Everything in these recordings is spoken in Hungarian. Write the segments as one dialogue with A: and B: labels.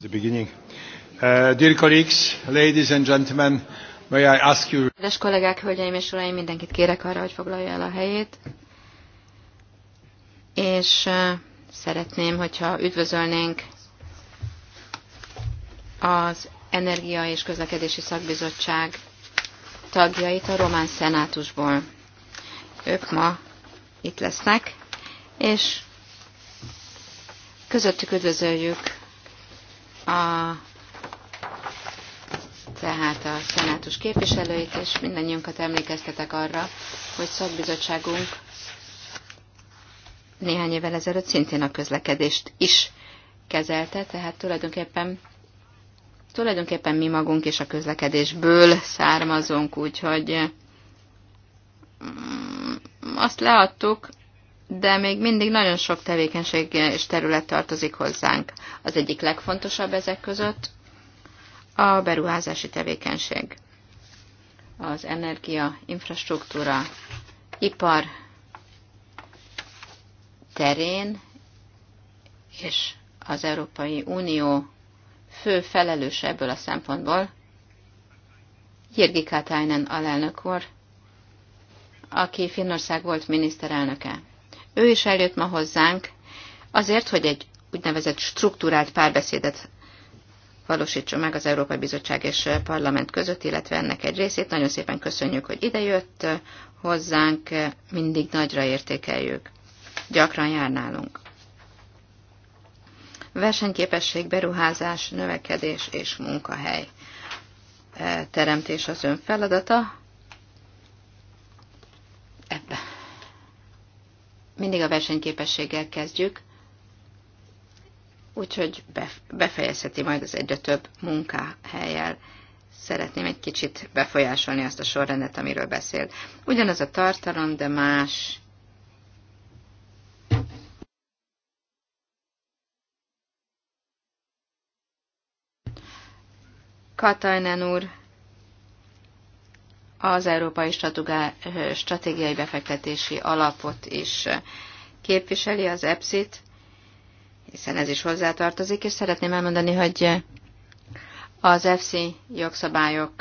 A: The beginning. Uh, dear colleagues, ladies and gentlemen, may I ask you...
B: Kedves kollégák, hölgyeim és uraim, mindenkit kérek arra, hogy foglalja el a helyét. És uh, szeretném, hogyha üdvözölnénk az Energia és Közlekedési Szakbizottság tagjait a Román Szenátusból. Ők ma itt lesznek, és közöttük üdvözöljük a, tehát a szenátus képviselőit, és mindannyiunkat emlékeztetek arra, hogy szakbizottságunk néhány évvel ezelőtt szintén a közlekedést is kezelte, tehát tulajdonképpen tulajdonképpen mi magunk is a közlekedésből származunk, úgyhogy mm, azt leadtuk, de még mindig nagyon sok tevékenység és terület tartozik hozzánk. Az egyik legfontosabb ezek között a beruházási tevékenység, az energia, infrastruktúra, ipar terén és az Európai Unió fő felelős ebből a szempontból, Jirgi Katainen alelnök úr, aki Finnország volt miniszterelnöke. Ő is eljött ma hozzánk azért, hogy egy úgynevezett struktúrált párbeszédet valósítsa meg az Európai Bizottság és Parlament között, illetve ennek egy részét. Nagyon szépen köszönjük, hogy idejött hozzánk, mindig nagyra értékeljük. Gyakran jár nálunk. Versenyképesség, beruházás, növekedés és munkahely. Eh, teremtés az ön feladata. Ebben mindig a versenyképességgel kezdjük, úgyhogy befejezheti majd az egyre több munkahelyel. Szeretném egy kicsit befolyásolni azt a sorrendet, amiről beszél. Ugyanaz a tartalom, de más Katajnen úr az Európai Stratégiai Befektetési Alapot is képviseli, az EPSIT, hiszen ez is hozzátartozik, és szeretném elmondani, hogy az EFSI jogszabályok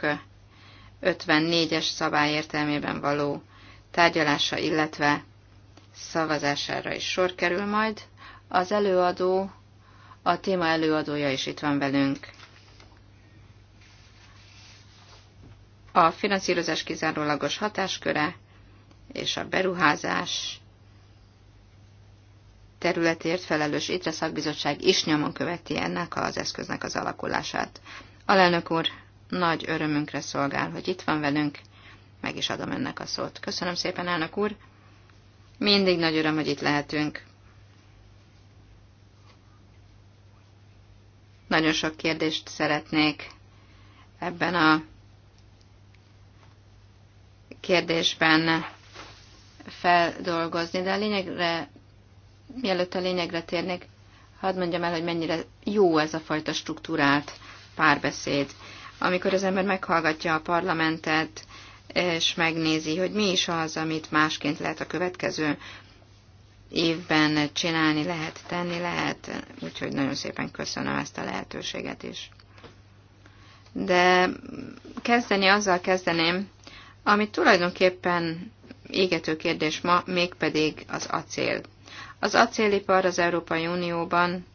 B: 54-es szabály értelmében való tárgyalása, illetve szavazására is sor kerül majd. Az előadó, a téma előadója is itt van velünk. a finanszírozás kizárólagos hatásköre és a beruházás területért felelős ITRE szakbizottság is nyomon követi ennek az eszköznek az alakulását. Alelnök úr, nagy örömünkre szolgál, hogy itt van velünk, meg is adom önnek a szót. Köszönöm szépen, elnök úr! Mindig nagy öröm, hogy itt lehetünk. Nagyon sok kérdést szeretnék ebben a kérdésben feldolgozni, de a lényegre, mielőtt a lényegre térnék, hadd mondjam el, hogy mennyire jó ez a fajta struktúrált párbeszéd. Amikor az ember meghallgatja a parlamentet, és megnézi, hogy mi is az, amit másként lehet a következő évben csinálni lehet, tenni lehet, úgyhogy nagyon szépen köszönöm ezt a lehetőséget is. De kezdeni azzal kezdeném, ami tulajdonképpen égető kérdés ma, mégpedig az acél. Az acélipar az Európai Unióban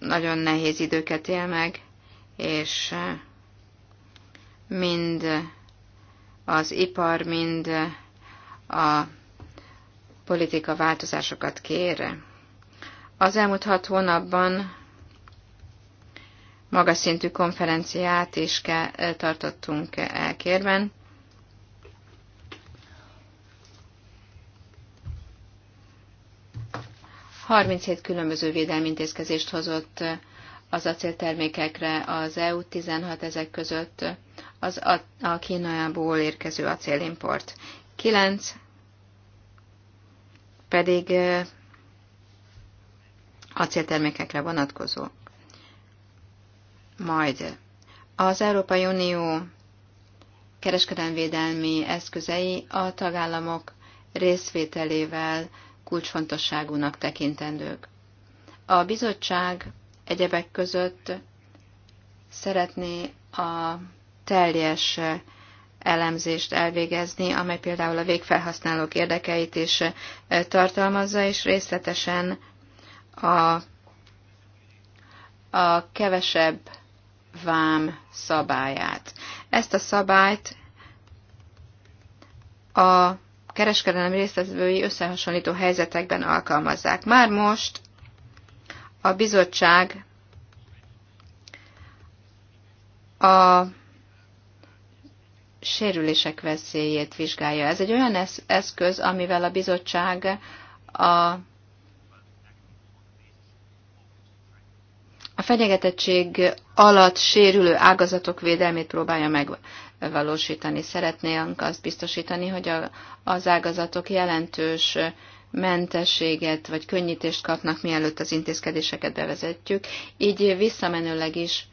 B: nagyon nehéz időket él meg, és eh, mind az ipar, mind eh, a politika változásokat kér. Az elmúlt hat hónapban magas szintű konferenciát is tartottunk elkérben. Harminchét különböző védelmi hozott az acéltermékekre az EU 16 ezek között az a Kínából érkező acélimport. 9 pedig acéltermékekre vonatkozó. Majd az Európai Unió kereskedelmvédelmi eszközei a tagállamok részvételével kulcsfontosságúnak tekintendők. A bizottság egyebek között szeretné a teljes elemzést elvégezni, amely például a végfelhasználók érdekeit is e, tartalmazza, és részletesen a, a kevesebb vám szabályát. Ezt a szabályt a kereskedelem résztvevői összehasonlító helyzetekben alkalmazzák. Már most a bizottság a sérülések veszélyét vizsgálja. Ez egy olyan eszköz, amivel a bizottság a a fenyegetettség alatt sérülő ágazatok védelmét próbálja megvalósítani. Szeretnénk azt biztosítani, hogy a, az ágazatok jelentős mentességet vagy könnyítést kapnak, mielőtt az intézkedéseket bevezetjük. Így visszamenőleg is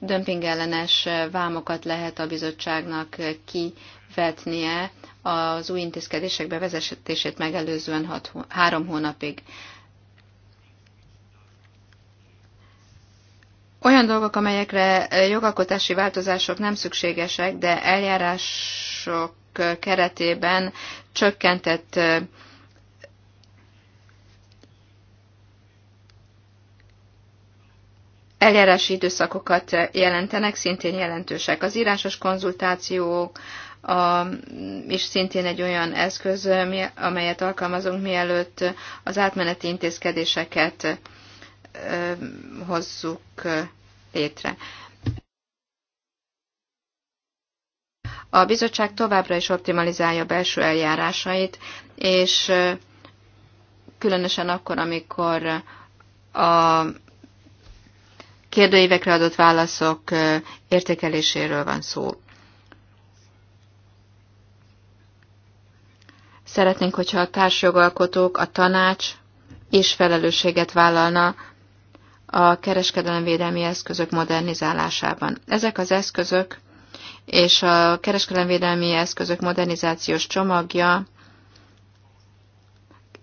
B: dömpingellenes vámokat lehet a bizottságnak kivetnie az új intézkedések bevezetését megelőzően hat, három hónapig. Olyan dolgok, amelyekre eh, jogalkotási változások nem szükségesek, de eljárások eh, keretében csökkentett eh, eljárási időszakokat jelentenek, szintén jelentősek. Az írásos konzultációk a, is szintén egy olyan eszköz, amelyet alkalmazunk, mielőtt az átmeneti intézkedéseket hozzuk létre. A bizottság továbbra is optimalizálja belső eljárásait, és különösen akkor, amikor a kérdőívekre adott válaszok értékeléséről van szó. Szeretnénk, hogyha a társjogalkotók, a tanács és felelősséget vállalna a kereskedelemvédelmi eszközök modernizálásában. Ezek az eszközök és a kereskedelemvédelmi eszközök modernizációs csomagja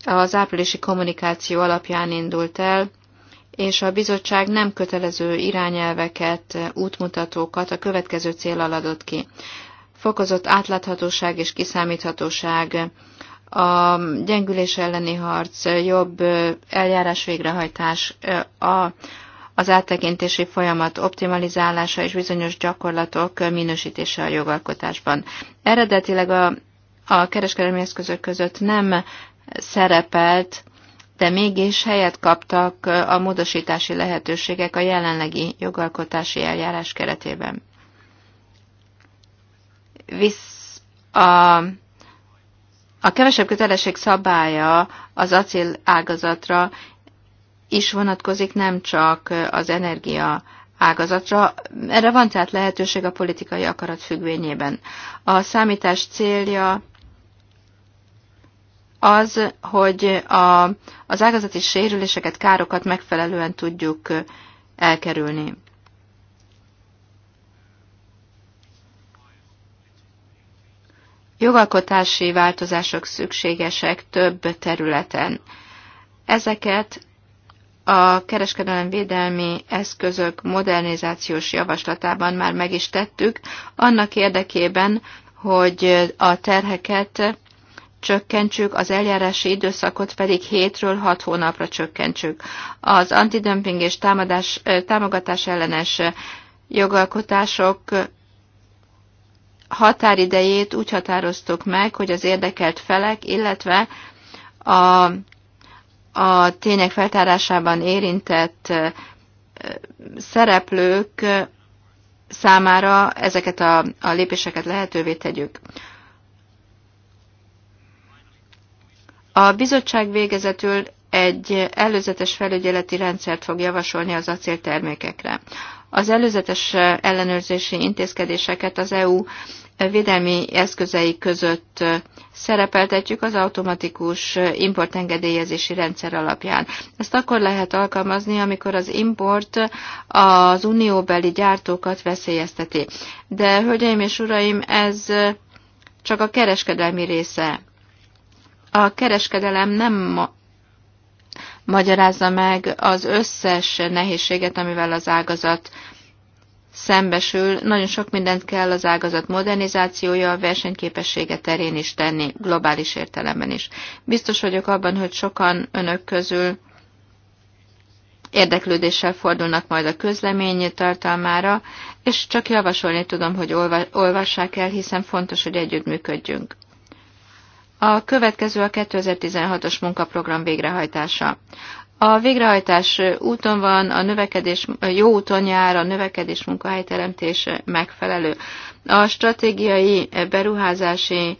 B: az áprilisi kommunikáció alapján indult el, és a bizottság nem kötelező irányelveket, útmutatókat a következő célal adott ki. Fokozott átláthatóság és kiszámíthatóság a gyengülés elleni harc, jobb eljárás végrehajtás, a, az áttekintési folyamat optimalizálása és bizonyos gyakorlatok minősítése a jogalkotásban. Eredetileg a, a kereskedelmi eszközök között nem szerepelt, de mégis helyet kaptak a módosítási lehetőségek a jelenlegi jogalkotási eljárás keretében. Visz a a kevesebb kötelesség szabálya az acél ágazatra is vonatkozik, nem csak az energia ágazatra. Erre van tehát lehetőség a politikai akarat függvényében. A számítás célja az, hogy a, az ágazati sérüléseket, károkat megfelelően tudjuk elkerülni. jogalkotási változások szükségesek több területen. Ezeket a kereskedelem védelmi eszközök modernizációs javaslatában már meg is tettük, annak érdekében, hogy a terheket csökkentsük, az eljárási időszakot pedig 7-ről 6 hónapra csökkentsük. Az antidömping és támadás, támogatás ellenes jogalkotások határidejét úgy határoztuk meg, hogy az érdekelt felek, illetve a, a tények feltárásában érintett szereplők számára ezeket a, a lépéseket lehetővé tegyük. A bizottság végezetül egy előzetes felügyeleti rendszert fog javasolni az acéltermékekre. Az előzetes ellenőrzési intézkedéseket az EU védelmi eszközei között szerepeltetjük az automatikus importengedélyezési rendszer alapján. Ezt akkor lehet alkalmazni, amikor az import az unióbeli gyártókat veszélyezteti. De, hölgyeim és uraim, ez csak a kereskedelmi része. A kereskedelem nem magyarázza meg az összes nehézséget, amivel az ágazat szembesül. Nagyon sok mindent kell az ágazat modernizációja, a versenyképessége terén is tenni, globális értelemben is. Biztos vagyok abban, hogy sokan önök közül érdeklődéssel fordulnak majd a közlemény tartalmára, és csak javasolni tudom, hogy olvassák el, hiszen fontos, hogy együttműködjünk. A következő a 2016-os munkaprogram végrehajtása. A végrehajtás úton van, a növekedés jó úton jár, a növekedés munkahelyteremtés megfelelő. A stratégiai beruházási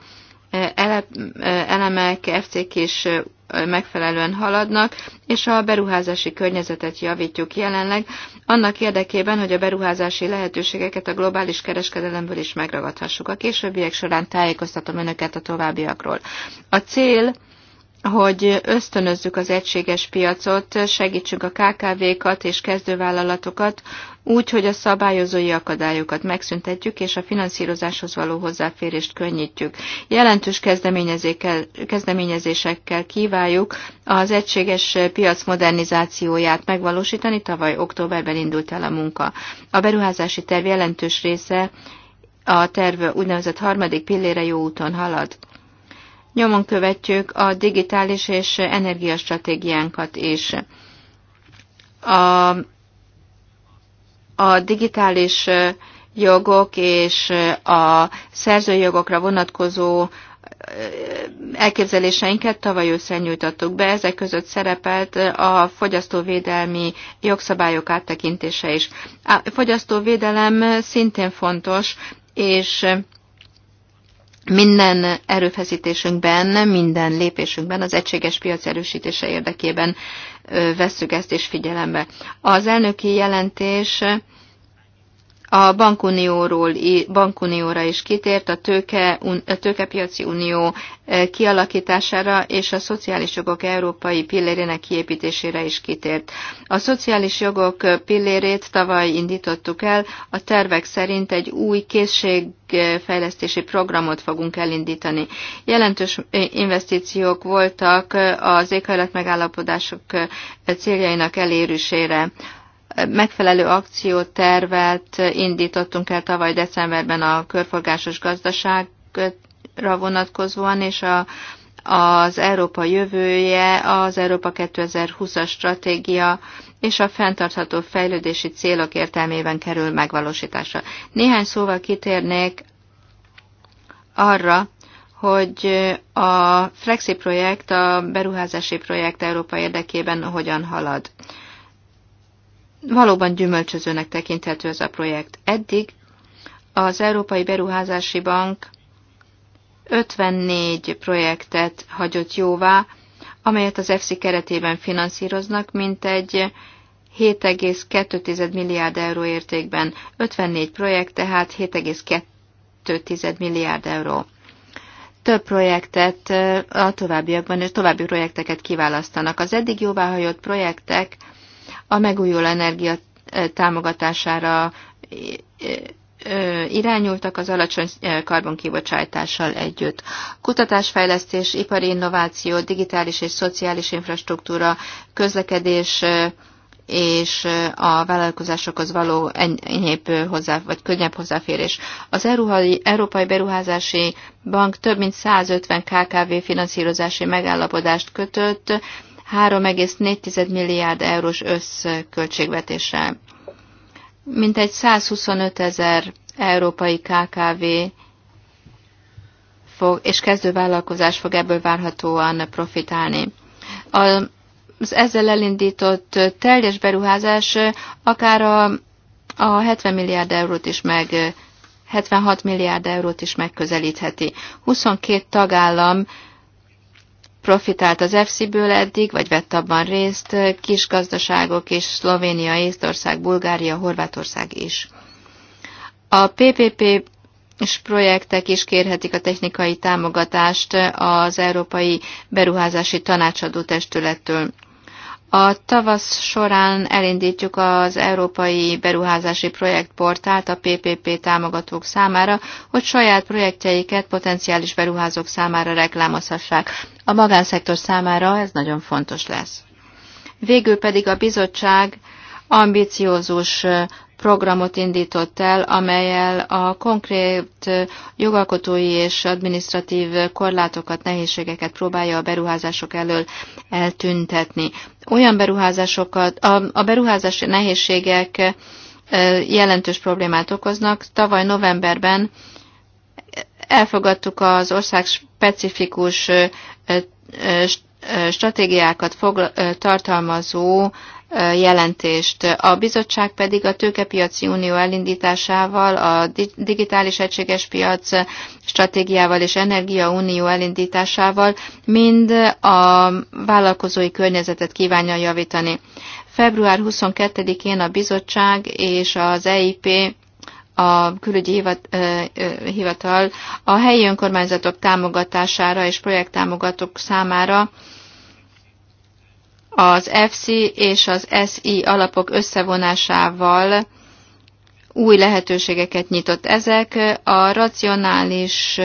B: elemek, FC-kés megfelelően haladnak, és a beruházási környezetet javítjuk jelenleg, annak érdekében, hogy a beruházási lehetőségeket a globális kereskedelemből is megragadhassuk. A későbbiek során tájékoztatom önöket a továbbiakról. A cél hogy ösztönözzük az egységes piacot, segítsünk a KKV-kat és kezdővállalatokat úgy, hogy a szabályozói akadályokat megszüntetjük, és a finanszírozáshoz való hozzáférést könnyítjük. Jelentős kezdeményezésekkel kíváljuk az egységes piac modernizációját megvalósítani, tavaly októberben indult el a munka. A beruházási terv jelentős része a terv úgynevezett harmadik pillére jó úton halad. Nyomon követjük a digitális és energiastratégiánkat is. A a digitális jogok és a szerzőjogokra vonatkozó elképzeléseinket tavaly ősszel nyújtottuk be, ezek között szerepelt a fogyasztóvédelmi jogszabályok áttekintése is. A fogyasztóvédelem szintén fontos, és minden erőfeszítésünkben, minden lépésünkben az egységes piac erősítése érdekében vesszük ezt is figyelembe. Az elnöki jelentés a bankunióról, bankunióra is kitért, a, tőke, a tőkepiaci unió e, kialakítására és a szociális jogok európai pillérének kiépítésére is kitért. A szociális jogok pillérét tavaly indítottuk el, a tervek szerint egy új készségfejlesztési programot fogunk elindítani. Jelentős e, investíciók voltak az megállapodások e, céljainak elérésére megfelelő akciótervet indítottunk el tavaly decemberben a körforgásos gazdaságra vonatkozóan, és a, az Európa jövője, az Európa 2020-as stratégia és a fenntartható fejlődési célok értelmében kerül megvalósításra. Néhány szóval kitérnék arra, hogy a Flexi projekt, a beruházási projekt Európa érdekében hogyan halad valóban gyümölcsözőnek tekinthető ez a projekt. Eddig az Európai Beruházási Bank 54 projektet hagyott jóvá, amelyet az EFSI keretében finanszíroznak, mint egy 7,2 milliárd euró értékben, 54 projekt, tehát 7,2 milliárd euró. Több projektet a továbbiakban, és további projekteket kiválasztanak. Az eddig jóváhagyott projektek a megújuló energia támogatására irányultak az alacsony karbonkibocsátással együtt. Kutatásfejlesztés, ipari innováció, digitális és szociális infrastruktúra, közlekedés és a vállalkozásokhoz való enyhébb hozzá, vagy könnyebb hozzáférés. Az Európai Beruházási Bank több mint 150 KKV finanszírozási megállapodást kötött, 3,4 milliárd eurós összköltségvetéssel. Mintegy 125 ezer európai KKV fog, és kezdővállalkozás fog ebből várhatóan profitálni. A, az ezzel elindított teljes beruházás akár a, a 70 milliárd eurót is meg 76 milliárd eurót is megközelítheti. 22 tagállam profitált az EFSI-ből eddig, vagy vett abban részt kis gazdaságok és Szlovénia, Észtország, Bulgária, Horvátország is. A PPP és projektek is kérhetik a technikai támogatást az Európai Beruházási Tanácsadó Testülettől. A tavasz során elindítjuk az Európai Beruházási Projektportált a PPP támogatók számára, hogy saját projektjeiket potenciális beruházók számára reklámozhassák. A magánszektor számára ez nagyon fontos lesz. Végül pedig a bizottság ambiciózus programot indított el, amelyel a konkrét jogalkotói és administratív korlátokat, nehézségeket próbálja a beruházások elől eltüntetni. Olyan beruházásokat, a, a beruházási nehézségek e, jelentős problémát okoznak. Tavaly novemberben elfogadtuk az ország specifikus e, e, stratégiákat tartalmazó jelentést. A bizottság pedig a tőkepiaci unió elindításával, a digitális egységes piac stratégiával és energiaunió elindításával mind a vállalkozói környezetet kívánja javítani. Február 22-én a bizottság és az EIP a külügyi hivatal a helyi önkormányzatok támogatására és projekttámogatók számára az FC és az SI alapok összevonásával új lehetőségeket nyitott. Ezek a racionális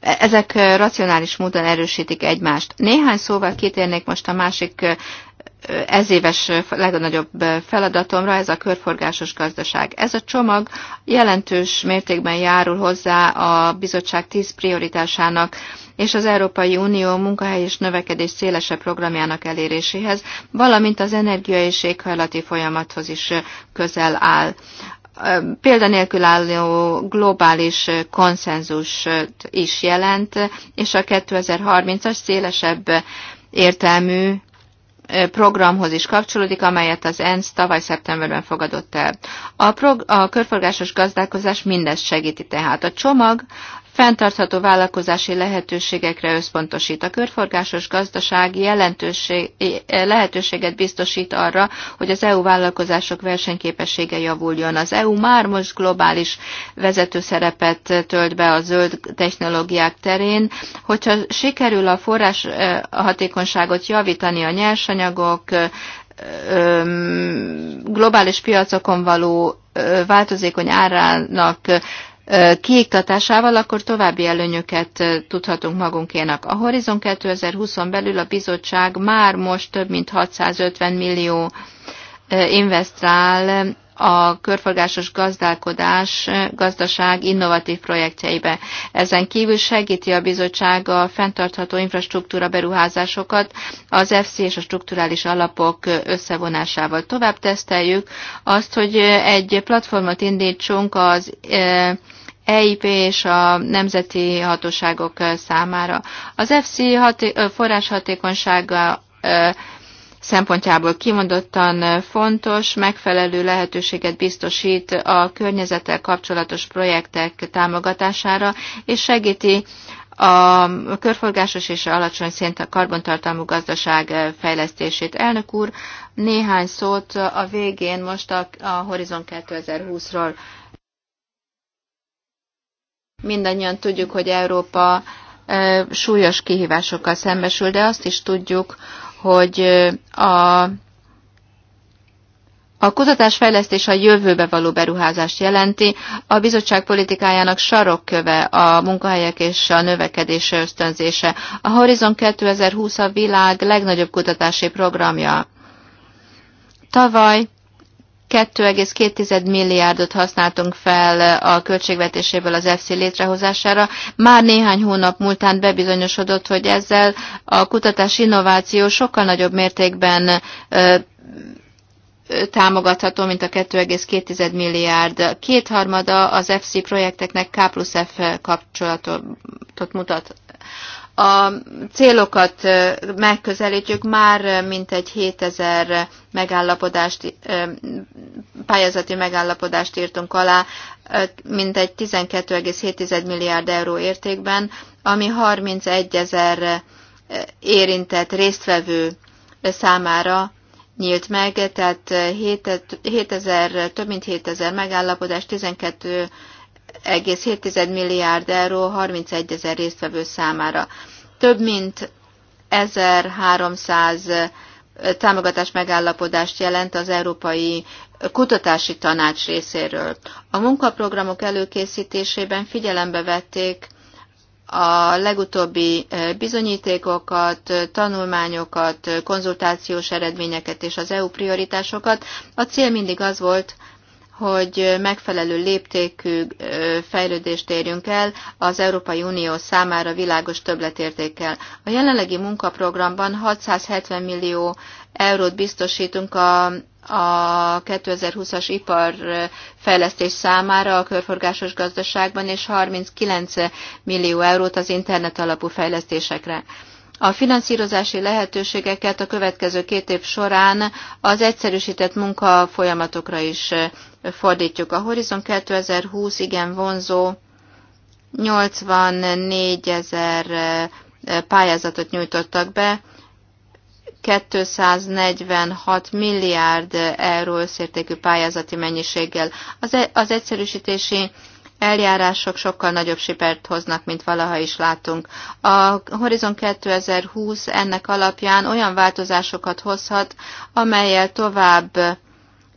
B: ezek racionális módon erősítik egymást. Néhány szóval kitérnék most a másik ezéves legnagyobb feladatomra, ez a körforgásos gazdaság. Ez a csomag jelentős mértékben járul hozzá a bizottság tíz prioritásának és az Európai Unió munkahely és növekedés szélesebb programjának eléréséhez, valamint az energia és éghajlati folyamathoz is közel áll példanélkül álló globális konszenzust is jelent, és a 2030-as szélesebb értelmű programhoz is kapcsolódik, amelyet az ENSZ tavaly szeptemberben fogadott el. A, prog- a körforgásos gazdálkozás mindezt segíti tehát. A csomag fenntartható vállalkozási lehetőségekre összpontosít. A körforgásos gazdaság jelentőség, eh, lehetőséget biztosít arra, hogy az EU vállalkozások versenyképessége javuljon. Az EU már most globális vezető szerepet tölt be a zöld technológiák terén. Hogyha sikerül a forrás eh, hatékonyságot javítani a nyersanyagok, eh, globális piacokon való változékony árának kiiktatásával, akkor további előnyöket tudhatunk magunkénak. A Horizon 2020-on belül a bizottság már most több mint 650 millió investál a körforgásos gazdálkodás, gazdaság innovatív projektjeibe. Ezen kívül segíti a bizottság a fenntartható infrastruktúra beruházásokat az FC és a strukturális alapok összevonásával. Tovább teszteljük azt, hogy egy platformot indítsunk az EIP e és a nemzeti hatóságok számára. Az FC hati- forráshatékonysága szempontjából kimondottan fontos, megfelelő lehetőséget biztosít a környezettel kapcsolatos projektek támogatására, és segíti a körforgásos és alacsony szint karbontartalmú gazdaság fejlesztését. Elnök úr, néhány szót a végén most a, a Horizon 2020-ról. Mindannyian tudjuk, hogy Európa súlyos kihívásokkal szembesül, de azt is tudjuk, hogy a a kutatásfejlesztés a jövőbe való beruházást jelenti, a bizottság politikájának sarokköve a munkahelyek és a növekedés ösztönzése. A Horizon 2020 a világ legnagyobb kutatási programja. Tavaly 2,2 milliárdot használtunk fel a költségvetéséből az FC létrehozására. Már néhány hónap múltán bebizonyosodott, hogy ezzel a kutatás innováció sokkal nagyobb mértékben támogatható, mint a 2,2 milliárd. Kétharmada az FC projekteknek K plusz F kapcsolatot mutat a célokat megközelítjük, már mintegy 7000 megállapodást, pályázati megállapodást írtunk alá, mintegy 12,7 milliárd euró értékben, ami 31 ezer érintett résztvevő számára nyílt meg, tehát 000, több mint 7000 megállapodás, 12 1,7 milliárd euró 31 ezer résztvevő számára. Több mint 1300 támogatás megállapodást jelent az Európai Kutatási Tanács részéről. A munkaprogramok előkészítésében figyelembe vették a legutóbbi bizonyítékokat, tanulmányokat, konzultációs eredményeket és az EU prioritásokat. A cél mindig az volt, hogy megfelelő léptékű fejlődést érjünk el az Európai Unió számára világos többletértékkel. A jelenlegi munkaprogramban 670 millió eurót biztosítunk a, a 2020-as iparfejlesztés számára a körforgásos gazdaságban, és 39 millió eurót az internet alapú fejlesztésekre. A finanszírozási lehetőségeket a következő két év során az egyszerűsített munkafolyamatokra is fordítjuk. A Horizon 2020 igen vonzó 84 ezer pályázatot nyújtottak be, 246 milliárd euró összértékű pályázati mennyiséggel. Az, e- az egyszerűsítési eljárások sokkal nagyobb sipert hoznak, mint valaha is látunk. A Horizon 2020 ennek alapján olyan változásokat hozhat, amelyel tovább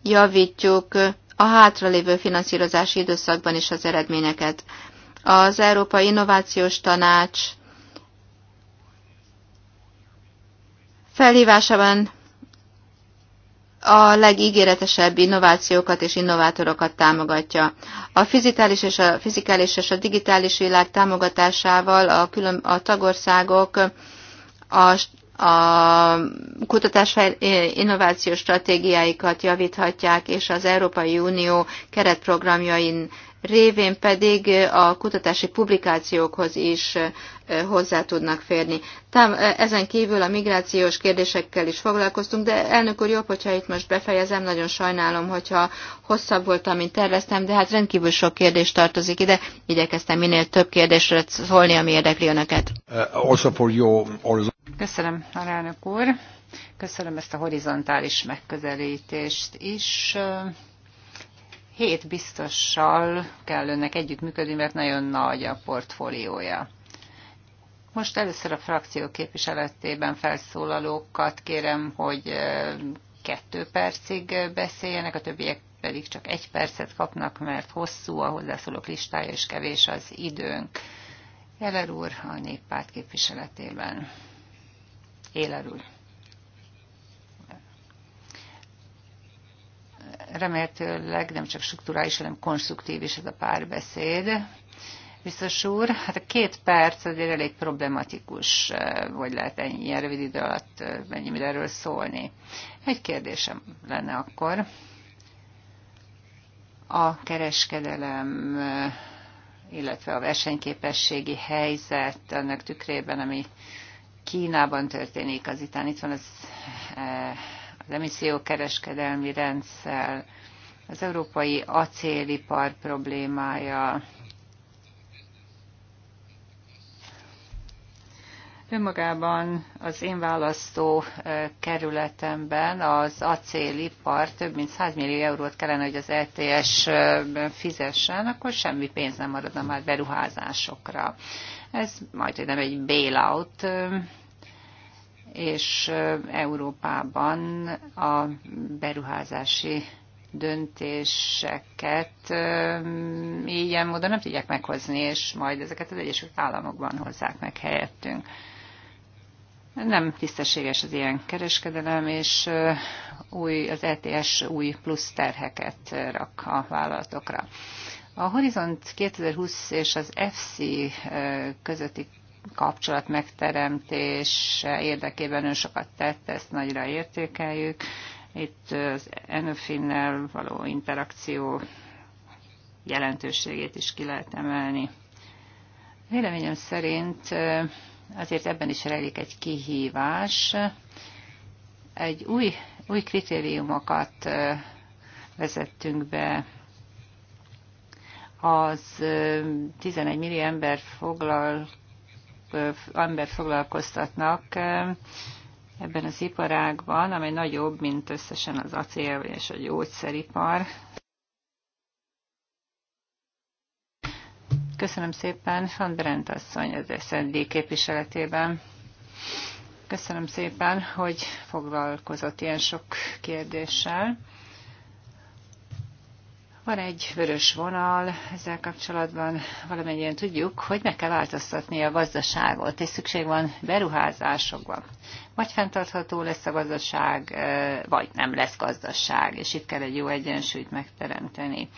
B: javítjuk a hátralévő finanszírozási időszakban is az eredményeket. Az Európai Innovációs Tanács felhívásában a legígéretesebb innovációkat és innovátorokat támogatja. A fizikális és a, fizikális és a digitális világ támogatásával a, külön, a tagországok a a kutatás innovációs stratégiáikat javíthatják, és az Európai Unió keretprogramjain révén pedig a kutatási publikációkhoz is hozzá tudnak férni. Tám, ezen kívül a migrációs kérdésekkel is foglalkoztunk, de elnök úr, jobb, hogyha itt most befejezem, nagyon sajnálom, hogyha hosszabb voltam, mint terveztem, de hát rendkívül sok kérdés tartozik ide, igyekeztem minél több kérdésre szólni, ami érdekli önöket. Uh, also for your... Köszönöm, alelnök úr. Köszönöm ezt
C: a horizontális megközelítést is. Hét biztossal kell önnek együttműködni, mert nagyon nagy a portfóliója. Most először a frakció képviseletében felszólalókat kérem, hogy kettő percig beszéljenek, a többiek pedig csak egy percet kapnak, mert hosszú a hozzászólók listája, és kevés az időnk. Jeler úr a néppárt képviseletében élerül. Remélhetőleg nem csak struktúrális, hanem konstruktív is ez a párbeszéd. Biztos úr, hát a két perc azért elég problematikus, hogy lehet ennyi rövid idő alatt mennyi erről szólni. Egy kérdésem lenne akkor. A kereskedelem, illetve a versenyképességi helyzet annak tükrében, ami Kínában történik, azután itt van az, eh, az emissziókereskedelmi rendszer, az európai acélipar problémája, Önmagában az én választó kerületemben az acélipar több mint 100 millió eurót kellene, hogy az ETS fizessen, akkor semmi pénz nem maradna már beruházásokra. Ez majd nem egy bailout, és Európában a beruházási döntéseket ilyen módon nem tudják meghozni, és majd ezeket az Egyesült Államokban hozzák meg helyettünk nem tisztességes az ilyen kereskedelem, és új, az ETS új plusz terheket rak a vállalatokra. A Horizont 2020 és az FC közötti kapcsolat megteremtés érdekében ön sokat tett, ezt nagyra értékeljük. Itt az Enofinnel való interakció jelentőségét is ki lehet emelni. Véleményem szerint azért ebben is rejlik egy kihívás. Egy új, új kritériumokat vezettünk be az 11 millió ember, foglal, ember foglalkoztatnak ebben az iparágban, amely nagyobb, mint összesen az acél és a gyógyszeripar. Köszönöm szépen, Van Brent asszony az SZND képviseletében. Köszönöm szépen, hogy foglalkozott ilyen sok kérdéssel. Van egy vörös vonal ezzel kapcsolatban, valamennyien tudjuk, hogy meg kell változtatni a gazdaságot, és szükség van beruházásokban. Vagy fenntartható lesz a gazdaság, vagy nem lesz gazdaság, és itt kell egy jó egyensúlyt megteremteni.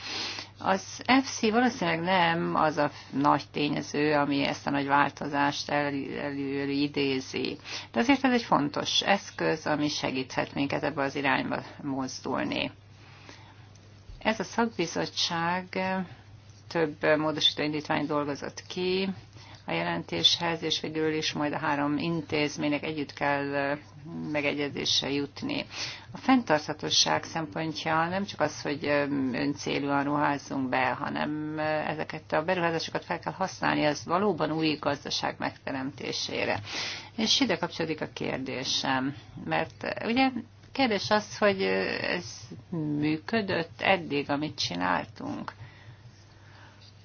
C: Az FC valószínűleg nem az a nagy tényező, ami ezt a nagy változást előidézi. De azért ez egy fontos eszköz, ami segíthet minket ebbe az irányba mozdulni. Ez a szakbizottság több módosító indítvány dolgozott ki a jelentéshez, és végül is majd a három intézménynek együtt kell megegyezésre jutni. A fenntarthatóság szempontja nem csak az, hogy öncélúan ruházzunk be, hanem ezeket a beruházásokat fel kell használni, az valóban új gazdaság megteremtésére. És ide kapcsolódik a kérdésem, mert ugye Kérdés az, hogy ez működött eddig, amit csináltunk.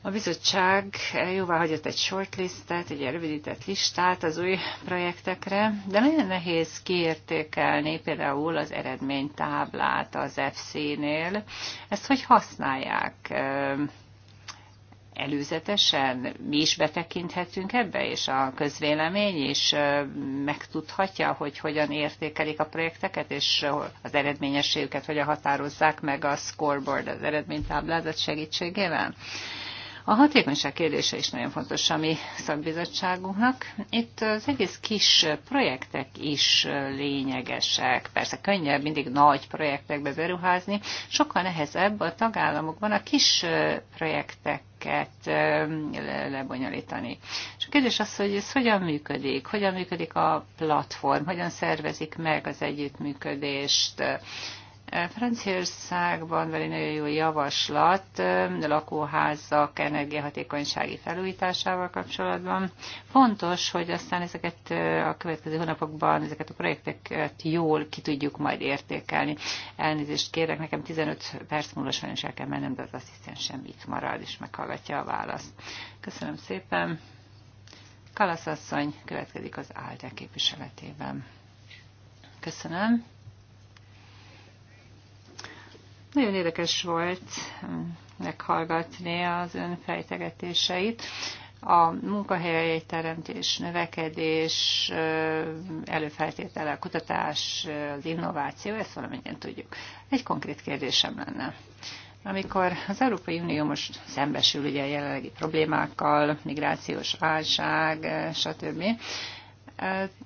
C: A bizottság jóvá hagyott egy shortlistet, egy rövidített listát az új projektekre, de nagyon nehéz kiértékelni például az eredménytáblát az FC-nél. Ezt hogy használják? előzetesen mi is betekinthetünk ebbe, és a közvélemény is megtudhatja, hogy hogyan értékelik a projekteket, és az eredményességüket hogyan határozzák meg a scoreboard, az eredménytáblázat segítségével. A hatékonyság kérdése is nagyon fontos a mi szakbizottságunknak. Itt az egész kis projektek is lényegesek. Persze könnyebb mindig nagy projektekbe beruházni, sokkal nehezebb a tagállamokban a kis projektek lebonyolítani. És a kérdés az, hogy ez hogyan működik, hogyan működik a platform, hogyan szervezik meg az együttműködést, Franciaországban van egy nagyon jó javaslat lakóházak energiahatékonysági felújításával kapcsolatban. Fontos, hogy aztán ezeket a következő hónapokban, ezeket a projekteket jól ki tudjuk majd értékelni. Elnézést kérek, nekem 15 perc múlva sajnos el kell mennem, de az asszisztensem itt marad és meghallgatja a választ. Köszönöm szépen. Kalaszasszony, következik az ALDE képviseletében. Köszönöm. Nagyon érdekes volt hm, meghallgatni az ön fejtegetéseit. A munkahelyi teremtés, növekedés, előfeltétele, kutatás, az innováció, ezt valamennyien tudjuk. Egy konkrét kérdésem lenne. Amikor az Európai Unió most szembesül ugye a jelenlegi problémákkal, migrációs válság, stb.,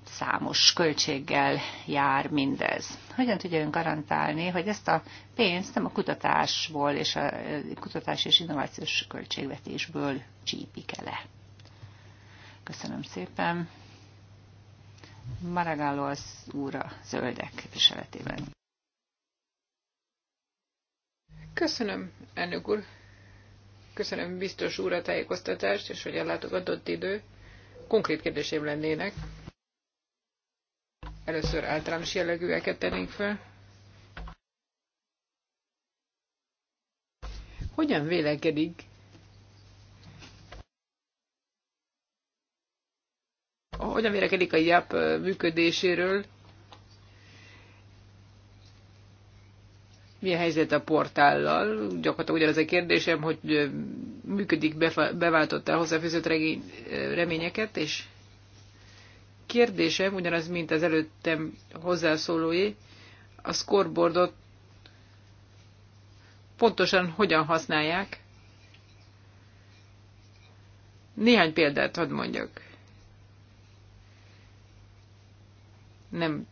C: számos költséggel jár mindez. Hogyan tudja garantálni, hogy ezt a pénzt nem a kutatásból és a kutatás és innovációs költségvetésből csípik ele? Köszönöm szépen. Maragallo az úra zöldek viseletében.
D: Köszönöm, elnök úr. Köszönöm biztos úr a tájékoztatást, és hogy ellátogatott idő. Konkrét kérdéseim lennének. Először általános jellegűeket tennénk fel. Hogyan vélekedik hogyan vélekedik a JAP működéséről, Milyen helyzet a portállal, gyakorlatilag ugyanaz a kérdésem, hogy működik, beváltotta a hozzáfűzött reményeket, és kérdésem ugyanaz, mint az előttem hozzászólói, a scoreboardot pontosan hogyan használják. Néhány példát hadd mondjak. Nem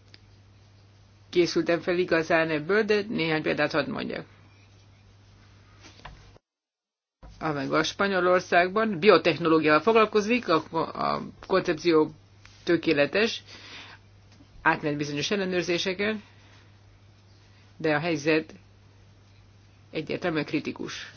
D: készültem fel igazán ebből, de néhány példát hadd mondjak. Amíg ah, a Spanyolországban biotechnológiával foglalkozik, a, a koncepció tökéletes, átment bizonyos ellenőrzéseken, de a helyzet egyértelműen kritikus.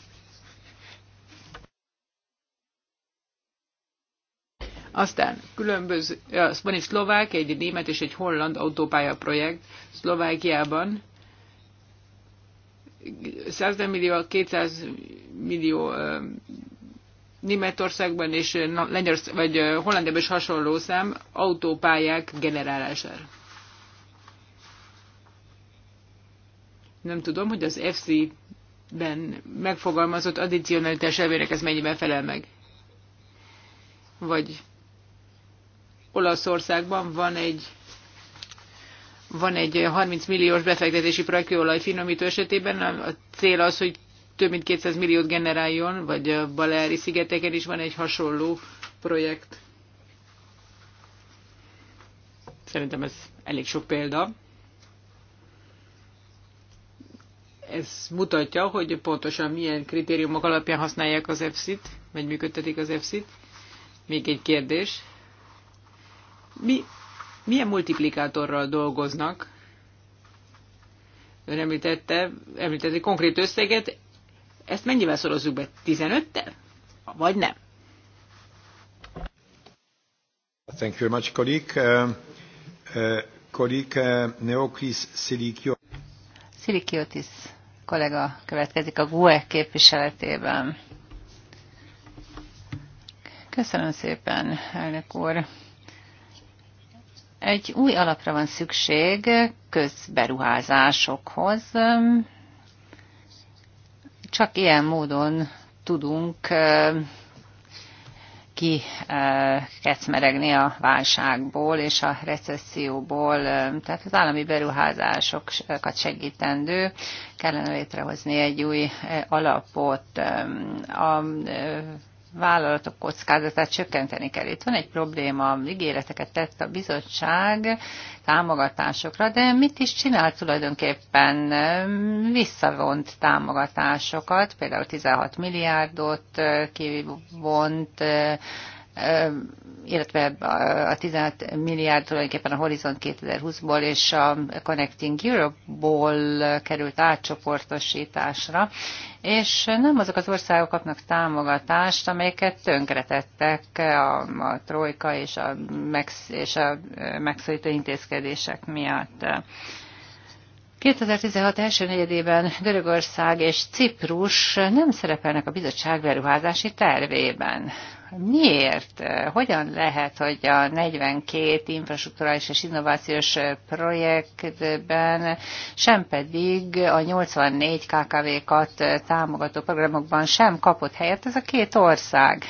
D: Aztán különböző, van egy szlovák, egy német és egy holland autópálya projekt Szlovákiában. 100 millió, 200 millió Németországban és eh, Lengyelország, vagy eh, Hollandiában is hasonló szám autópályák generálására. Nem tudom, hogy az FC-ben megfogalmazott addicionalitás elvének ez mennyiben felel meg. Vagy Olaszországban van egy van egy 30 eh, milliós befektetési projekt olajfinomító esetében, a cél az, hogy több mint 200 milliót generáljon, vagy a Baleári szigeteken is van egy hasonló projekt. Szerintem ez elég sok példa. Ez mutatja, hogy pontosan milyen kritériumok alapján használják az EFSZ-t, vagy működtetik az EFSZ-t. Még egy kérdés. Mi, milyen multiplikátorral dolgoznak? Ön említette, említette konkrét összeget, ezt mennyivel szorozzuk be? 15-tel? Vagy nem?
A: Thank you very much, colleague. Uh, uh, colleague uh, Neoklis Szilikio.
C: Szilikiotis kollega következik a GUE képviseletében. Köszönöm szépen, elnök úr. Egy új alapra van szükség közberuházásokhoz, csak ilyen módon tudunk ki kecmeregni a válságból és a recesszióból, tehát az állami beruházásokat segítendő, kellene létrehozni egy új alapot. A vállalatok kockázatát csökkenteni kell. Itt van egy probléma, ígéreteket tett a bizottság támogatásokra, de mit is csinál tulajdonképpen? Visszavont támogatásokat, például 16 milliárdot kivont illetve a 16 milliárd tulajdonképpen a Horizon 2020-ból és a Connecting Europe-ból került átcsoportosításra, és nem azok az országok kapnak támogatást, amelyeket tönkretettek a, a trojka és a, meg, és a megszorító intézkedések miatt. 2016 első negyedében Görögország és Ciprus nem szerepelnek a bizottság beruházási tervében. Miért? Hogyan lehet, hogy a 42 infrastruktúrális és innovációs projektben, sem pedig a 84 KKV-kat támogató programokban sem kapott helyet ez a két ország?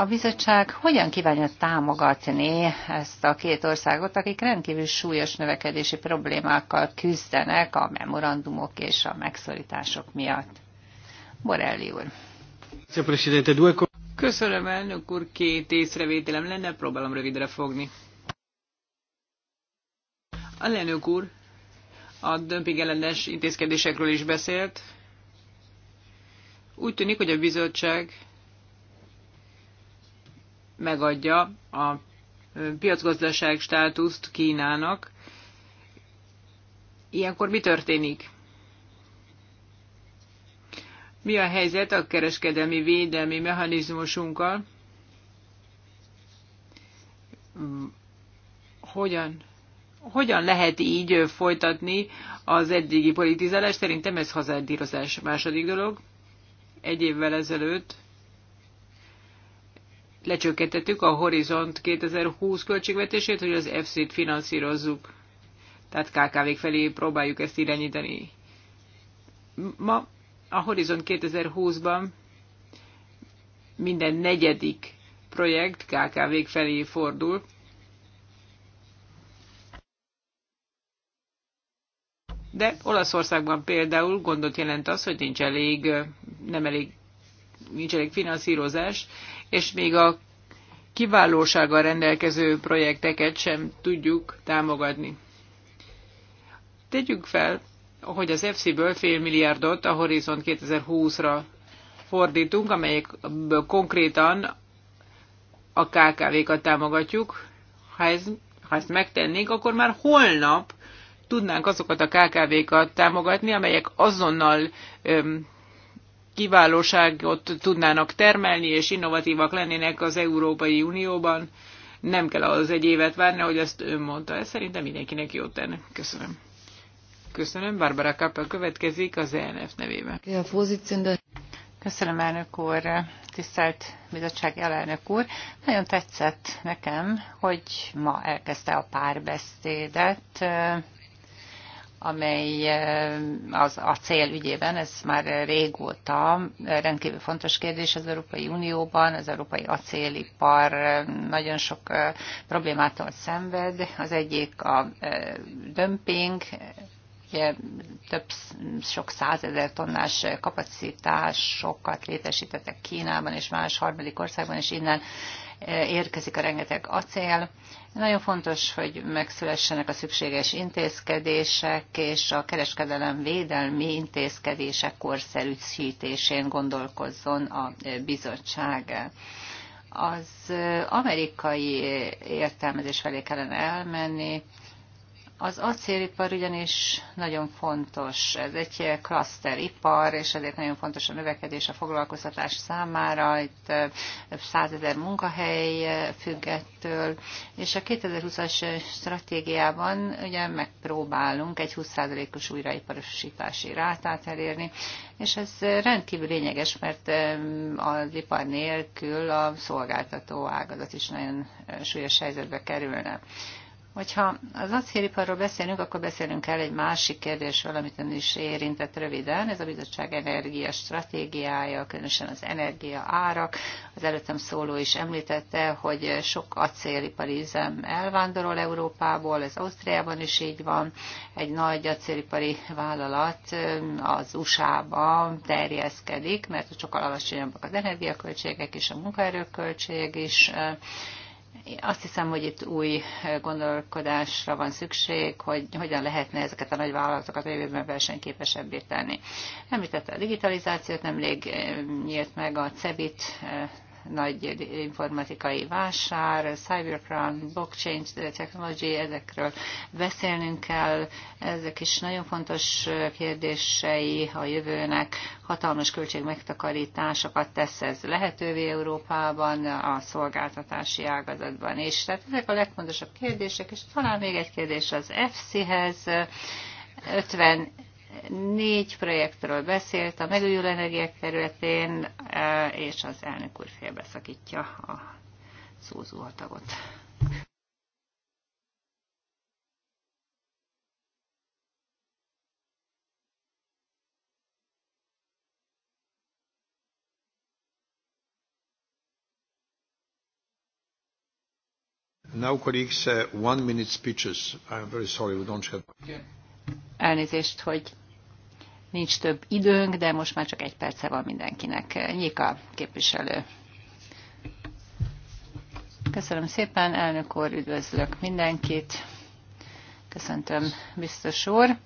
C: A bizottság hogyan kívánja támogatni ezt a két országot, akik rendkívül súlyos növekedési problémákkal küzdenek a memorandumok és a
D: megszorítások miatt? Borelli úr. Köszönöm, elnök úr, két észrevételem lenne, próbálom rövidre fogni. A elnök úr a dömping ellenes intézkedésekről is beszélt. Úgy tűnik, hogy a bizottság megadja a piacgazdaság státuszt Kínának. Ilyenkor mi történik? Mi a helyzet a kereskedelmi védelmi mechanizmusunkkal? Hogyan, hogyan lehet így folytatni az eddigi politizálást? Szerintem ez hazárdírozás. Második dolog, egy évvel ezelőtt lecsökkentettük a Horizont 2020 költségvetését, hogy az FC-t finanszírozzuk. Tehát KKV-k felé próbáljuk ezt irányítani. Ma a Horizon 2020-ban minden negyedik projekt kkv felé fordul. De Olaszországban például gondot jelent az, hogy nincs elég, nem elég, nincs elég finanszírozás, és még a kiválósággal rendelkező projekteket sem tudjuk támogatni. Tegyük fel, hogy az EFSI-ből fél milliárdot a Horizont 2020-ra fordítunk, amelyek konkrétan a KKV-kat támogatjuk. Ha, ez, ha ezt megtennénk, akkor már holnap tudnánk azokat a KKV-kat támogatni, amelyek azonnal öm, kiválóságot tudnának termelni, és innovatívak lennének az Európai Unióban. Nem kell az egy évet várni, hogy ezt ő mondta. Ez szerintem mindenkinek jót tenni. Köszönöm. Köszönöm. Barbara Kappel következik az ENF nevében.
C: Köszönöm, elnök úr, tisztelt bizottsági alelnök úr. Nagyon tetszett nekem, hogy ma elkezdte a párbeszédet, amely az a cél ügyében, ez már régóta rendkívül fontos kérdés az Európai Unióban, az európai acélipar nagyon sok problémától szenved. Az egyik a dömping, több sok százezer tonnás kapacitásokat létesítettek Kínában és más harmadik országban, és innen e, érkezik a rengeteg acél. Nagyon fontos, hogy megszülessenek a szükséges intézkedések, és a kereskedelem védelmi intézkedések szítésén gondolkozzon a e, bizottság az e, amerikai értelmezés felé kellene elmenni, az acélipar ugyanis nagyon fontos, ez egy klaszteripar, és ezért nagyon fontos a növekedés a foglalkoztatás számára, itt eh, százezer munkahely eh, függettől, és a 2020-as stratégiában ugye megpróbálunk egy 20%-os újraiparosítási rátát elérni, és ez rendkívül lényeges, mert eh, az ipar nélkül a szolgáltató ágazat is nagyon súlyos helyzetbe kerülne. Hogyha az acéliparról beszélünk, akkor beszélünk kell egy másik kérdésről, amit ön is érintett röviden. Ez a bizottság energia stratégiája, különösen az energia árak. Az előttem szóló is említette, hogy sok acélipari üzem elvándorol Európából, ez Ausztriában is így van. Egy nagy acélipari vállalat az usa ban terjeszkedik, mert sokkal alacsonyabbak az energiaköltségek és a munkaerőköltség is azt hiszem, hogy itt új gondolkodásra van szükség, hogy hogyan lehetne ezeket a nagyvállalatokat a jövőben versenyképesebbé tenni. Említette a digitalizációt, nemrég nyílt meg a CEBIT nagy informatikai vásár, cybercrime, blockchain technology, ezekről beszélnünk kell. Ezek is nagyon fontos kérdései a jövőnek. Hatalmas költség megtakarításokat tesz ez lehetővé Európában, a szolgáltatási ágazatban is. Tehát ezek a legfontosabb kérdések, és talán még egy kérdés az EFSI-hez. 50 négy projektről beszélt a megújuló energiák területén, e, és az elnök úr félbeszakítja
A: a szózóhatagot. Now, colleagues, uh, one minute speeches. I'm very sorry, we don't have.
C: Elnézést, hogy Nincs több időnk, de most már csak egy perce van mindenkinek. Nyika képviselő. Köszönöm szépen, elnök úr, üdvözlök mindenkit. Köszöntöm, biztos úr.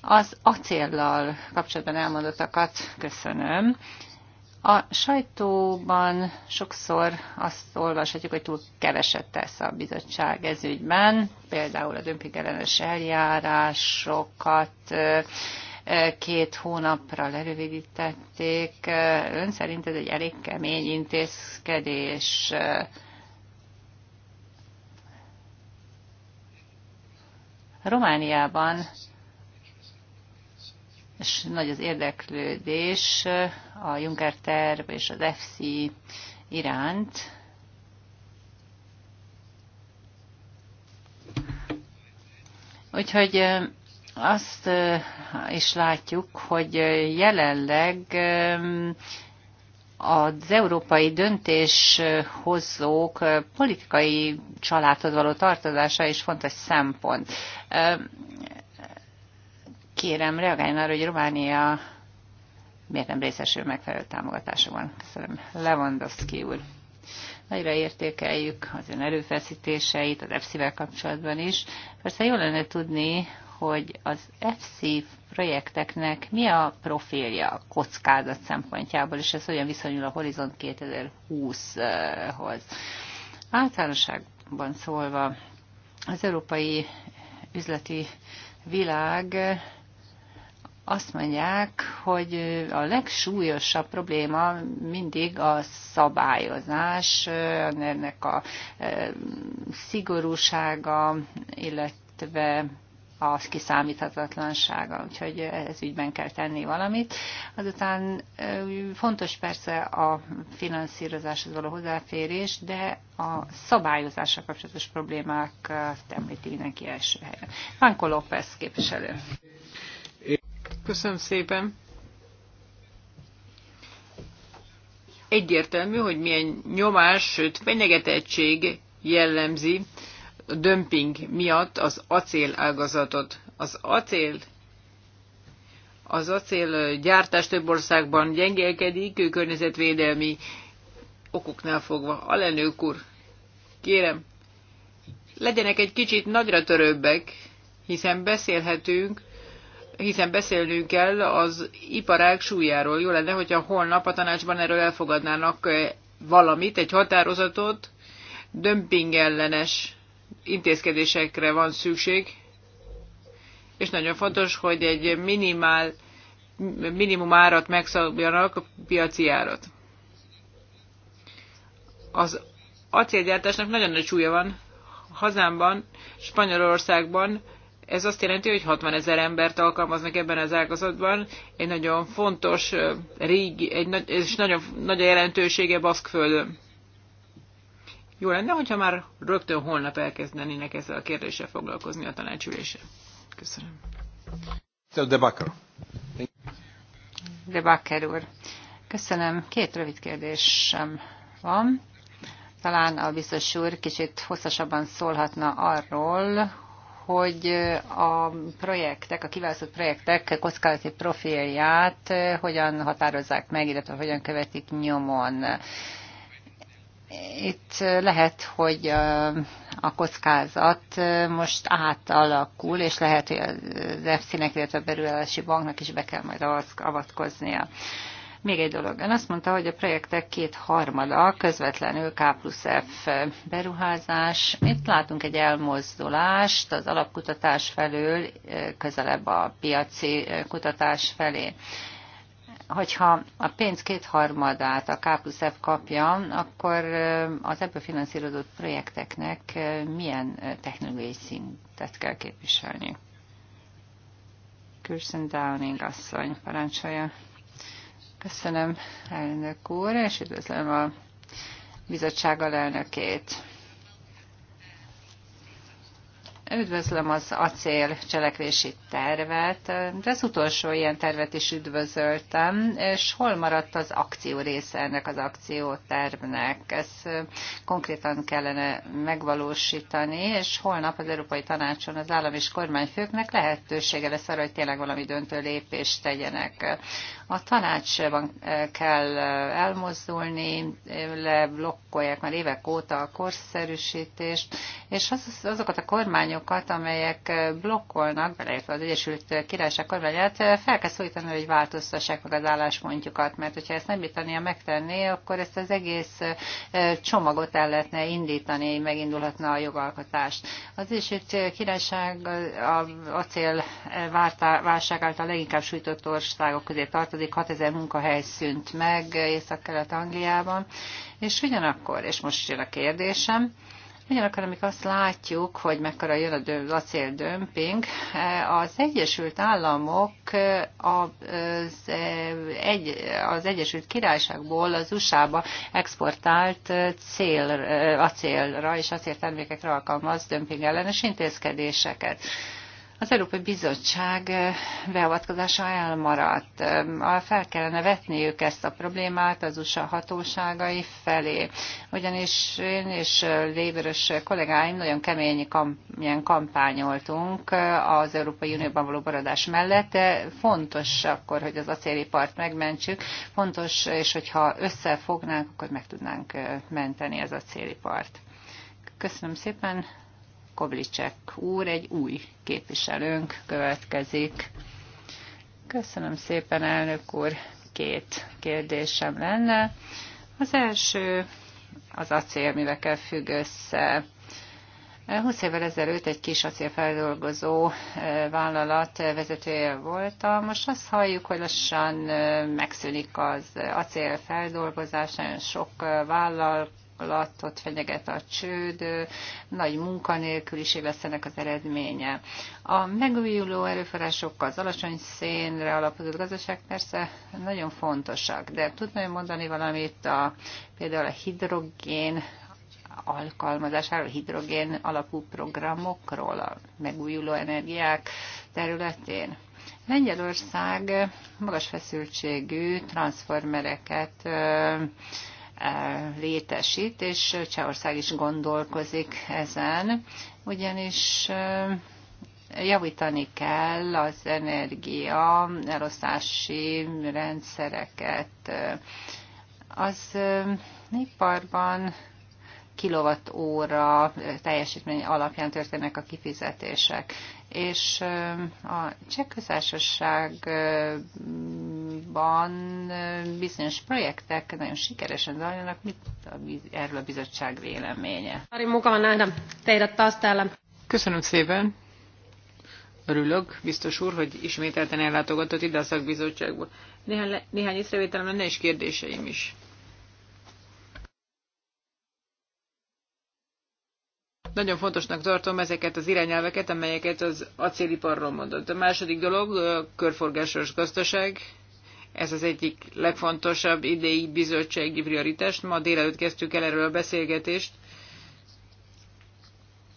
C: Az acéllal kapcsolatban elmondottakat köszönöm. A sajtóban sokszor azt olvashatjuk, hogy túl keveset tesz a bizottság ezügyben, például a dömpingellenes eljárásokat két hónapra lerövidítették. Ön szerint ez egy elég kemény intézkedés. Romániában és nagy az érdeklődés a Juncker terv és az FC iránt. Úgyhogy azt is látjuk, hogy jelenleg az európai döntéshozók politikai családhoz való tartozása is fontos szempont. Kérem, reagáljon arra, hogy Románia miért nem részesül megfelelő támogatásokban. Köszönöm. Lewandowski úr. Nagyra értékeljük az ön erőfeszítéseit, az epsz vel kapcsolatban is. Persze jól lenne tudni, hogy az FC projekteknek mi a profilja a kockázat szempontjából, és ez olyan viszonyul a Horizont 2020-hoz. Általánosságban szólva az európai üzleti világ azt mondják, hogy a legsúlyosabb probléma mindig a szabályozás, ennek a e, szigorúsága, illetve az kiszámíthatatlansága, úgyhogy ez ügyben kell tenni valamit. Azután fontos persze a finanszírozáshoz való hozzáférés, de a szabályozással kapcsolatos problémák említi mindenki első
D: helyen. Franco López képviselő. Köszönöm szépen. Egyértelmű, hogy milyen nyomás, sőt fenyegetettség jellemzi dömping miatt az acél ágazatot. Az acél az acél gyártás több országban gyengélkedik, környezetvédelmi okoknál fogva. Alelnök úr, kérem, legyenek egy kicsit nagyra törőbbek, hiszen beszélhetünk, hiszen beszélnünk kell az iparág súlyáról. Jó lenne, hogyha holnap a tanácsban erről elfogadnának valamit, egy határozatot, dömping ellenes intézkedésekre van szükség, és nagyon fontos, hogy egy minimál, minimum árat megszabjanak a piaci árat. Az acélgyártásnak nagyon nagy súlya van. Hazámban, Spanyolországban ez azt jelenti, hogy 60 ezer embert alkalmaznak ebben az ágazatban. Egy nagyon fontos, régi, egy, és nagyon nagy a jelentősége Baszkföldön jó lenne, hogyha már rögtön holnap elkezdenének ezzel a kérdéssel foglalkozni a tanácsülése.
A: Köszönöm. De Bakker.
C: De Bakker úr. Köszönöm. Két rövid kérdésem van. Talán a biztos úr kicsit hosszasabban szólhatna arról, hogy a projektek, a kiválasztott projektek kockázati profilját hogyan határozzák meg, illetve hogyan követik nyomon itt lehet, hogy a kockázat most átalakul, és lehet, hogy az EFSZ-nek, illetve a Berülési Banknak is be kell majd avatkoznia. Még egy dolog. Ön azt mondta, hogy a projektek két harmada közvetlenül K plusz F beruházás. Itt látunk egy elmozdulást az alapkutatás felől közelebb a piaci kutatás felé hogyha a pénz kétharmadát a K plusz F kapja, akkor az ebből finanszírozott projekteknek milyen technológiai szintet kell képviselni? Kirsten Downing asszony parancsolja. Köszönöm, elnök úr, és üdvözlöm a bizottság alelnökét. Üdvözlöm az acél cselekvési tervet, de az utolsó ilyen tervet is üdvözöltem, és hol maradt az akció része ennek az akciótervnek? Ezt konkrétan kellene megvalósítani, és holnap az Európai Tanácson az állam és kormányfőknek lehetősége lesz arra, hogy tényleg valami döntő lépést tegyenek. A tanácsban eh, kell eh, elmozdulni, eh, leblokkolják már évek óta a korszerűsítést, és az, azokat a kormányokat, amelyek blokkolnak, beleértve az Egyesült Királyság kormányát, fel kell szólítani, hogy változtassák meg az álláspontjukat, mert hogyha ezt nem bírtania megtenni, akkor ezt az egész csomagot el lehetne indítani, megindulhatna a jogalkotást. Az Egyesült Királyság a cél acél válság által leginkább sújtott országok közé tartozik, változik, 6000 munkahely szűnt meg Észak-Kelet-Angliában, és ugyanakkor, és most jön a kérdésem, Ugyanakkor, amikor azt látjuk, hogy mekkora jön az dömping, az Egyesült Államok az, egy, az Egyesült Királyságból az USA-ba exportált cél, acélra és acéltermékekre alkalmaz dömping ellenes intézkedéseket. Az Európai Bizottság beavatkozása elmaradt. Fel kellene vetniük ezt a problémát az USA hatóságai felé. Ugyanis én és léberös kollégáim nagyon kemény ilyen kampányoltunk az Európai Unióban való maradás mellett, fontos akkor, hogy az acélipart megmentsük. Fontos, és hogyha összefognánk, akkor meg tudnánk menteni az acélipart. Köszönöm szépen! Kovlicek úr, egy új képviselőnk következik. Köszönöm szépen, elnök úr. Két kérdésem lenne. Az első az acél acélművekkel függ össze. 20 évvel ezelőtt egy kis acélfeldolgozó eh, vállalat eh, vezetője voltam. Most azt halljuk, hogy lassan eh, megszűnik az acélfeldolgozás, nagyon sok vállalat gyakorlatot fenyeget a csőd, nagy munkanélküliség lesz ennek az eredménye. A megújuló erőforrásokkal az alacsony szénre alapozott gazdaság persze nagyon fontosak, de tudnám mondani valamit a, például a hidrogén alkalmazásáról, hidrogén alapú programokról a megújuló energiák területén. Lengyelország magas feszültségű transformereket létesít, és Csehország is gondolkozik ezen, ugyanis javítani kell az energia elosztási rendszereket. Az iparban kilovatt óra teljesítmény alapján történnek a kifizetések és a cseh bizonyos projektek nagyon sikeresen zajlanak. Mit a, erről a
D: bizottság véleménye? Köszönöm szépen! Örülök, biztos úr, hogy ismételten ellátogatott ide a szakbizottságból. Néhány, néhány észrevételem lenne és kérdéseim is. Nagyon fontosnak tartom ezeket az irányelveket, amelyeket az acéliparról mondott. A második dolog a körforgásos gazdaság. Ez az egyik legfontosabb idei bizottsági prioritás. Ma délelőtt kezdtük el erről a beszélgetést.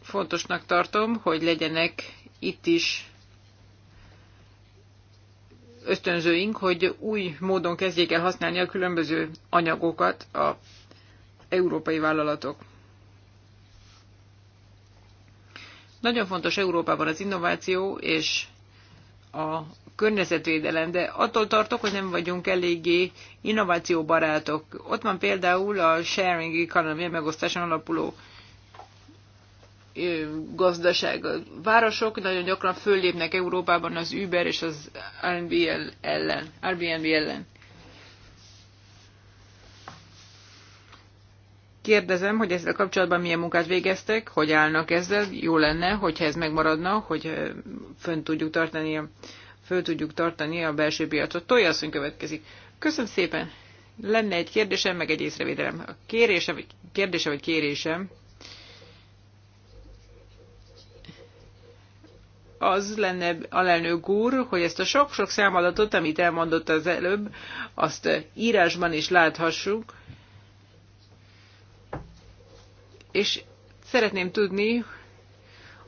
D: Fontosnak tartom, hogy legyenek itt is ösztönzőink, hogy új módon kezdjék el használni a különböző anyagokat a európai vállalatok. Nagyon fontos Európában az innováció és a környezetvédelem, de attól tartok, hogy nem vagyunk eléggé innovációbarátok. Ott van például a sharing economy, a megosztáson alapuló gazdaság. A városok nagyon gyakran föllépnek Európában az Uber és az Airbnb ellen. Airbnb ellen. Kérdezem, hogy ezzel kapcsolatban milyen munkát végeztek, hogy állnak ezzel, jó lenne, hogyha ez megmaradna, hogy fön tudjuk tartani a, föl tudjuk tartani a belső piacot. Tojasszony következik. Köszönöm szépen. Lenne egy kérdésem, meg egy észrevételem. A kérésem, vagy kérdése vagy kérésem az lenne alelnök úr, hogy ezt a sok-sok számadatot, amit elmondott az előbb, azt írásban is láthassuk, és szeretném tudni,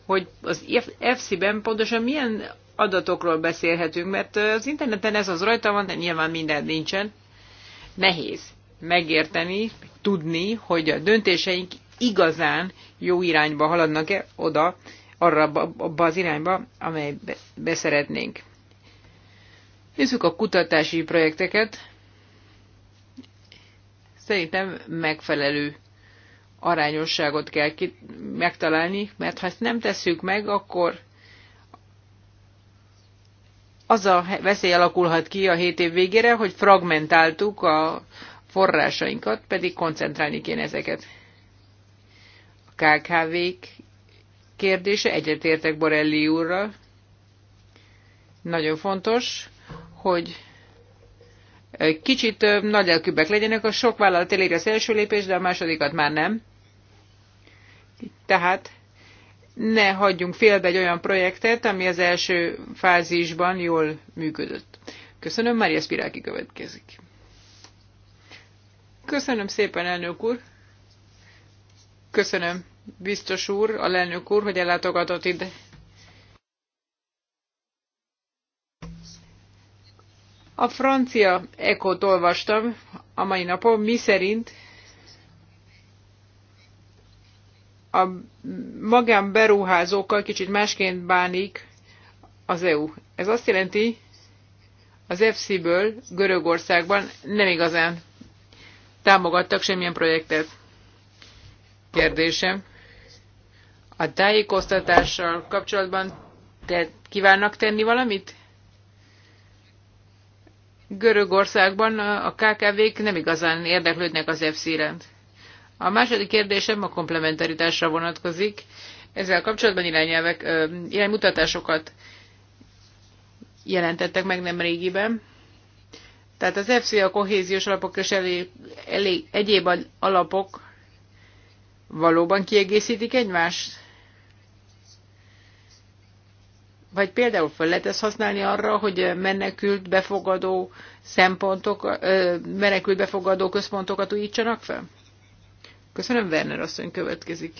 D: hogy az efsi ben pontosan milyen adatokról beszélhetünk, mert az interneten ez az rajta van, de nyilván minden nincsen. Nehéz megérteni, tudni, hogy a döntéseink igazán jó irányba haladnak-e oda, arra, abba az irányba, amelybe beszeretnénk. Nézzük a kutatási projekteket. Szerintem megfelelő arányosságot kell megtalálni, mert ha ezt nem tesszük meg, akkor az a veszély alakulhat ki a hét év végére, hogy fragmentáltuk a forrásainkat, pedig koncentrálni kéne ezeket. A kkv kérdése, egyetértek Borelli úrral. Nagyon fontos, hogy kicsit nagy elkübbek legyenek, a sok vállalat elég az első lépés, de a másodikat már nem. Tehát ne hagyjunk félbe egy olyan projektet, ami az első fázisban jól működött. Köszönöm, Mária Spiráki következik. Köszönöm szépen, elnök úr. Köszönöm, biztos úr, a elnök úr, hogy ellátogatott ide. A francia ekot olvastam a mai napon, mi szerint a beruházókkal kicsit másként bánik az EU. Ez azt jelenti, az FC-ből Görögországban nem igazán támogattak semmilyen projektet. Kérdésem. A tájékoztatással kapcsolatban te kívánnak tenni valamit? Görögországban a KKV-k nem igazán érdeklődnek az FC rend? A második kérdésem a komplementaritásra vonatkozik. Ezzel kapcsolatban irányelvek, iránymutatásokat jelentettek meg nem régiben. Tehát az FC a kohéziós alapok és elég, elég egyéb alapok valóban kiegészítik egymást? Vagy például fel lehet ezt használni arra, hogy menekült befogadó szempontok, menekült befogadó központokat újítsanak fel? Köszönöm, Werner asszony következik.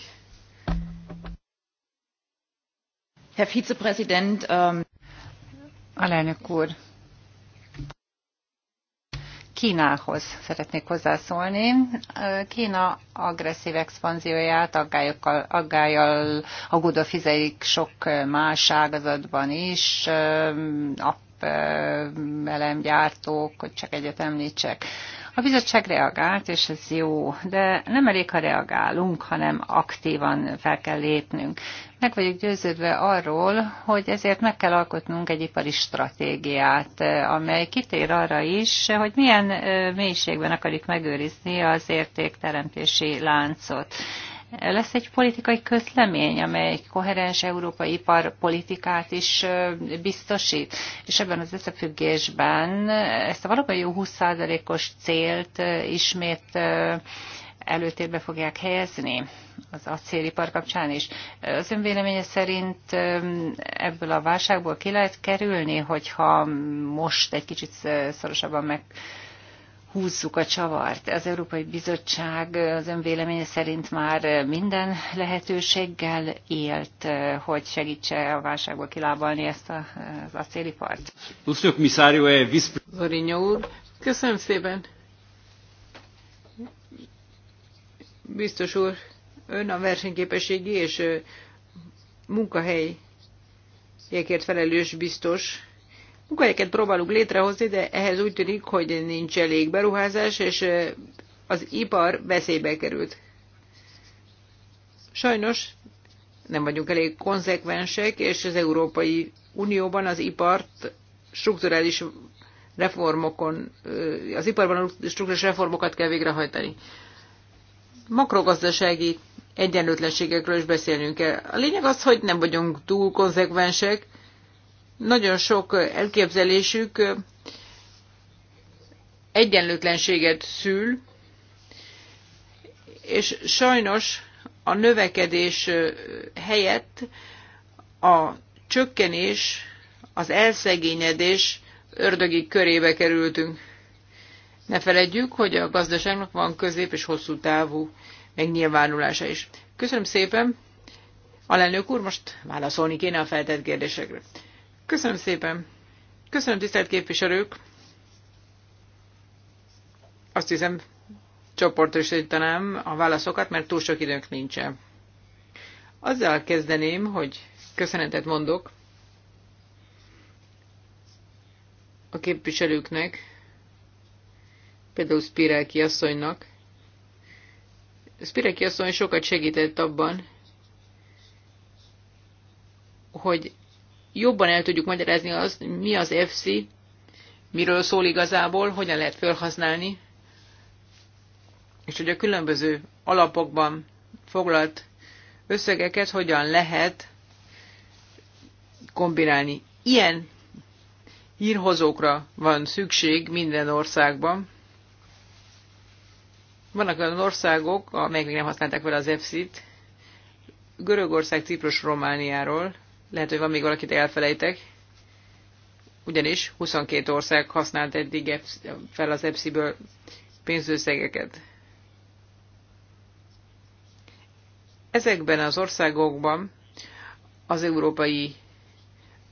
D: Herr Vizepräsident, um... Ähm, Alelnök úr,
C: Kínához szeretnék hozzászólni. Kína agresszív expanzióját aggályokkal, aggályal aggódva fizelik sok más ágazatban is, napelemgyártók, hogy csak egyet említsek. A bizottság reagált, és ez jó, de nem elég, ha reagálunk, hanem aktívan fel kell lépnünk. Meg vagyok győződve arról, hogy ezért meg kell alkotnunk egy ipari stratégiát, amely kitér arra is, hogy milyen mélységben akarjuk megőrizni az értékteremtési láncot. Lesz egy politikai közlemény, amely egy koherens európai iparpolitikát is biztosít, és ebben az összefüggésben ezt a valóban jó 20%-os célt ismét előtérbe fogják helyezni az acélipar kapcsán is. Az ön véleménye szerint ebből a válságból ki lehet kerülni, hogyha most egy kicsit szorosabban meg húzzuk a csavart. Az Európai Bizottság az önvéleménye szerint már minden lehetőséggel élt, hogy segítse a válságból
D: kilábalni ezt a, az acélipart. Zorinyó úr, köszönöm szépen. Biztos úr, ön a versenyképességi és munkahelyekért felelős biztos Munkahelyeket próbálunk létrehozni, de ehhez úgy tűnik, hogy nincs elég beruházás, és az ipar veszélybe került. Sajnos nem vagyunk elég konzekvensek, és az Európai Unióban az ipart strukturális reformokon, az iparban strukturális reformokat kell végrehajtani. Makrogazdasági egyenlőtlenségekről is beszélnünk kell. A lényeg az, hogy nem vagyunk túl konzekvensek, nagyon sok elképzelésük egyenlőtlenséget szül, és sajnos a növekedés helyett a csökkenés, az elszegényedés ördögi körébe kerültünk. Ne feledjük, hogy a gazdaságnak van közép és hosszú távú megnyilvánulása is. Köszönöm szépen! Alelnök úr, most válaszolni kéne a feltett kérdésekre. Köszönöm szépen. Köszönöm, tisztelt képviselők. Azt hiszem, csoportosítanám a válaszokat, mert túl sok időnk nincsen. Azzal kezdeném, hogy köszönetet mondok a képviselőknek, például Spirelki asszonynak. Spirelki asszony sokat segített abban, hogy jobban el tudjuk magyarázni azt, mi az FC, miről szól igazából, hogyan lehet felhasználni, és hogy a különböző alapokban foglalt összegeket hogyan lehet kombinálni. Ilyen hírhozókra van szükség minden országban. Vannak olyan országok, amelyek még nem használták fel az EFSZ-t, Görögország, Ciprus, Romániáról lehet, hogy van még valakit elfelejtek. Ugyanis 22 ország használt eddig fel az EPSI-ből pénzőszegeket. Ezekben az országokban az Európai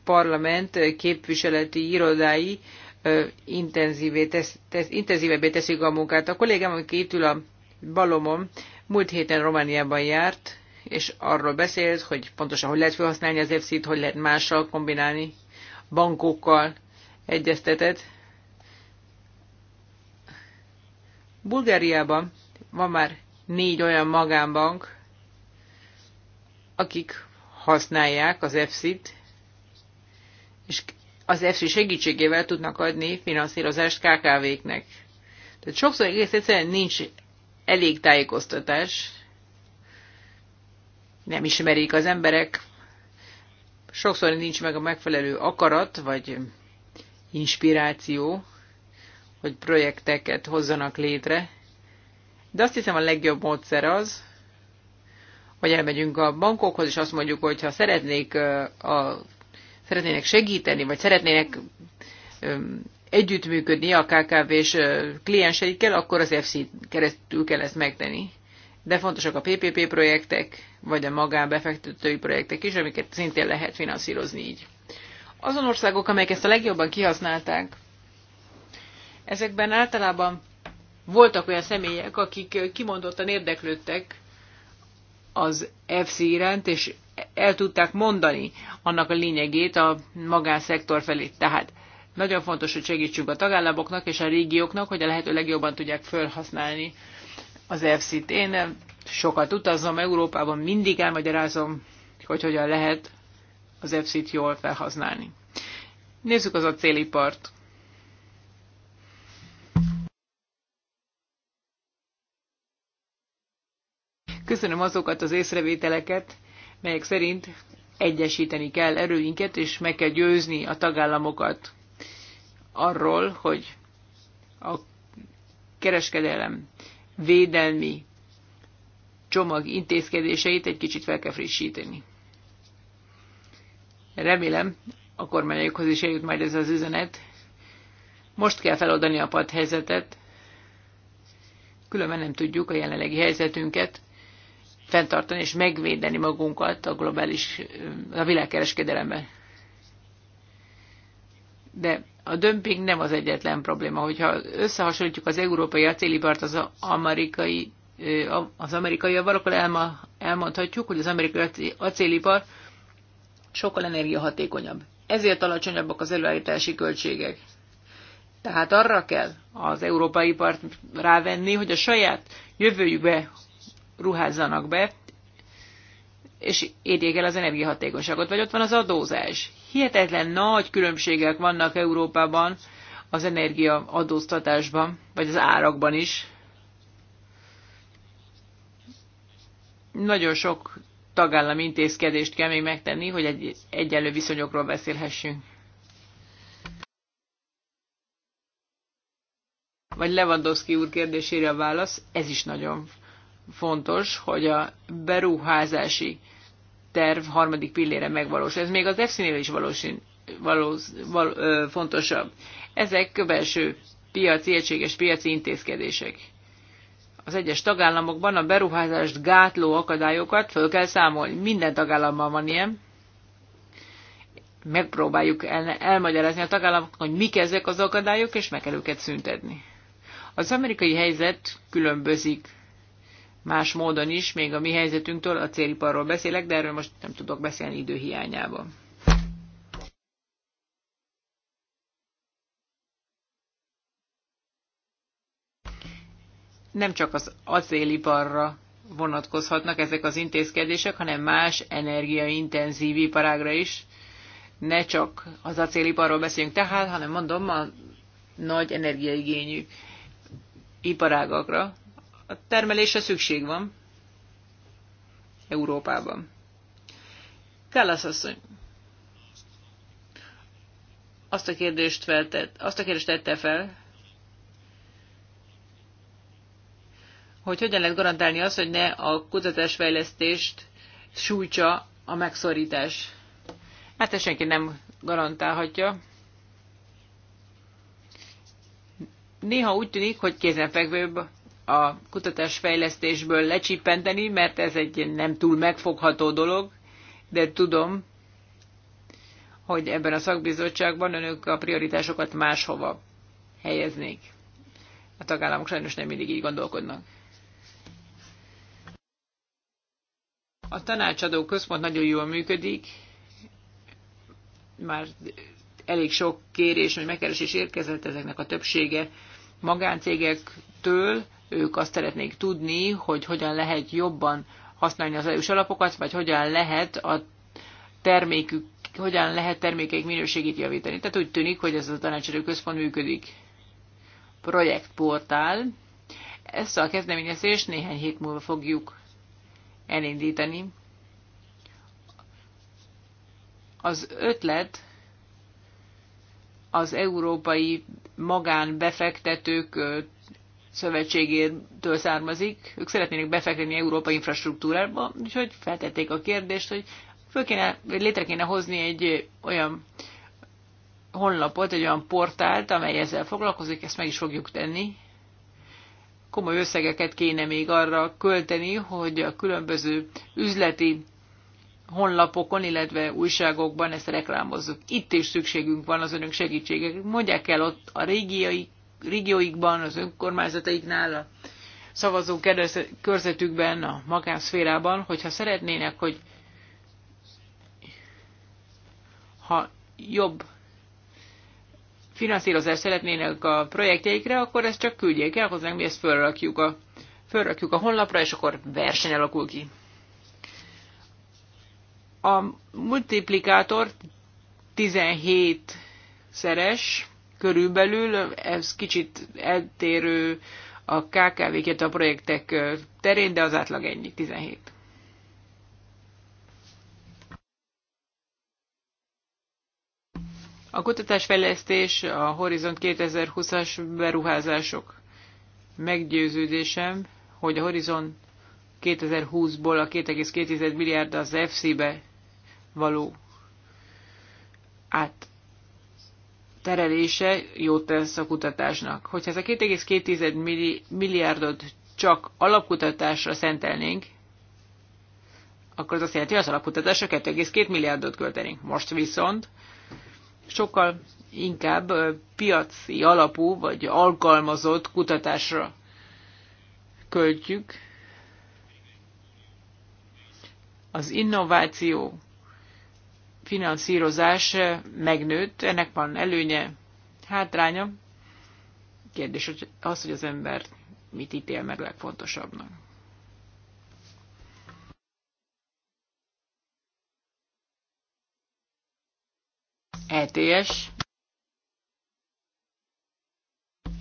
D: Parlament képviseleti irodái tesz, tesz, intenzívebbé teszik a munkát. A kollégám, aki itt ül a balomon, múlt héten Romániában járt, és arról beszélsz, hogy pontosan hogy lehet felhasználni az fc t hogy lehet mással kombinálni, bankokkal egyeztetett. Bulgáriában van már négy olyan magánbank, akik használják az fc t és az FC segítségével tudnak adni finanszírozást KKV-knek. Tehát sokszor egész egyszerűen nincs elég tájékoztatás, nem ismerik az emberek, sokszor nincs meg a megfelelő akarat, vagy inspiráció, hogy projekteket hozzanak létre. De azt hiszem a legjobb módszer az, hogy elmegyünk a bankokhoz, és azt mondjuk, hogy ha szeretnék a, szeretnének segíteni, vagy szeretnének együttműködni a KKV-s klienseikkel, akkor az FC keresztül kell ezt megtenni de fontosak a PPP projektek, vagy a magánbefektetői projektek is, amiket szintén lehet finanszírozni így. Azon országok, amelyek ezt a legjobban kihasználták, ezekben általában voltak olyan személyek, akik kimondottan érdeklődtek az FC iránt, és el tudták mondani annak a lényegét a magánszektor felé. Tehát nagyon fontos, hogy segítsünk a tagállamoknak és a régióknak, hogy a lehető legjobban tudják felhasználni az EFSZ-t. Én sokat utazom Európában, mindig elmagyarázom, hogy hogyan lehet az EFSZ-t jól felhasználni. Nézzük az a célipart. Köszönöm azokat az észrevételeket, melyek szerint egyesíteni kell erőinket, és meg kell győzni a tagállamokat arról, hogy a kereskedelem védelmi csomag intézkedéseit egy kicsit fel kell frissíteni. Remélem, a kormányokhoz is eljut majd ez az üzenet. Most kell feloldani a padhelyzetet, különben nem tudjuk a jelenlegi helyzetünket fenntartani és megvédeni magunkat a globális, a világkereskedelemben. De a dömping nem az egyetlen probléma. Hogyha összehasonlítjuk az európai acélipart az amerikai, az amerikaiaval, akkor elma, elmondhatjuk, hogy az amerikai acélipar sokkal energiahatékonyabb. Ezért alacsonyabbak az előállítási költségek. Tehát arra kell az európai part rávenni, hogy a saját jövőjükbe ruházzanak be, és érjék el az energiahatékonyságot. Vagy ott van az adózás. Hihetetlen nagy különbségek vannak Európában az energia adóztatásban, vagy az árakban is. Nagyon sok tagállami intézkedést kell még megtenni, hogy egy, egyenlő viszonyokról beszélhessünk. Vagy Lewandowski úr kérdésére a válasz, ez is nagyon fontos, hogy a beruházási terv harmadik pillére megvalósul. Ez még az EFSZ-nél is valósin, val, ö, fontosabb. Ezek belső piaci, egységes piaci intézkedések. Az egyes tagállamokban a beruházást gátló akadályokat föl kell számolni. Minden tagállamban van ilyen. Megpróbáljuk el, elmagyarázni a tagállamoknak, hogy mik ezek az akadályok, és meg kell őket szüntetni. Az amerikai helyzet különbözik más módon is, még a mi helyzetünktől, a céliparról beszélek, de erről most nem tudok beszélni időhiányában. Nem csak az acéliparra vonatkozhatnak ezek az intézkedések, hanem más energiaintenzív iparágra is. Ne csak az acéliparról beszéljünk tehát, hanem mondom a nagy energiaigényű iparágakra, a termelésre szükség van Európában. Kallasz asszony azt a kérdést feltett, azt a kérdést tette fel, hogy hogyan lehet garantálni azt, hogy ne a kutatásfejlesztést sújtsa a megszorítás. Hát ezt senki nem garantálhatja. Néha úgy tűnik, hogy kézenfekvőbb a kutatásfejlesztésből lecsippenteni, mert ez egy nem túl megfogható dolog, de tudom, hogy ebben a szakbizottságban önök a prioritásokat máshova helyeznék. A tagállamok sajnos nem mindig így gondolkodnak. A tanácsadó központ nagyon jól működik, már elég sok kérés, hogy megkeresés érkezett ezeknek a többsége magáncégektől, ők azt szeretnék tudni, hogy hogyan lehet jobban használni az EU-s alapokat, vagy hogyan lehet a termékük, hogyan lehet termékeik minőségét javítani. Tehát úgy tűnik, hogy ez a tanácsadó központ működik. Projektportál. Ezt a kezdeményezést néhány hét múlva fogjuk elindítani. Az ötlet az európai magánbefektetők szövetségétől származik, ők szeretnének befektetni Európa infrastruktúrába, úgyhogy feltették a kérdést, hogy föl kéne, vagy létre kéne hozni egy olyan honlapot, egy olyan portált, amely ezzel foglalkozik, ezt meg is fogjuk tenni. Komoly összegeket kéne még arra költeni, hogy a különböző üzleti honlapokon, illetve újságokban ezt reklámozzuk. Itt is szükségünk van az önök segítségek. Mondják el ott a régiai régióikban, az önkormányzataiknál, a szavazó körzetükben, a magánszférában, hogyha szeretnének, hogy ha jobb finanszírozást szeretnének a projektjeikre, akkor ezt csak küldjék el hozzánk, mi ezt felrakjuk a, felrakjuk a honlapra, és akkor verseny alakul ki. A multiplikátor 17 szeres, körülbelül, ez kicsit eltérő a KKV-ket a projektek terén, de az átlag ennyi, 17. A kutatásfejlesztés, a Horizont 2020-as beruházások. Meggyőződésem, hogy a Horizont 2020-ból a 2,2 milliárd az FC-be való át terelése jót tesz a kutatásnak. Hogyha ez a 2,2 milliárdot csak alapkutatásra szentelnénk, akkor az azt jelenti, hogy az alapkutatásra 2,2 milliárdot költenénk. Most viszont sokkal inkább piaci alapú vagy alkalmazott kutatásra költjük. Az innováció finanszírozás megnőtt, ennek van előnye, hátránya. Kérdés hogy az, hogy az ember mit ítél meg legfontosabbnak. ETS.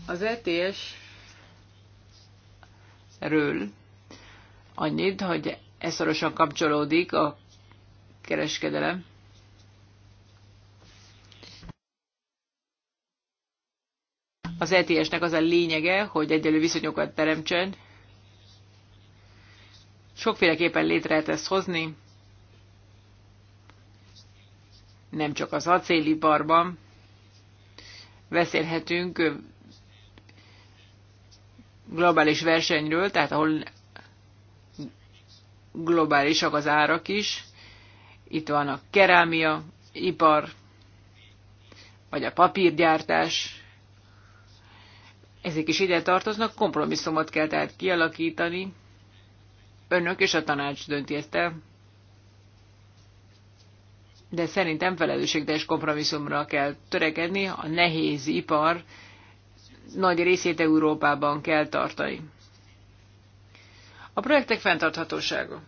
D: Az ETS ről annyit, hogy ez szorosan kapcsolódik a kereskedelem Az ETS-nek az a lényege, hogy egyenlő viszonyokat teremtsen. Sokféleképpen létre lehet ezt hozni, nem csak az barban. beszélhetünk globális versenyről, tehát ahol globálisak az árak is. Itt van a kerámia, ipar, vagy a papírgyártás ezek is ide tartoznak, kompromisszumot kell tehát kialakítani. Önök és a tanács dönti ezt el. De szerintem felelősségteljes kompromisszumra kell törekedni, a nehéz ipar nagy részét Európában kell tartani. A projektek fenntarthatósága.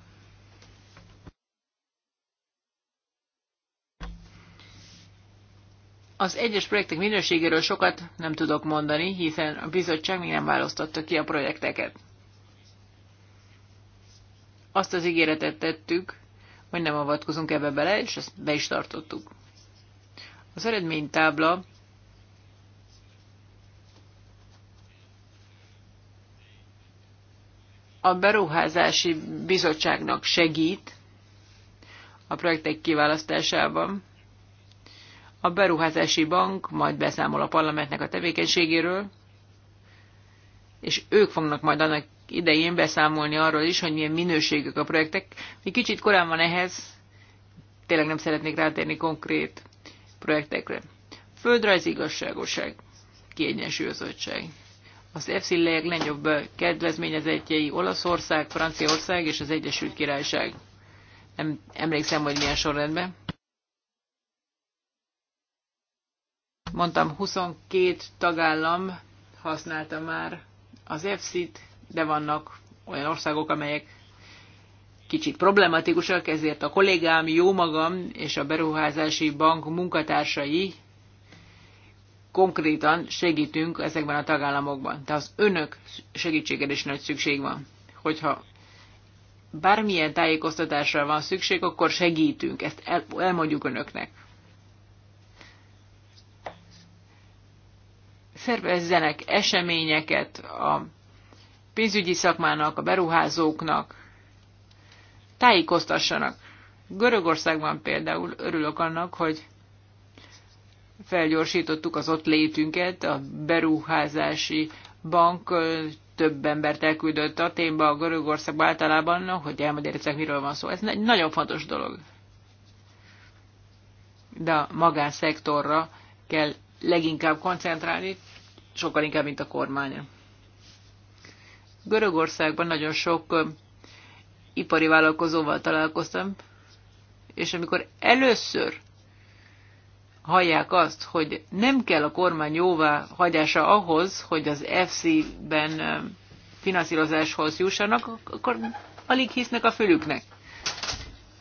D: Az egyes projektek minőségéről sokat nem tudok mondani, hiszen a bizottság még nem választotta ki a projekteket. Azt az ígéretet tettük, hogy nem avatkozunk ebbe bele, és ezt be is tartottuk. Az eredménytábla a beruházási bizottságnak segít a projektek kiválasztásában, a beruházási bank majd beszámol a parlamentnek a tevékenységéről, és ők fognak majd annak idején beszámolni arról is, hogy milyen minőségek a projektek. Mi kicsit korán van ehhez, tényleg nem szeretnék rátérni konkrét projektekre. Földrajz igazságoság, kiegyensúlyozottság. Az EFSZI legnagyobb kedvezményezettjei Olaszország, Franciaország és az Egyesült Királyság. Nem emlékszem, hogy milyen sorrendben. Mondtam, 22 tagállam használta már az EFSZ-t, de vannak olyan országok, amelyek kicsit problematikusak, ezért a kollégám, jó magam és a Beruházási Bank munkatársai konkrétan segítünk ezekben a tagállamokban. Tehát az önök segítségére is nagy szükség van. Hogyha bármilyen tájékoztatásra van szükség, akkor segítünk, ezt el, elmondjuk önöknek. szervezzenek eseményeket a pénzügyi szakmának, a beruházóknak, tájékoztassanak. Görögországban például örülök annak, hogy felgyorsítottuk az ott létünket, a beruházási bank több embert elküldött a témba a Görögországba általában, hogy elmagyarázzák, miről van szó. Ez egy nagyon fontos dolog. De a magánszektorra kell leginkább koncentrálni, sokkal inkább, mint a kormánya. Görögországban nagyon sok ipari vállalkozóval találkoztam, és amikor először hallják azt, hogy nem kell a kormány jóvá hagyása ahhoz, hogy az FC-ben finanszírozáshoz jussanak, akkor alig hisznek a fülüknek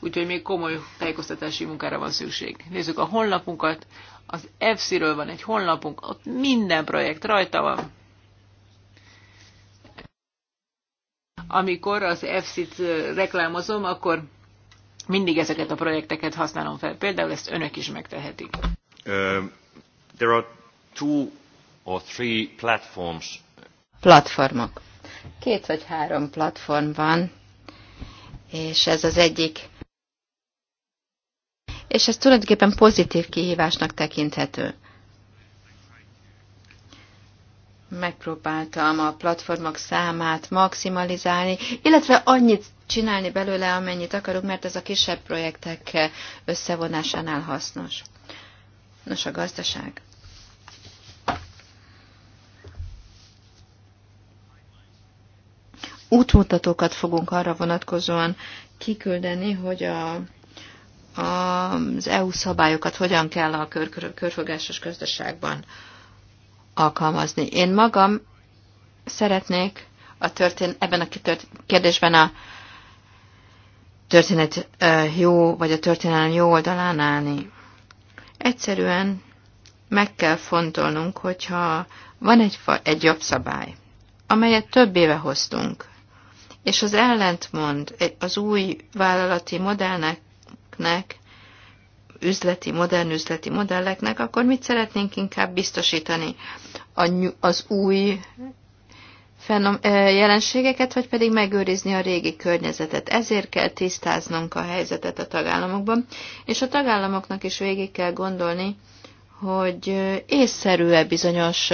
D: úgyhogy még komoly tájékoztatási munkára van szükség. Nézzük a honlapunkat, az EFSZ-ről van egy honlapunk, ott minden projekt rajta van. Amikor az EFSZ-t reklámozom, akkor mindig ezeket a projekteket használom fel. Például ezt önök is megtehetik.
A: Uh, there are two or three platforms.
B: Platformok. Két vagy három platform van, és ez az egyik és ez tulajdonképpen pozitív kihívásnak tekinthető. Megpróbáltam a platformok számát maximalizálni, illetve annyit csinálni belőle, amennyit akarunk, mert ez a kisebb projektek összevonásánál hasznos. Nos, a gazdaság. útmutatókat fogunk arra vonatkozóan kiküldeni, hogy a az EU szabályokat hogyan kell a kör, körfogásos gazdaságban alkalmazni. Én magam szeretnék a történ ebben a kérdésben a történet jó, vagy a történelem jó oldalán állni. Egyszerűen meg kell fontolnunk, hogyha van egy, egy jobb szabály, amelyet több éve hoztunk, és az ellentmond az új vállalati modellnek, modelleknek, üzleti, modern üzleti modelleknek, akkor mit szeretnénk inkább biztosítani? A, az új jelenségeket, vagy pedig megőrizni a régi környezetet. Ezért kell tisztáznunk a helyzetet a tagállamokban, és a tagállamoknak is végig kell gondolni, hogy észszerű-e bizonyos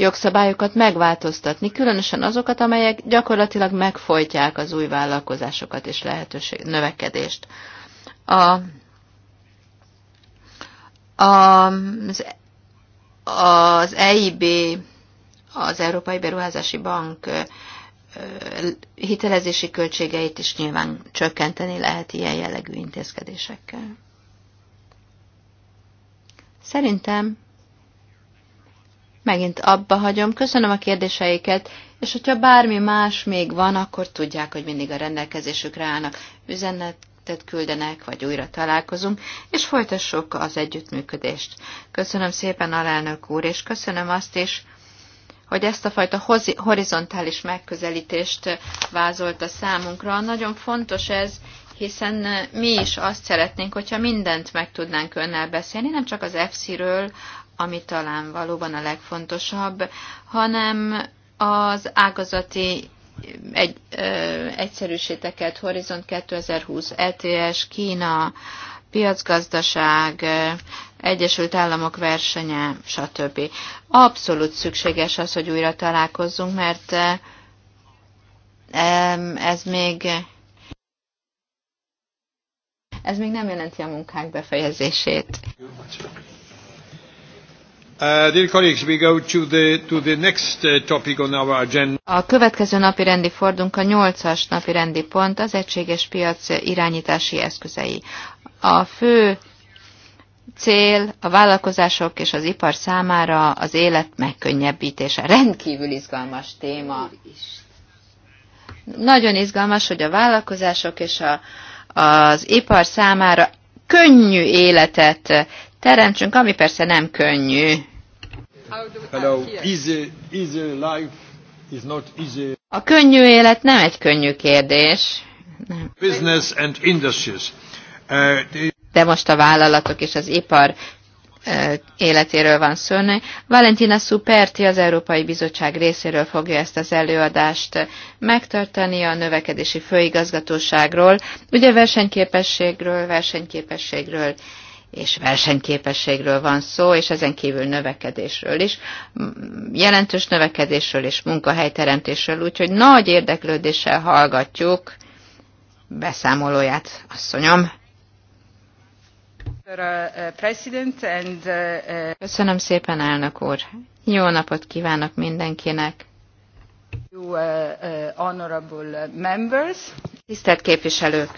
B: jogszabályokat megváltoztatni, különösen azokat, amelyek gyakorlatilag megfojtják az új vállalkozásokat és lehetőség növekedést. A, a, az, az EIB, az Európai Beruházási Bank hitelezési költségeit is nyilván csökkenteni lehet ilyen jellegű intézkedésekkel. Szerintem megint abba hagyom. Köszönöm a kérdéseiket, és hogyha bármi más még van, akkor tudják, hogy mindig a rendelkezésükre állnak. Üzenetet küldenek, vagy újra találkozunk, és folytassuk az együttműködést. Köszönöm szépen, alelnök úr, és köszönöm azt is, hogy ezt a fajta horizontális megközelítést vázolta számunkra. Nagyon fontos ez, hiszen mi is azt szeretnénk, hogyha mindent meg tudnánk önnel beszélni, nem csak az EFSZ-ről, ami talán valóban a legfontosabb, hanem az ágazati egy, ö, egyszerűsíteket, Horizont 2020, ETS, Kína, piacgazdaság, Egyesült Államok versenye, stb. Abszolút szükséges az, hogy újra találkozzunk, mert ez még ez még nem jelenti a munkák befejezését. A következő napi rendi fordunk a nyolcas napi rendi pont az egységes piac irányítási eszközei. A fő cél a vállalkozások és az ipar számára az élet megkönnyebbítése. Rendkívül izgalmas téma. Nagyon izgalmas, hogy a vállalkozások és a, az ipar számára könnyű életet teremtsünk, ami persze nem könnyű. A könnyű élet nem egy könnyű kérdés. Uh, De most a vállalatok és az ipar uh, életéről van szó. Valentina Superti az Európai Bizottság részéről fogja ezt az előadást megtartani a növekedési főigazgatóságról, ugye versenyképességről, versenyképességről és versenyképességről van szó, és ezen kívül növekedésről is, jelentős növekedésről és munkahelyteremtésről, úgyhogy nagy érdeklődéssel hallgatjuk beszámolóját, asszonyom. Köszönöm szépen, elnök úr. Jó napot kívánok mindenkinek. Uh, uh, Tisztelt képviselők!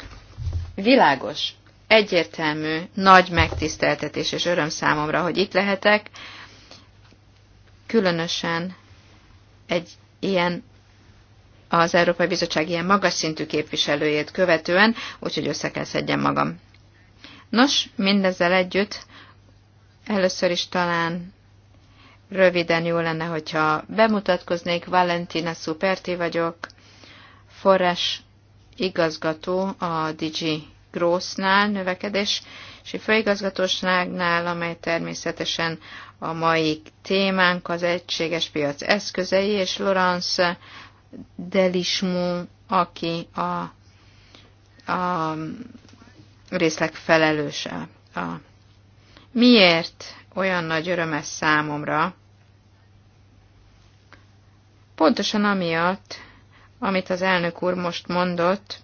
B: Világos, egyértelmű, nagy megtiszteltetés és öröm számomra, hogy itt lehetek, különösen egy ilyen az Európai Bizottság ilyen magas szintű képviselőjét követően, úgyhogy össze kell szedjem magam. Nos, mindezzel együtt először is talán röviden jó lenne, hogyha bemutatkoznék. Valentina Superti vagyok, forrás igazgató a Digi Grossnál, növekedési főigazgatóságnál, amely természetesen a mai témánk az egységes piac eszközei, és Laurence Delismu, aki a a részleg felelőse. A miért olyan nagy öröm ez számomra? Pontosan amiatt, amit az elnök úr most mondott,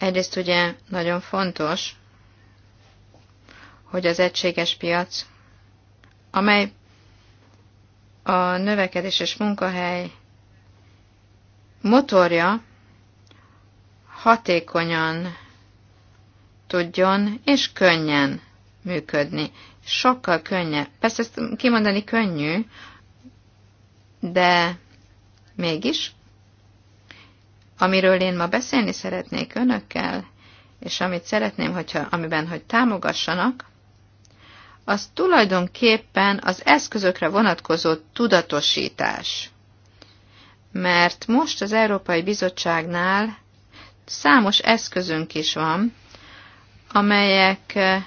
B: Egyrészt ugye nagyon fontos, hogy az egységes piac, amely a növekedés és munkahely motorja hatékonyan tudjon és könnyen működni. Sokkal könnyebb. Persze ezt kimondani könnyű, de mégis Amiről én ma beszélni szeretnék önökkel, és amit szeretném, hogyha, amiben hogy támogassanak, az tulajdonképpen az eszközökre vonatkozó tudatosítás. Mert most az Európai Bizottságnál számos eszközünk is van, amelyek eh,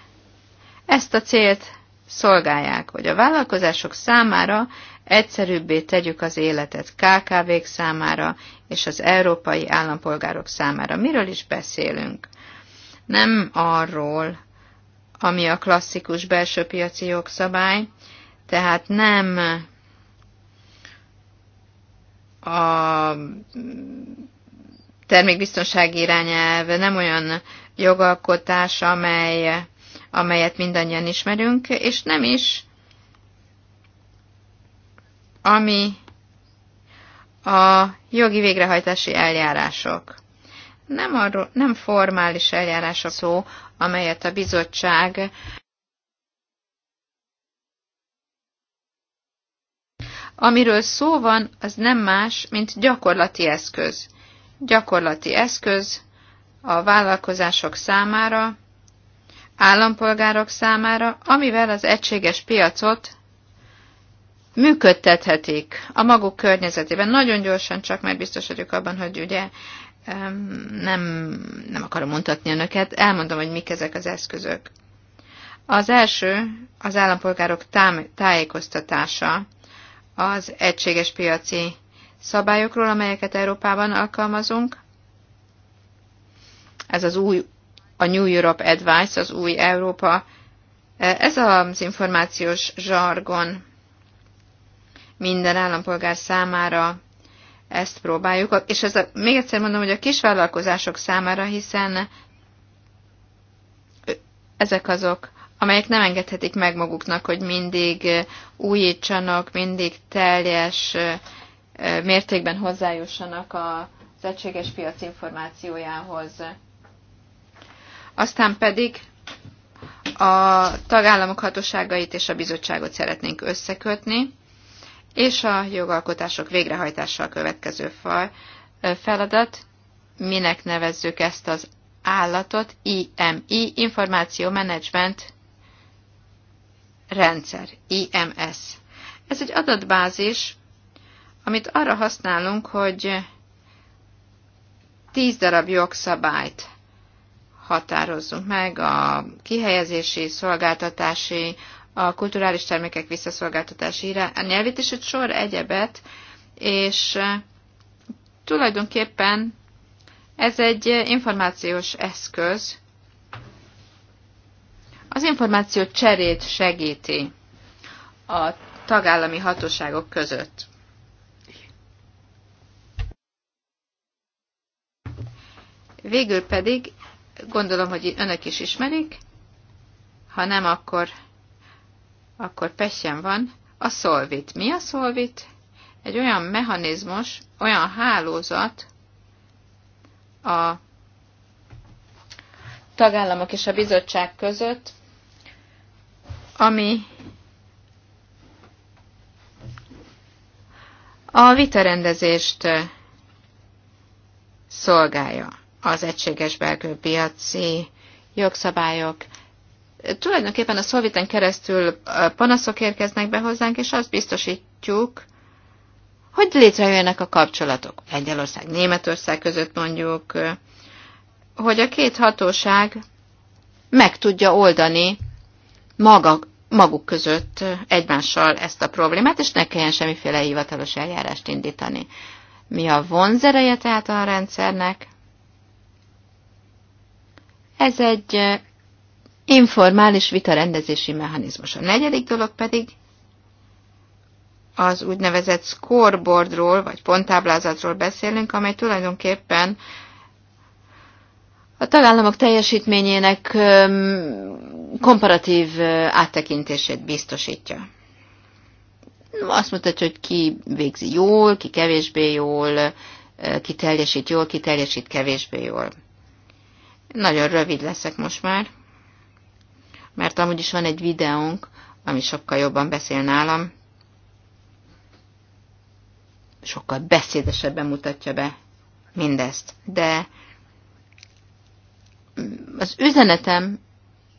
B: ezt a célt szolgálják, hogy a vállalkozások számára egyszerűbbé tegyük az életet KKV-k számára és az európai állampolgárok számára. Miről is beszélünk? Nem arról, ami a klasszikus belső piaci jogszabály, tehát nem a termékbiztonsági irányelv nem olyan jogalkotás, amely, amelyet mindannyian ismerünk, és nem is ami a jogi végrehajtási eljárások. Nem, arról, nem formális eljárások szó, amelyet a bizottság Amiről szó van, az nem más, mint gyakorlati eszköz. Gyakorlati eszköz a vállalkozások számára, állampolgárok számára, amivel az egységes piacot működtethetik a maguk környezetében. Nagyon gyorsan csak, mert biztos vagyok abban, hogy ugye nem, nem akarom mondhatni önöket, elmondom, hogy mik ezek az eszközök. Az első az állampolgárok tájékoztatása az egységes piaci szabályokról, amelyeket Európában alkalmazunk. Ez az új, a New Europe Advice, az új Európa. Ez az információs zsargon, minden állampolgár számára ezt próbáljuk. És ez a, még egyszer mondom, hogy a kisvállalkozások számára, hiszen ezek azok, amelyek nem engedhetik meg maguknak, hogy mindig újítsanak, mindig teljes mértékben hozzájussanak az egységes piac információjához. Aztán pedig a tagállamok hatóságait és a bizottságot szeretnénk összekötni, és a jogalkotások végrehajtása a következő fal, feladat. Minek nevezzük ezt az állatot? IMI, Információ Management Rendszer, IMS. Ez egy adatbázis, amit arra használunk, hogy tíz darab jogszabályt határozzunk meg, a kihelyezési, szolgáltatási, a kulturális termékek visszaszolgáltatására, a nyelvét is egy sor egyebet, és eh, tulajdonképpen ez egy eh, információs eszköz, az információ cserét segíti a tagállami hatóságok között. Végül pedig, gondolom, hogy önök is ismerik, ha nem, akkor akkor pesjen van. A szolvit. Mi a szolvit? Egy olyan mechanizmus, olyan hálózat a tagállamok és a bizottság között, ami a vitarendezést szolgálja az egységes piaci jogszabályok tulajdonképpen a szolviten keresztül panaszok érkeznek be hozzánk, és azt biztosítjuk, hogy létrejöjjenek a kapcsolatok Lengyelország, Németország között mondjuk, hogy a két hatóság meg tudja oldani maga, maguk között egymással ezt a problémát, és ne kelljen semmiféle hivatalos eljárást indítani. Mi a vonzereje tehát a rendszernek? Ez egy informális vita rendezési mechanizmus. A negyedik dolog pedig az úgynevezett scoreboardról, vagy ponttáblázatról beszélünk, amely tulajdonképpen a tagállamok teljesítményének komparatív áttekintését biztosítja. Azt mutatja, hogy ki végzi jól, ki kevésbé jól, ki teljesít jól, ki teljesít kevésbé jól. Nagyon rövid leszek most már mert amúgy is van egy videónk, ami sokkal jobban beszél nálam, sokkal beszédesebben mutatja be mindezt. De az üzenetem,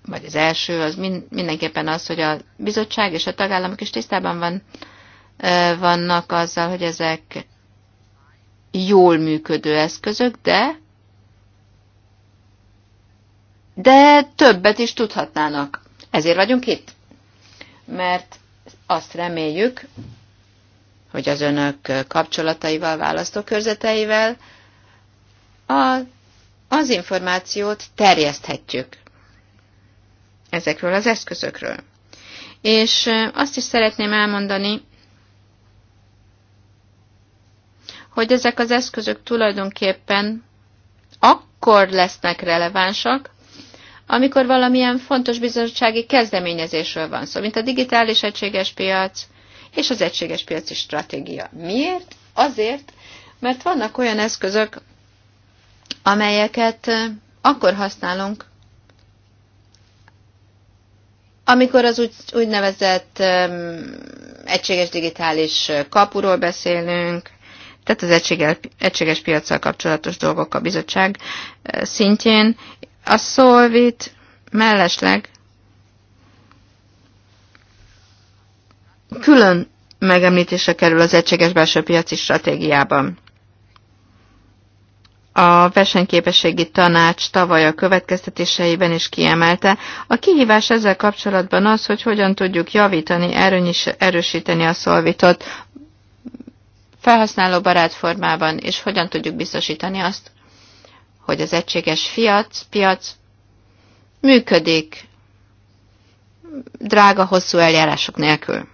B: vagy az első, az mindenképpen az, hogy a bizottság és a tagállamok is tisztában van, vannak azzal, hogy ezek jól működő eszközök, de de többet is tudhatnának. Ezért vagyunk itt. Mert azt reméljük, hogy az önök kapcsolataival, választókörzeteivel a, az információt terjeszthetjük ezekről az eszközökről. És azt is szeretném elmondani, hogy ezek az eszközök tulajdonképpen akkor lesznek relevánsak, amikor valamilyen fontos bizottsági kezdeményezésről van szó, mint a digitális egységes piac és az egységes piaci stratégia. Miért? Azért, mert vannak olyan eszközök, amelyeket eh, akkor használunk, amikor az úgy, úgynevezett um, egységes digitális eh, kapuról beszélünk, tehát az egységes, egységes piacsal kapcsolatos dolgok a bizottság eh, szintjén, a szolvit mellesleg külön megemlítése kerül az egységes belső piaci stratégiában. A versenyképességi tanács tavaly a következtetéseiben is kiemelte, a kihívás ezzel kapcsolatban az, hogy hogyan tudjuk javítani, erősíteni a szolvitot felhasználóbarát formában, és hogyan tudjuk biztosítani azt, hogy az egységes fiac, piac működik drága, hosszú eljárások nélkül.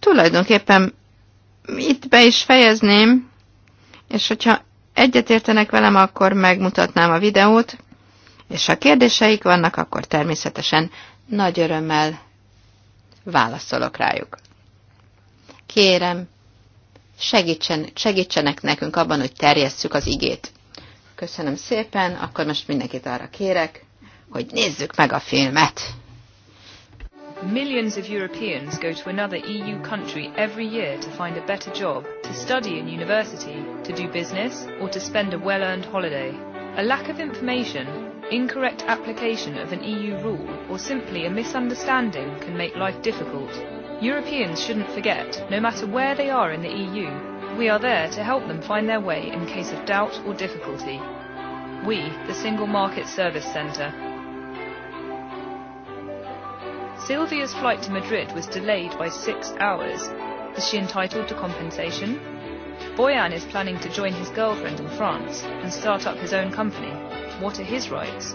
B: Tulajdonképpen itt be is fejezném, és hogyha egyetértenek velem, akkor megmutatnám a videót, és ha kérdéseik vannak, akkor természetesen nagy örömmel válaszolok rájuk. Kérem, segítsen, segítsenek nekünk abban, hogy terjesszük az igét. Köszönöm szépen, akkor most mindenkit arra kérek, hogy nézzük meg a filmet.
A: Millions of Europeans go to another EU country every year to find a better job, to study in university, to do business, or to spend a well-earned holiday. A lack of information, incorrect application of an EU rule, or simply a misunderstanding can make life difficult. Europeans shouldn't forget, no matter where they are in the EU, we are there to help them find their way in case of doubt or difficulty. We, the Single Market Service Centre. Sylvia's flight to Madrid was delayed by six hours. Is she entitled to compensation? Boyan is planning to join his girlfriend in France and start up his own company. What are his rights?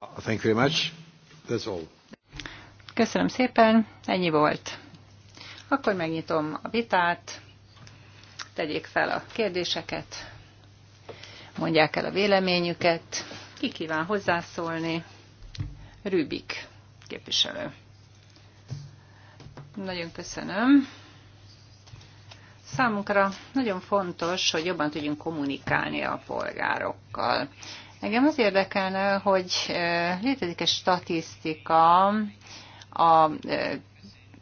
A: Thank you very much. That's all.
C: Köszönöm szépen, ennyi volt. Akkor megnyitom a vitát, tegyék fel a kérdéseket, mondják el a véleményüket. Ki kíván hozzászólni? Rübik képviselő. Nagyon köszönöm. Számunkra nagyon fontos, hogy jobban tudjunk kommunikálni a polgárokkal. Engem az érdekelne, hogy létezik-e statisztika a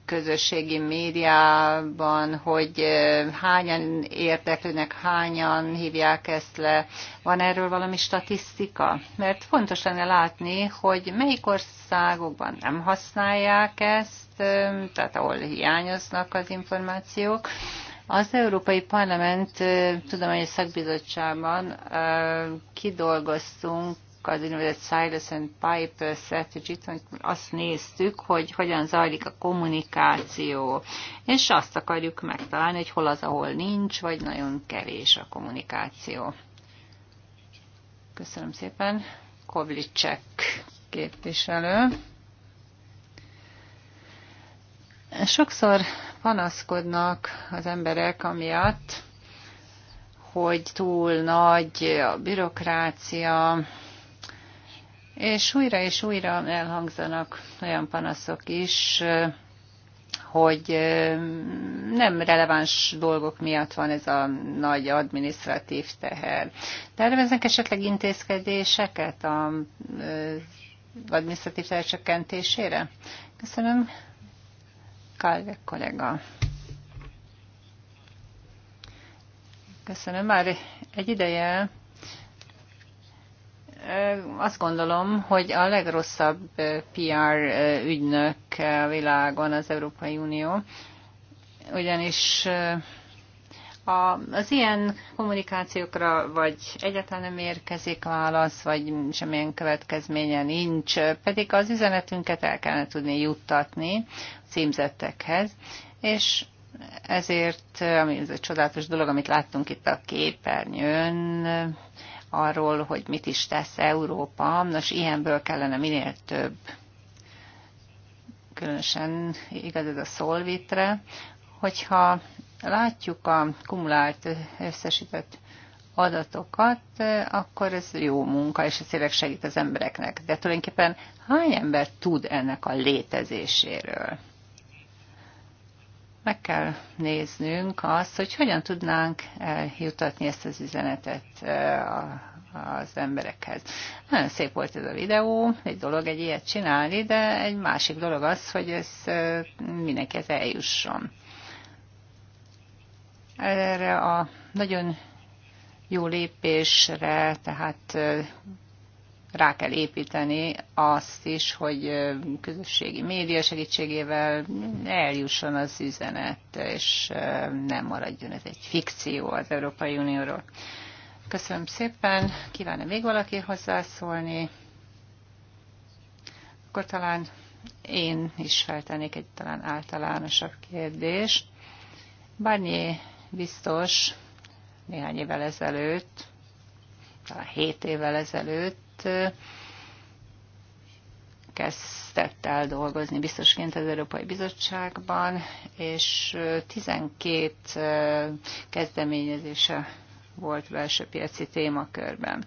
C: közösségi médiában, hogy hányan érdeklődnek, hányan hívják ezt le. Van erről valami statisztika? Mert fontos lenne látni, hogy melyik országokban nem használják ezt, tehát ahol hiányoznak az információk, az Európai Parlament Tudományos Szakbizottságban kidolgoztunk az úgynevezett Silas and Piper strategy azt néztük, hogy hogyan zajlik a kommunikáció, és azt akarjuk megtalálni, hogy hol az, ahol nincs, vagy nagyon kevés a kommunikáció. Köszönöm szépen. Kovlicek képviselő. Sokszor panaszkodnak az emberek amiatt, hogy túl nagy a bürokrácia, és újra és újra elhangzanak olyan panaszok is, hogy nem releváns dolgok miatt van ez a nagy administratív teher. Terveznek esetleg intézkedéseket a administratív teher csökkentésére? Köszönöm. Kálve kollega. Köszönöm. Már egy ideje azt gondolom, hogy a legrosszabb PR ügynök a világon az Európai Unió, ugyanis az ilyen kommunikációkra vagy egyáltalán nem érkezik válasz, vagy semmilyen következménye nincs, pedig az üzenetünket el kellene tudni juttatni a címzettekhez, és ezért, ami ez egy csodálatos dolog, amit láttunk itt a képernyőn, arról, hogy mit is tesz Európa, nos, ilyenből kellene minél több különösen igaz ez a szolvitre, hogyha látjuk a kumulált összesített adatokat, akkor ez jó munka, és ez tényleg segít az embereknek. De tulajdonképpen hány ember tud ennek a létezéséről? Meg kell néznünk azt, hogy hogyan tudnánk eljutatni ezt az üzenetet az emberekhez. Nagyon szép volt ez a videó, egy dolog egy ilyet csinálni, de egy másik dolog az, hogy ez mindenkihez eljusson erre a nagyon jó lépésre, tehát rá kell építeni azt is, hogy közösségi média segítségével eljusson az üzenet, és nem maradjon ez egy fikció az Európai Unióról. Köszönöm szépen, kívánna még valaki hozzászólni? Akkor talán én is feltennék egy talán általánosabb kérdést. Barnier biztos néhány évvel ezelőtt, talán hét évvel ezelőtt kezdett el dolgozni biztosként az Európai Bizottságban, és 12 kezdeményezése volt belső piaci témakörben.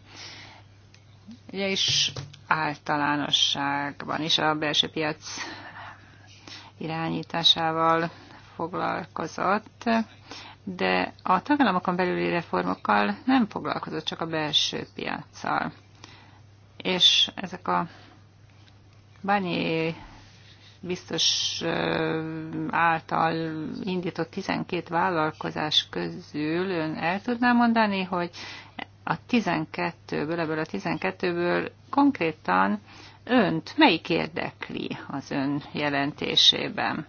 C: Ugye is általánosságban is a belső piac irányításával foglalkozott, de a tagállamokon belüli reformokkal nem foglalkozott, csak a belső piaccal. És ezek a Bányi biztos által indított 12 vállalkozás közül ön el tudná mondani, hogy a 12-ből, ebből a 12-ből konkrétan önt melyik érdekli az ön jelentésében?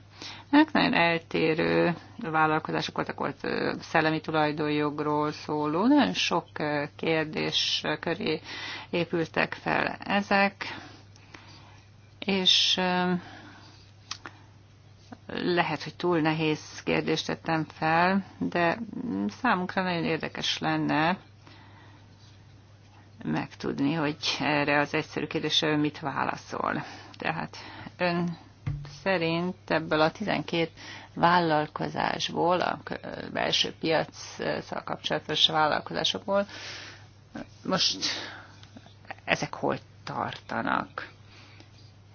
C: Ezek nagyon eltérő vállalkozások voltak, volt szellemi tulajdonjogról szóló, nagyon sok kérdés köré épültek fel ezek, és lehet, hogy túl nehéz kérdést tettem fel, de számunkra nagyon érdekes lenne megtudni, hogy erre az egyszerű kérdésre mit válaszol. Tehát ön szerint ebből a 12 vállalkozásból, a belső piac kapcsolatos vállalkozásokból, most ezek hol tartanak?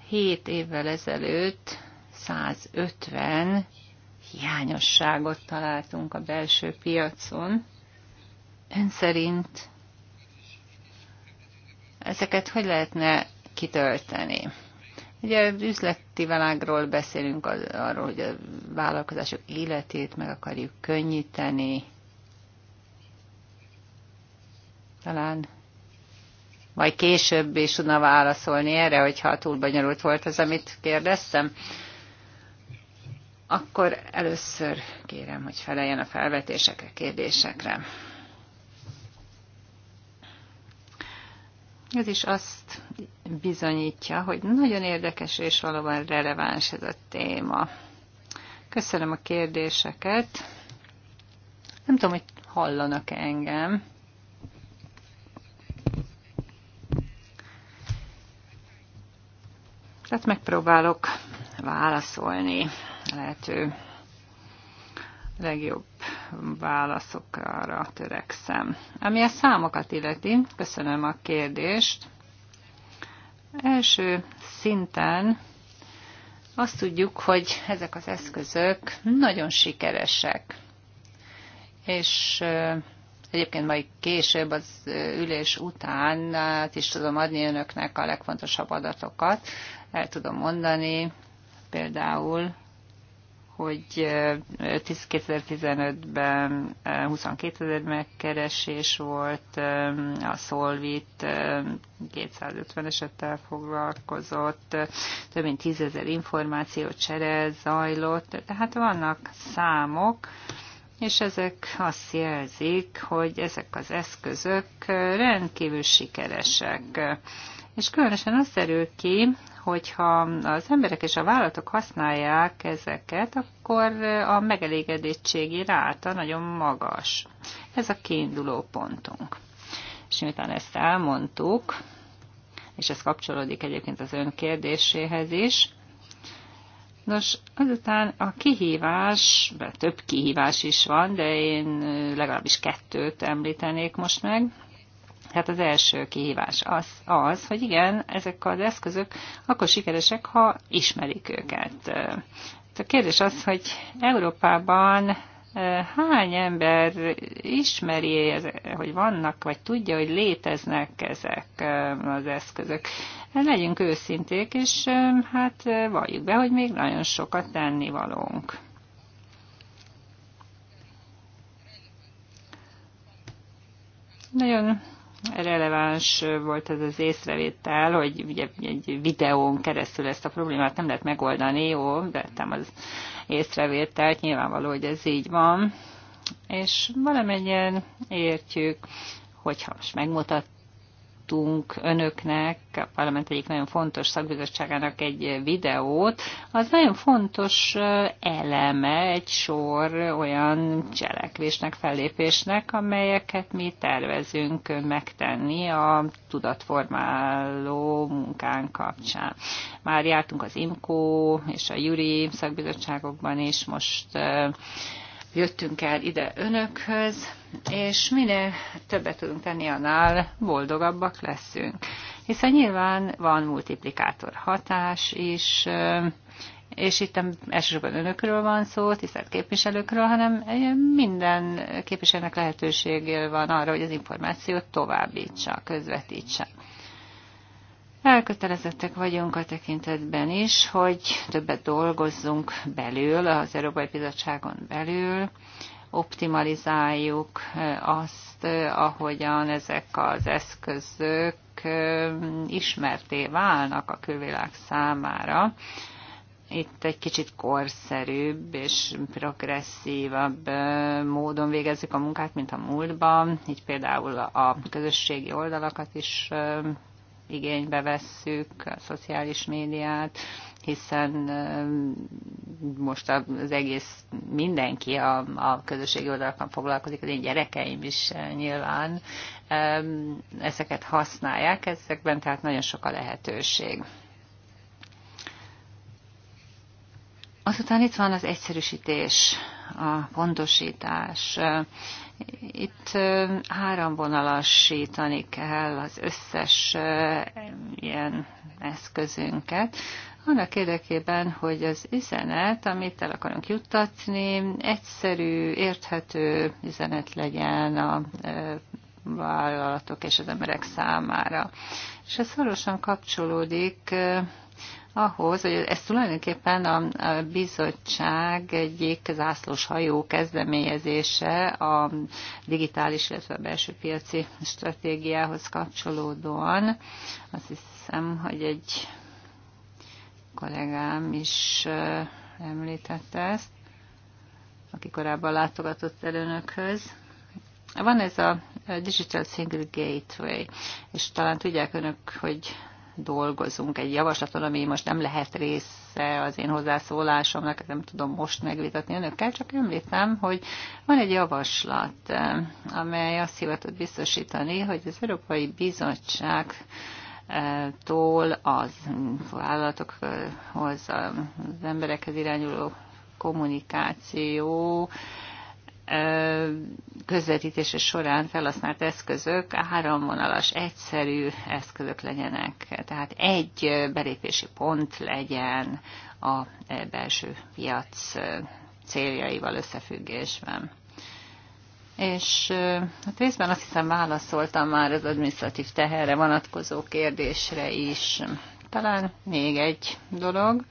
C: 7 évvel ezelőtt 150 hiányosságot találtunk a belső piacon. Ön szerint ezeket hogy lehetne kitölteni? Ugye üzleti világról beszélünk az, arról, hogy a vállalkozások életét meg akarjuk könnyíteni. Talán majd később is tudna válaszolni erre, hogyha túl bonyolult volt az, amit kérdeztem. Akkor először kérem, hogy feleljen a felvetésekre, kérdésekre. Ez is azt bizonyítja, hogy nagyon érdekes és valóban releváns ez a téma. Köszönöm a kérdéseket. Nem tudom, hogy hallanak -e engem. Tehát megpróbálok válaszolni a lehető legjobb válaszokra törekszem. Ami a számokat illeti, köszönöm a kérdést. Első szinten azt tudjuk, hogy ezek az eszközök nagyon sikeresek. És Egyébként majd később az ülés után hát is tudom adni önöknek a legfontosabb adatokat. El tudom mondani például, hogy 2015-ben 22 ezer megkeresés volt, eh, a Solvit 250 eh, esettel foglalkozott, eh, több mint 10 ezer információ csere zajlott, tehát vannak számok, és ezek azt jelzik, hogy ezek az eszközök rendkívül sikeresek. És különösen az derül ki, hogyha az emberek és a vállalatok használják ezeket, akkor a megelégedettségi ráta nagyon magas. Ez a kiinduló pontunk. És miután ezt elmondtuk, és ez kapcsolódik egyébként az ön kérdéséhez is, Nos, azután a kihívás, több kihívás is van, de én legalábbis kettőt említenék most meg. Tehát az első kihívás az, az, hogy igen, ezek az eszközök akkor sikeresek, ha ismerik őket. Hát a kérdés az, hogy Európában eh, hány ember ismeri, hogy vannak, vagy tudja, hogy léteznek ezek eh, az eszközök. Eh, legyünk őszinték, és hát valljuk be, hogy még nagyon sokat tennivalónk. Nagyon releváns volt ez az észrevétel, hogy ugye egy videón keresztül ezt a problémát nem lehet megoldani, jó, vettem az észrevételt, nyilvánvaló, hogy ez így van. És valamennyien értjük, hogyha most megmutat, adtunk önöknek, a parlament egyik nagyon fontos szakbizottságának egy videót, az nagyon fontos eleme egy sor olyan cselekvésnek, fellépésnek, amelyeket mi tervezünk megtenni a tudatformáló munkánk kapcsán. Már jártunk az IMCO és a Juri szakbizottságokban is, most jöttünk el ide önökhöz, és minél többet tudunk tenni annál, boldogabbak leszünk. Hiszen nyilván van multiplikátor hatás is, és itt nem elsősorban önökről van szó, tisztelt képviselőkről, hanem minden képviselőnek lehetőség van arra, hogy az információt továbbítsa, közvetítse. Elkötelezettek vagyunk a tekintetben is, hogy többet dolgozzunk belül, az Európai Bizottságon belül, optimalizáljuk eh, azt, eh, ahogyan ezek az eszközök eh, ismerté válnak a külvilág számára. Itt egy kicsit korszerűbb és progresszívabb módon végezzük a munkát, mint a múltban. Így például a közösségi oldalakat is igénybe vesszük, a szociális médiát, hiszen most az egész mindenki a, a közösségi oldalakon foglalkozik, az én gyerekeim is nyilván ezeket használják, ezekben tehát nagyon sok a lehetőség. Azután itt van az egyszerűsítés, a pontosítás. Itt háromvonalasítani kell az összes ilyen eszközünket, annak érdekében, hogy az üzenet, amit el akarunk juttatni, egyszerű, érthető üzenet legyen a vállalatok és az emberek számára. És ez szorosan kapcsolódik ahhoz, hogy ez tulajdonképpen a bizottság egyik zászlós hajó kezdeményezése a digitális, illetve a belső piaci stratégiához kapcsolódóan. Azt hiszem, hogy egy kollégám is említette ezt, aki korábban látogatott el önökhöz. Van ez a Digital Single Gateway, és talán tudják önök, hogy dolgozunk egy javaslaton, ami most nem lehet része az én hozzászólásomnak, nem tudom most megvitatni önökkel, csak említem, hogy van egy javaslat, eh, amely azt hivatott biztosítani, hogy az Európai Bizottság tól az vállalatokhoz, az emberekhez irányuló kommunikáció közvetítése során felhasznált eszközök háromvonalas, egyszerű eszközök legyenek, tehát egy belépési pont legyen a belső piac céljaival összefüggésben. És hát részben azt hiszem válaszoltam már az administratív teherre vonatkozó kérdésre is. Talán még egy dolog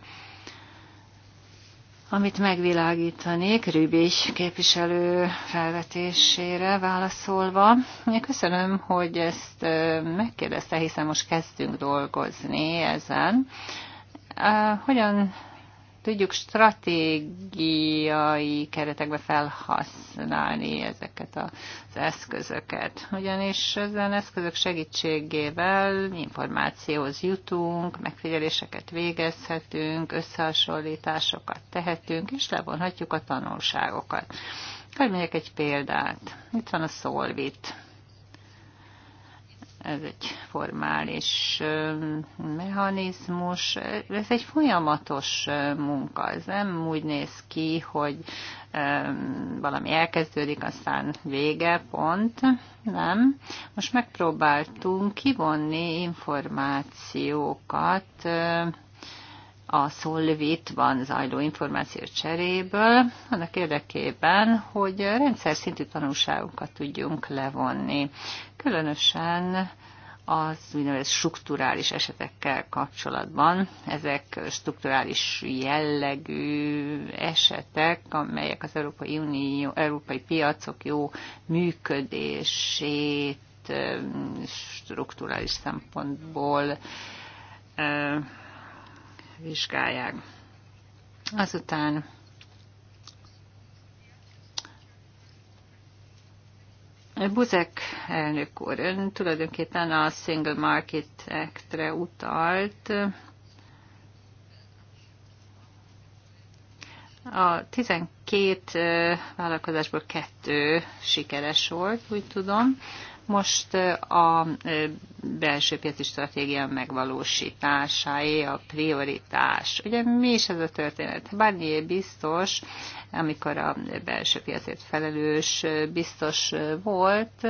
C: amit megvilágítanék Rübis képviselő felvetésére válaszolva. Én köszönöm, hogy ezt megkérdezte, hiszen most kezdünk dolgozni ezen. Hogyan tudjuk stratégiai keretekbe felhasználni ezeket az eszközöket. Ugyanis ezen eszközök segítségével információhoz jutunk, megfigyeléseket végezhetünk, összehasonlításokat tehetünk, és levonhatjuk a tanulságokat. Hogy egy példát. Itt van a Solvit ez egy formális mechanizmus, ez egy folyamatos munka, ez nem úgy néz ki, hogy valami elkezdődik, aztán vége, pont, nem. Most megpróbáltunk kivonni információkat a van zajló információ cseréből, annak érdekében, hogy rendszer szintű tanulságokat tudjunk levonni. Különösen az úgynevezett strukturális esetekkel kapcsolatban. Ezek strukturális jellegű esetek, amelyek az Európai Unió, európai piacok jó működését strukturális szempontból vizsgálják. Azután Buzek elnök úr, ön tulajdonképpen a Single Market Act-re utalt. A 12 vállalkozásból kettő sikeres volt, úgy tudom. Most a belső piaci stratégia megvalósításáé a prioritás. Ugye mi is ez a történet? Barnier biztos, amikor a belső piacért felelős biztos volt,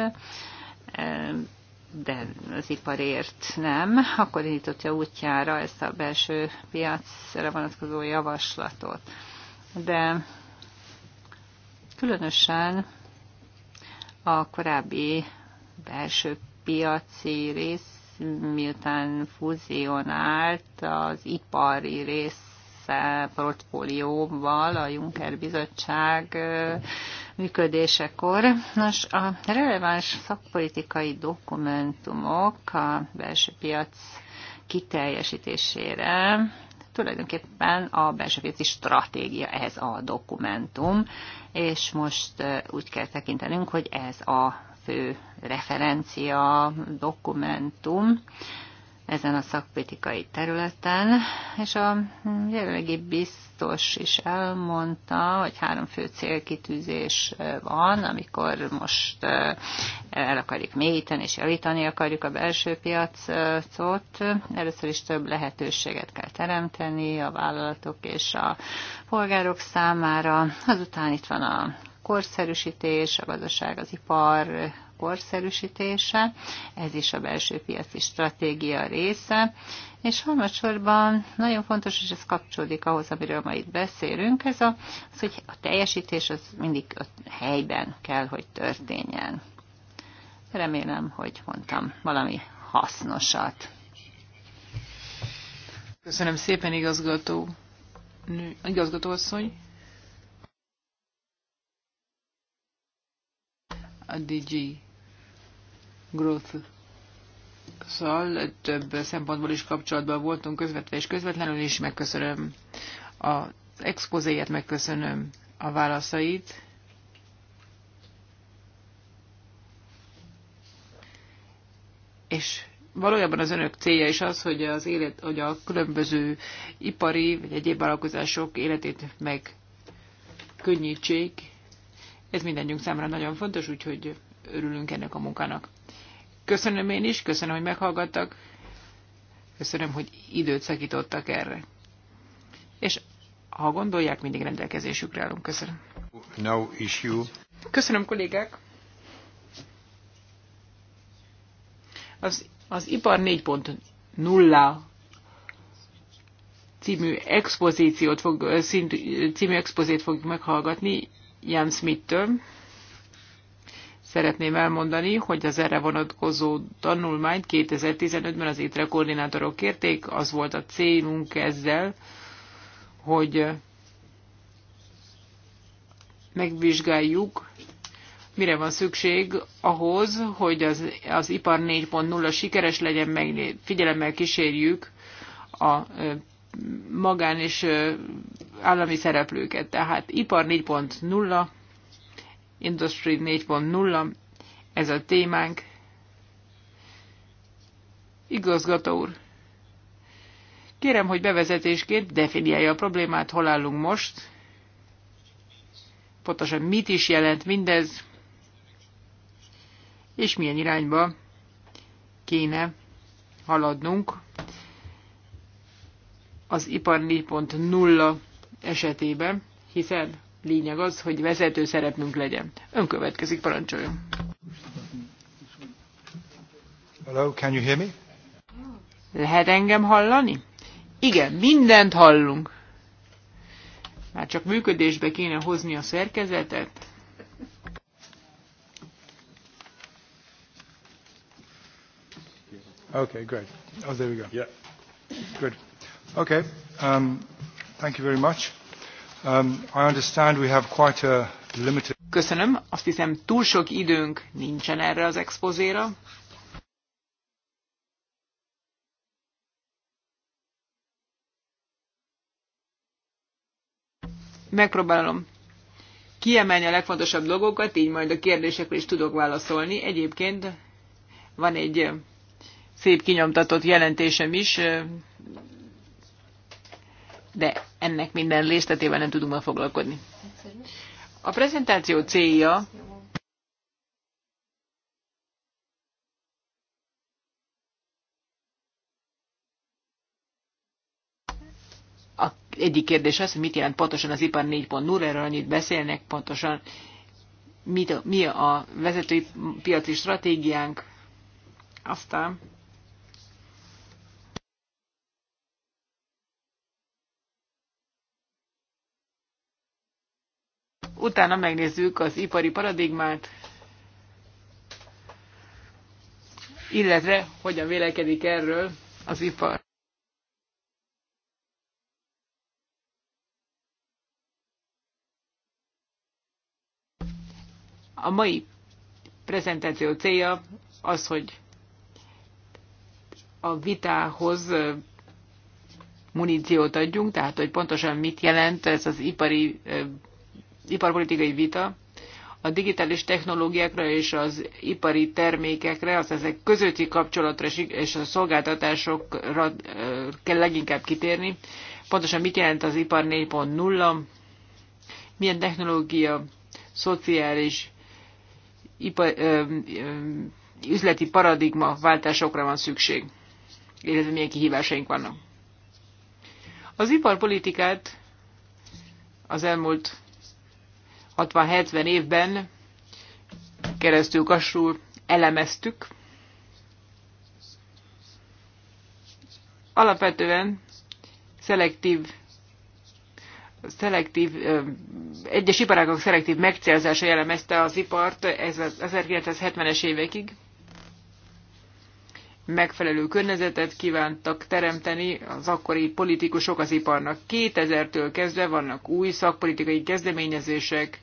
C: de az iparért nem, akkor indította útjára ezt a belső piacra vonatkozó javaslatot. De különösen a korábbi belső piaci rész, miután fúzionált az ipari része portfólióval a Juncker Bizottság működésekor. Nos, a releváns szakpolitikai dokumentumok a belső piac kiteljesítésére tulajdonképpen a belső piaci stratégia, ez a dokumentum, és most úgy kell tekintenünk, hogy ez a fő referencia, dokumentum ezen a szakpolitikai területen, és a jelenlegi biztos is elmondta, hogy három fő célkitűzés van, amikor most el akarjuk mélyíteni és javítani akarjuk a belső piacot. Először is több lehetőséget kell teremteni a vállalatok és a polgárok számára. Azután itt van a korszerűsítés, a gazdaság, az ipar korszerűsítése, ez is a belső piaci stratégia része, és harmadsorban nagyon fontos, és ez kapcsolódik ahhoz, amiről ma itt beszélünk, ez a, az, hogy a teljesítés az mindig a helyben kell, hogy történjen. Remélem, hogy mondtam valami hasznosat.
D: Köszönöm szépen, igazgató, nő, igazgató asszony. a DG Growth szal több szempontból is kapcsolatban voltunk közvetve és közvetlenül is. Megköszönöm az expozéját, megköszönöm a válaszait. És valójában az önök célja is az, hogy, az élet, hogy a különböző ipari vagy egyéb vállalkozások életét megkönnyítsék, ez mindenünk számára nagyon fontos, úgyhogy örülünk ennek a munkának. Köszönöm én is, köszönöm, hogy meghallgattak, köszönöm, hogy időt szakítottak erre. És ha gondolják, mindig rendelkezésükre állunk. Köszönöm.
A: No issue.
D: Köszönöm, kollégák. Az, az ipar 4.0 című expozíciót fog, szint, című expozét fogjuk meghallgatni Jan Smith-től. Szeretném elmondani, hogy az erre vonatkozó tanulmányt 2015-ben az étre koordinátorok kérték, az volt a célunk ezzel, hogy megvizsgáljuk, mire van szükség ahhoz, hogy az, az ipar 4.0 sikeres legyen, meg figyelemmel kísérjük a magán és állami szereplőket. Tehát ipar 4.0, industry 4.0, ez a témánk. Igazgató úr, kérem, hogy bevezetésként definiálja a problémát, hol állunk most, pontosan mit is jelent mindez, és milyen irányba kéne haladnunk az ipar 4.0 esetében, hiszen lényeg az, hogy vezető szerepünk legyen. Ön következik, parancsoljon.
A: Hello, can you hear me?
D: Lehet engem hallani? Igen, mindent hallunk. Már csak működésbe kéne hozni a szerkezetet.
A: Okay, great. Oh, there we go. Yeah. Good. Okay. Um, thank you very much. Um, I
D: understand we have quite a limited... Köszönöm. Azt hiszem túl sok időnk nincsen erre az expozéra. Megpróbálom kiemelni a legfontosabb dolgokat, így majd a kérdésekre is tudok válaszolni. Egyébként van egy szép kinyomtatott jelentésem is, de ennek minden részletével nem tudunk ma foglalkozni. A prezentáció célja a egyik kérdés az, hogy mit jelent pontosan az ipar 4.0, erről annyit beszélnek pontosan, mit mi a vezetői piaci stratégiánk, aztán utána megnézzük az ipari paradigmát, illetve hogyan vélekedik erről az ipar. A mai prezentáció célja az, hogy a vitához muníciót adjunk, tehát hogy pontosan mit jelent ez az ipari iparpolitikai vita a digitális technológiákra és az ipari termékekre, az ezek közötti kapcsolatra és a szolgáltatásokra kell leginkább kitérni. Pontosan mit jelent az ipar 4.0, milyen technológia, szociális, ipa, ö, ö, üzleti paradigma váltásokra van szükség, illetve milyen kihívásaink vannak. Az iparpolitikát az elmúlt 60-70 évben keresztül kasul elemeztük. Alapvetően szelektív szelektív, egyes iparágok szelektív megcélzása jellemezte az ipart ez az 1970-es évekig. Megfelelő környezetet kívántak teremteni az akkori politikusok az iparnak. 2000-től kezdve vannak új szakpolitikai kezdeményezések,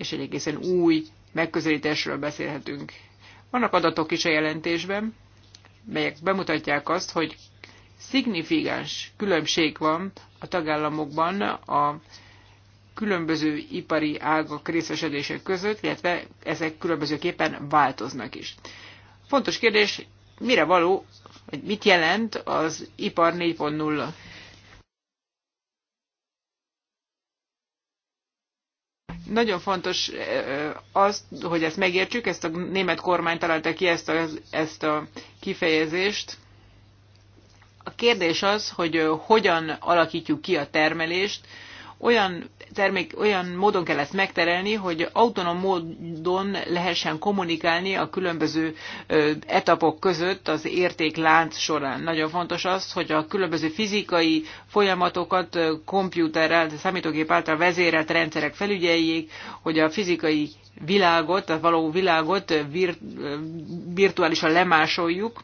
D: és egy egészen új megközelítésről beszélhetünk. Vannak adatok is a jelentésben, melyek bemutatják azt, hogy szignifikáns különbség van a tagállamokban a különböző ipari ágak részesedések között, illetve ezek különbözőképpen változnak is. Fontos kérdés, mire való, hogy mit jelent az ipar 4.0? Nagyon fontos az, hogy ezt megértsük, ezt a német kormány találta ki ezt a, ezt a kifejezést. A kérdés az, hogy hogyan alakítjuk ki a termelést, olyan, termék, olyan módon kell ezt megterelni, hogy autonóm módon lehessen kommunikálni a különböző etapok között az értéklánc során. Nagyon fontos az, hogy a különböző fizikai folyamatokat kompjúterrel, számítógép által vezérelt rendszerek felügyeljék, hogy a fizikai világot, a való világot vir, virtuálisan lemásoljuk,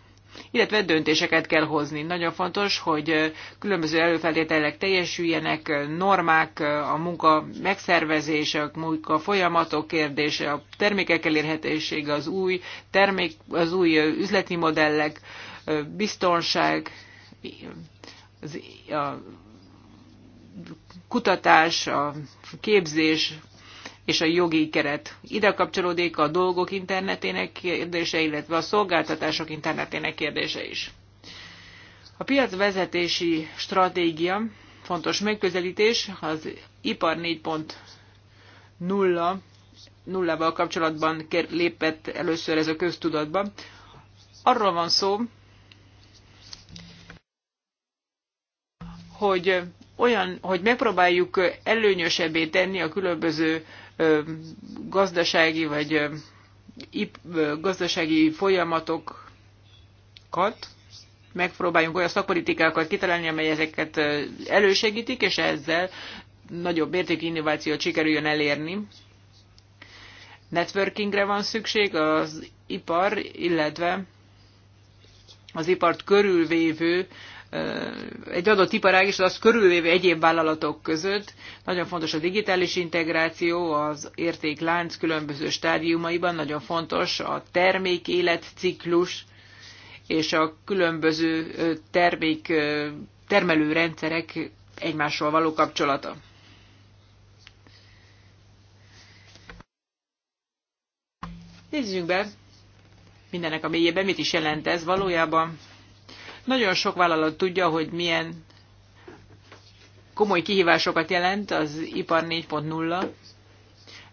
D: illetve döntéseket kell hozni. Nagyon fontos, hogy különböző előfeltételek teljesüljenek, normák, a munka megszervezése, a munka folyamatok kérdése, a termékek elérhetősége, az új termék, az új üzleti modellek, biztonság, az, a kutatás, a képzés, és a jogi keret. Ide kapcsolódik a dolgok internetének kérdése, illetve a szolgáltatások internetének kérdése is. A piacvezetési stratégia fontos megközelítés, az ipar 4.0 nullával kapcsolatban lépett először ez a köztudatba. Arról van szó, hogy olyan, hogy megpróbáljuk előnyösebbé tenni a különböző gazdasági vagy gazdasági folyamatokat, megpróbáljunk olyan szakpolitikákat kitalálni, amely ezeket elősegítik, és ezzel nagyobb értékű innovációt sikerüljön elérni. Networkingre van szükség az ipar, illetve az ipart körülvévő egy adott iparág és az körülvéve egyéb vállalatok között. Nagyon fontos a digitális integráció az értéklánc különböző stádiumaiban, nagyon fontos a termék életciklus és a különböző termék termelő rendszerek egymással való kapcsolata. Nézzünk be mindenek a mélyében, mit is jelent ez valójában. Nagyon sok vállalat tudja, hogy milyen komoly kihívásokat jelent az ipar 4.0.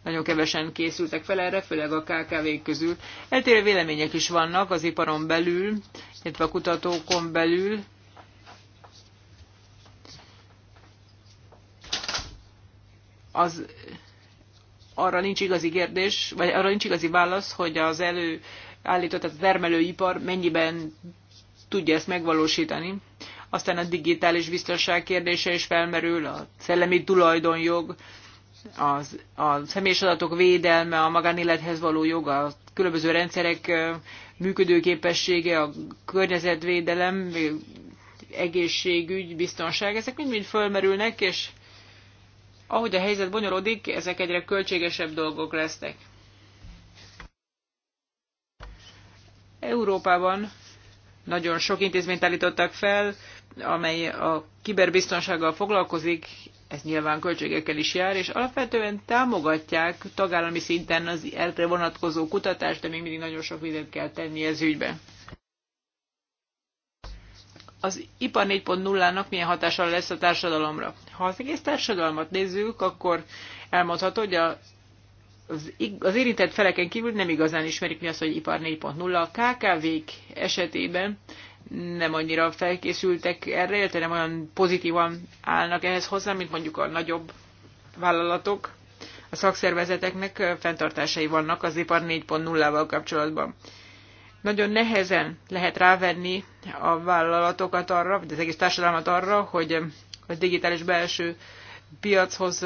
D: Nagyon kevesen készültek fel erre, főleg a KKV közül. Eltérő vélemények is vannak az iparon belül, illetve a kutatókon belül. Az arra nincs igazi kérdés, vagy arra nincs igazi válasz, hogy az elő állított, tehát termelőipar mennyiben tudja ezt megvalósítani. Aztán a digitális biztonság kérdése is felmerül, a szellemi tulajdonjog, az, a személyes adatok védelme, a magánélethez való jog, a különböző rendszerek működőképessége, a környezetvédelem, egészségügy, biztonság, ezek mind-mind fölmerülnek, és ahogy a helyzet bonyolodik, ezek egyre költségesebb dolgok lesznek. Európában nagyon sok intézményt állítottak fel, amely a kiberbiztonsággal foglalkozik, ez nyilván költségekkel is jár, és alapvetően támogatják tagállami szinten az erre vonatkozó kutatást, de még mindig nagyon sok mindent kell tenni ez ügyben. Az IPA 4.0-nak milyen hatással lesz a társadalomra? Ha az egész társadalmat nézzük, akkor elmondható, hogy a az, az érintett feleken kívül nem igazán ismerik mi az, hogy ipar 4.0. A KKV-k esetében nem annyira felkészültek erre, illetve nem olyan pozitívan állnak ehhez hozzá, mint mondjuk a nagyobb vállalatok. A szakszervezeteknek fenntartásai vannak az ipar 4.0-val kapcsolatban. Nagyon nehezen lehet rávenni a vállalatokat arra, vagy az egész társadalmat arra, hogy a digitális belső piachoz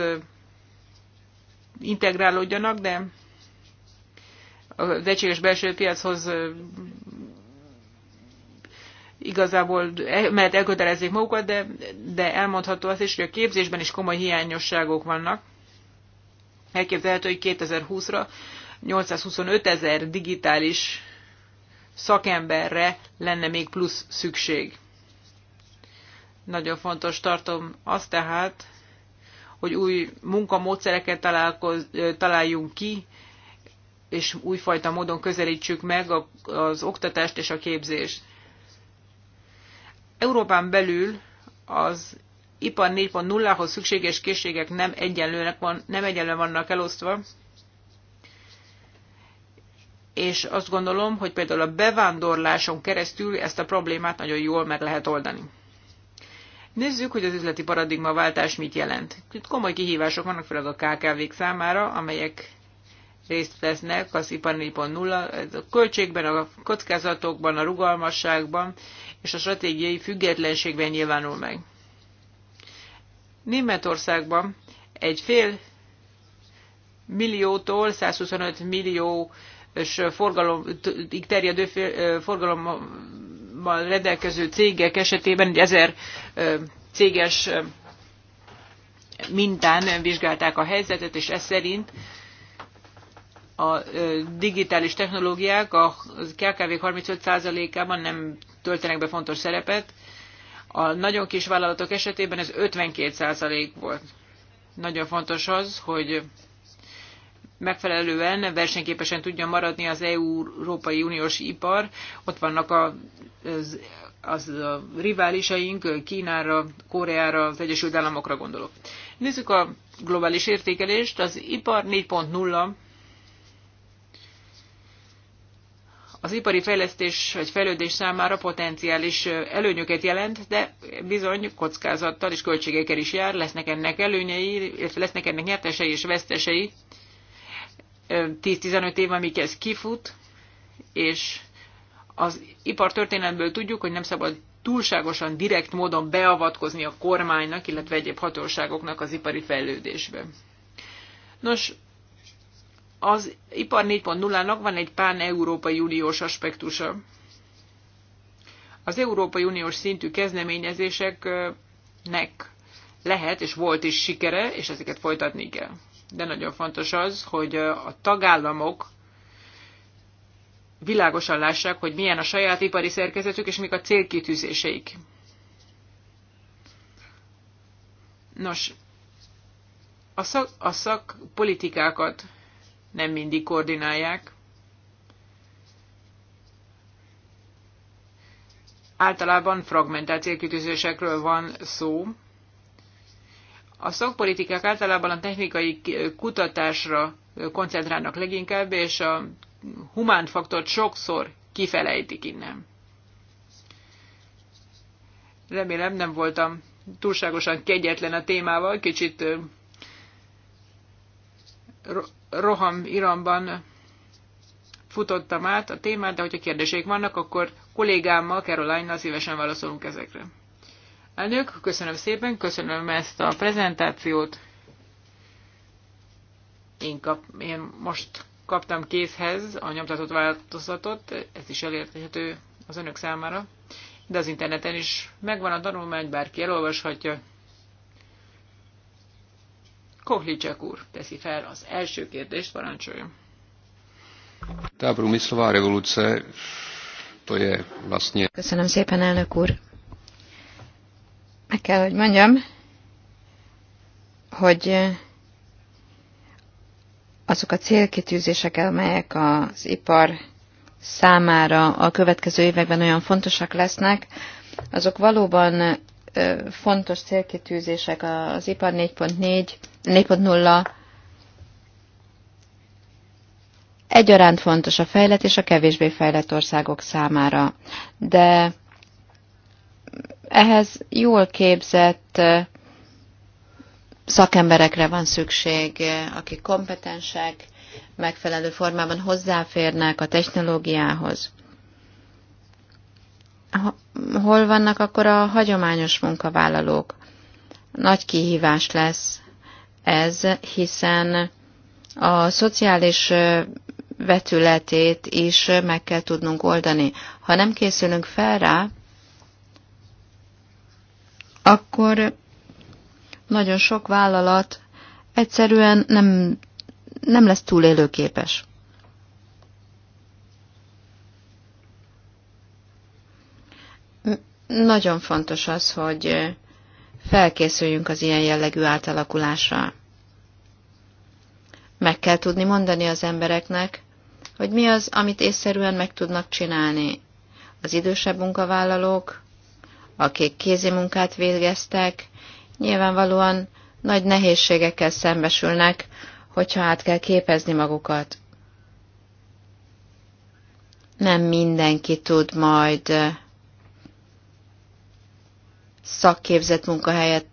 D: integrálódjanak, de az egységes belső piachoz igazából e, mert elkötelezzék magukat, de, de elmondható az is, hogy a képzésben is komoly hiányosságok vannak. Elképzelhető, hogy 2020-ra 825 ezer digitális szakemberre lenne még plusz szükség. Nagyon fontos tartom azt tehát, hogy új munkamódszereket találkoz, találjunk ki, és újfajta módon közelítsük meg az oktatást és a képzést. Európán belül az ipar 4.0-hoz szükséges készségek nem egyenlőnek van, nem egyenlően vannak elosztva, és azt gondolom, hogy például a bevándorláson keresztül ezt a problémát nagyon jól meg lehet oldani. Nézzük, hogy az üzleti paradigma váltás mit jelent. Itt komoly kihívások vannak főleg a KKV-k számára, amelyek részt vesznek az IPA 4.0, a költségben, a kockázatokban, a rugalmasságban és a stratégiai függetlenségben nyilvánul meg. Németországban egy fél milliótól 125 millió és forgalomig terjedő forgalom rendelkező cégek esetében egy ezer céges mintán vizsgálták a helyzetet, és ez szerint a digitális technológiák a KKV 35%-ában nem töltenek be fontos szerepet. A nagyon kis vállalatok esetében ez 52% volt. Nagyon fontos az, hogy megfelelően versenyképesen tudjon maradni az Európai Uniós ipar. Ott vannak a, az, az a riválisaink, Kínára, Koreára, az Egyesült Államokra gondolok. Nézzük a globális értékelést. Az ipar 4.0 az ipari fejlesztés vagy fejlődés számára potenciális előnyöket jelent, de bizony kockázattal és költségekkel is jár, lesznek ennek előnyei, illetve lesznek ennek nyertesei és vesztesei. 10-15 év, amíg ez kifut, és az ipartörténetből tudjuk, hogy nem szabad túlságosan direkt módon beavatkozni a kormánynak, illetve egyéb hatóságoknak az ipari fejlődésbe. Nos, az ipar 4.0-nak van egy pán-európai uniós aspektusa. Az Európai Uniós szintű kezdeményezéseknek lehet és volt is sikere, és ezeket folytatni kell de nagyon fontos az, hogy a tagállamok világosan lássák, hogy milyen a saját ipari szerkezetük, és mik a célkitűzéseik. Nos, a, szak, a szakpolitikákat nem mindig koordinálják. Általában fragmentált célkitűzésekről van szó, a szakpolitikák általában a technikai kutatásra koncentrálnak leginkább, és a humán faktort sokszor kifelejtik innen. Remélem nem voltam túlságosan kegyetlen a témával, kicsit roham iramban futottam át a témát, de hogyha kérdéseik vannak, akkor kollégámmal, Caroline-nal szívesen válaszolunk ezekre. Elnök, köszönöm szépen, köszönöm ezt a prezentációt. Én, kap, én most kaptam kézhez a nyomtatott változatot, ez is elérhető az önök számára, de az interneten is megvan a tanulmány, bárki elolvashatja. Kohlicsek úr teszi fel az első kérdést, parancsoljon. Ta průmyslová to je vlastně...
B: Köszönöm szépen, elnök úr meg kell, hogy mondjam, hogy eh, azok a célkitűzések, amelyek az ipar számára a következő években olyan fontosak lesznek, azok valóban eh, fontos célkitűzések az ipar 4.4, 4.0 egyaránt fontos a fejlett és a kevésbé fejlett országok számára. De ehhez jól képzett szakemberekre van szükség, akik kompetensek, megfelelő formában hozzáférnek a technológiához. Hol vannak akkor a hagyományos munkavállalók? Nagy kihívás lesz ez, hiszen a szociális vetületét is meg kell tudnunk oldani. Ha nem készülünk fel rá, akkor nagyon sok vállalat egyszerűen nem, nem lesz túlélőképes. Nagyon fontos az, hogy felkészüljünk az ilyen jellegű átalakulásra. Meg kell tudni mondani az embereknek, hogy mi az, amit észszerűen meg tudnak csinálni. Az idősebb munkavállalók akik kézi munkát végeztek, nyilvánvalóan nagy nehézségekkel szembesülnek, hogyha át kell képezni magukat. Nem mindenki tud majd szakképzett munkahelyet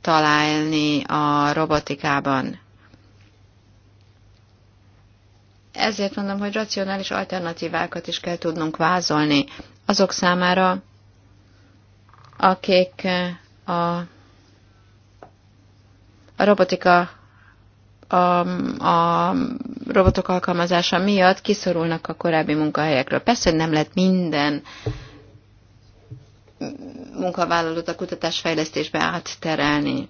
B: találni a robotikában. Ezért mondom, hogy racionális alternatívákat is kell tudnunk vázolni azok számára, akik eh, a, a robotika a, a robotok alkalmazása miatt kiszorulnak a korábbi munkahelyekről. Persze, hogy nem lehet minden munkavállalót a kutatásfejlesztésbe átterelni.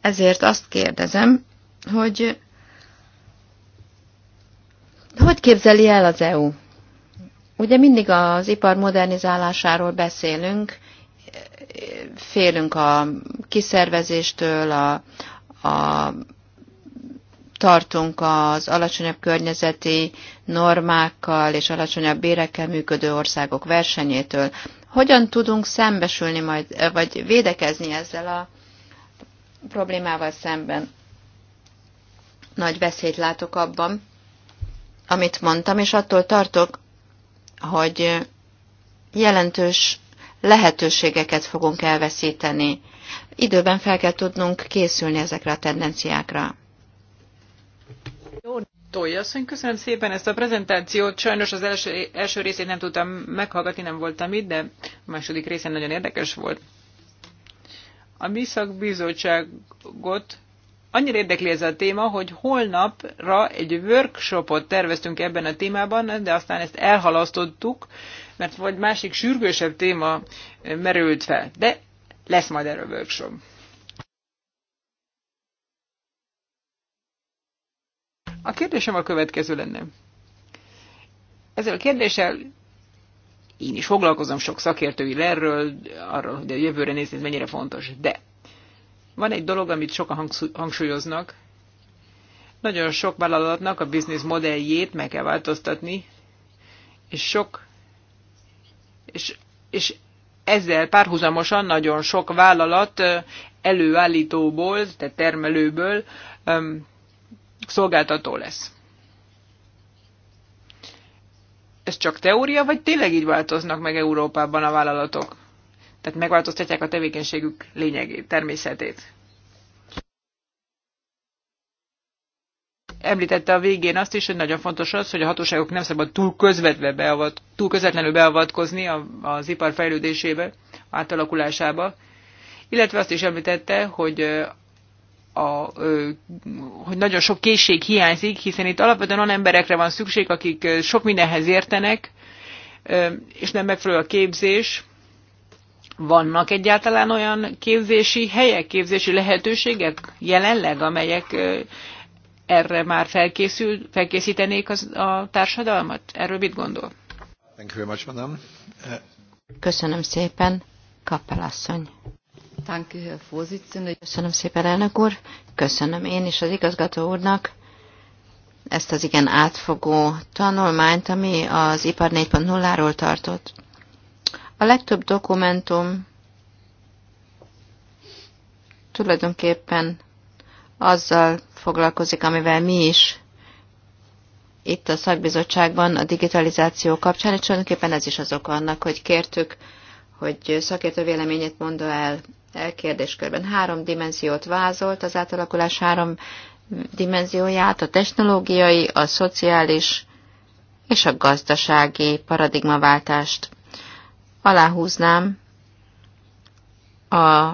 B: Ezért azt kérdezem, hogy hogy képzeli el az EU Ugye mindig az ipar modernizálásáról beszélünk, félünk a kiszervezéstől, a, a tartunk az alacsonyabb környezeti normákkal és alacsonyabb bérekkel működő országok versenyétől. Hogyan tudunk szembesülni majd, vagy védekezni ezzel a problémával szemben? Nagy veszélyt látok abban, amit mondtam, és attól tartok, hogy jelentős lehetőségeket fogunk elveszíteni. Időben fel kell tudnunk készülni ezekre a tendenciákra.
D: Jó, Tója köszönöm szépen ezt a prezentációt. Sajnos az első, első részét nem tudtam meghallgatni, nem voltam itt, de a második részén nagyon érdekes volt. A mi szakbizottságot annyira érdekli ez a téma, hogy holnapra egy workshopot terveztünk ebben a témában, de aztán ezt elhalasztottuk, mert vagy másik sürgősebb téma eh, merült fel. De lesz majd erről workshop. A kérdésem a következő lenne. Ezzel a kérdéssel én is foglalkozom, sok szakértői erről, arról, hogy a jövőre nézni mennyire fontos. De van egy dolog, amit sokan hangsúlyoznak. Nagyon sok vállalatnak a biznisz modelljét meg kell változtatni, és sok és, és ezzel párhuzamosan nagyon sok vállalat előállítóból, tehát termelőből szolgáltató lesz. Ez csak teória, vagy tényleg így változnak meg Európában a vállalatok? tehát megváltoztatják a tevékenységük lényegét, természetét. Említette a végén azt is, hogy nagyon fontos az, hogy a hatóságok nem szabad túl, közvetve beavat, túl közvetlenül beavatkozni az ipar fejlődésébe, átalakulásába, illetve azt is említette, hogy a, hogy nagyon sok készség hiányzik, hiszen itt alapvetően olyan emberekre van szükség, akik sok mindenhez értenek, és nem megfelelő a képzés. Vannak egyáltalán olyan képzési helyek, képzési lehetőségek jelenleg, amelyek erre már felkészül, felkészítenék az, a társadalmat? Erről mit gondol?
A: Thank you very much, madam. Uh,
B: Köszönöm szépen, kapelasszony. Köszönöm szépen, elnök úr. Köszönöm én is az igazgató úrnak ezt az igen átfogó tanulmányt, ami az ipar 4.0-ról tartott. A legtöbb dokumentum tulajdonképpen azzal foglalkozik, amivel mi is itt a szakbizottságban a digitalizáció kapcsán, és tulajdonképpen ez is az oka annak, hogy kértük, hogy szakértő véleményét mondja el e kérdéskörben. Három dimenziót vázolt az átalakulás három dimenzióját, a technológiai, a szociális és a gazdasági paradigmaváltást aláhúznám, a,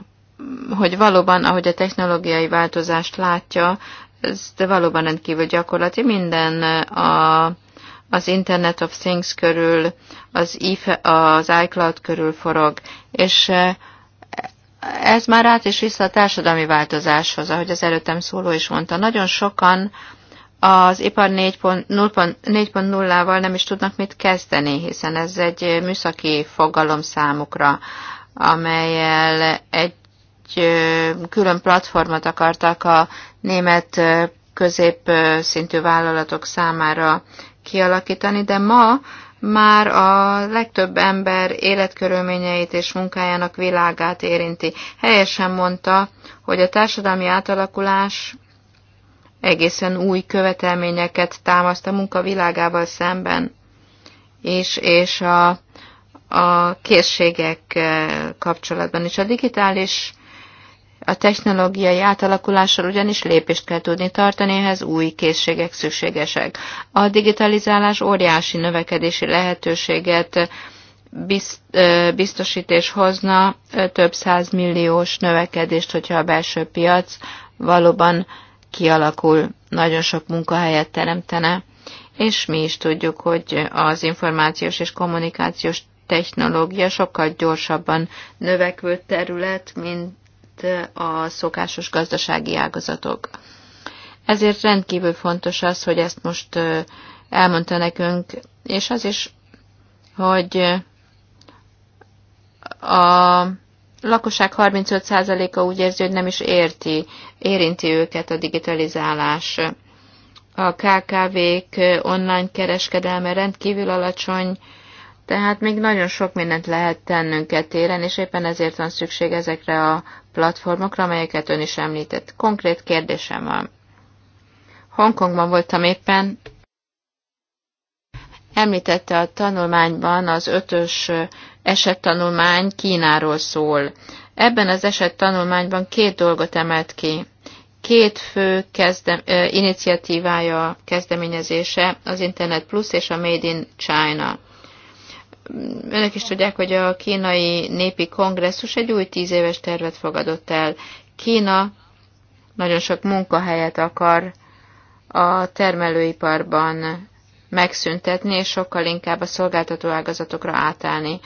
B: hogy valóban, ahogy a technológiai változást látja, ez de valóban rendkívül gyakorlati. Minden a, az Internet of Things körül, az, IFE, az iCloud körül forog, és e, ez már át is vissza a társadalmi változáshoz, ahogy az előttem szóló is mondta. Nagyon sokan az ipar 4.0-val nem is tudnak mit kezdeni, hiszen ez egy műszaki fogalom számukra, amelyel egy külön platformot akartak a német középszintű vállalatok számára kialakítani, de ma már a legtöbb ember életkörülményeit és munkájának világát érinti. Helyesen mondta, hogy a társadalmi átalakulás egészen új követelményeket támaszt a munkavilágával szemben, és, és a, a készségek eh, kapcsolatban is. A digitális a technológiai átalakulással ugyanis lépést kell tudni tartani, ehhez új készségek szükségesek. A digitalizálás óriási növekedési lehetőséget eh, eh, biztosítés hozna több százmilliós növekedést, hogyha a belső piac valóban kialakul, nagyon sok munkahelyet teremtene, és mi is tudjuk, hogy az információs és kommunikációs technológia sokkal gyorsabban növekvő terület, mint a szokásos gazdasági ágazatok. Ezért rendkívül fontos az, hogy ezt most elmondta nekünk, és az is, hogy a a lakosság 35%-a úgy érzi, hogy nem is érti, érinti őket a digitalizálás. A KKV-k online kereskedelme rendkívül alacsony, tehát még nagyon sok mindent lehet tennünk e téren, és éppen ezért van szükség ezekre a platformokra, amelyeket ön is említett. Konkrét kérdésem van. Hongkongban voltam éppen, említette a tanulmányban az ötös esettanulmány Kínáról szól. Ebben az esettanulmányban két dolgot emelt ki. Két fő kezdem, iniciatívája, kezdeményezése az Internet Plus és a Made in China. Önök is tudják, hogy a kínai népi kongresszus egy új tíz éves tervet fogadott el. Kína nagyon sok munkahelyet akar a termelőiparban megszüntetni, és sokkal inkább a szolgáltató ágazatokra átállni.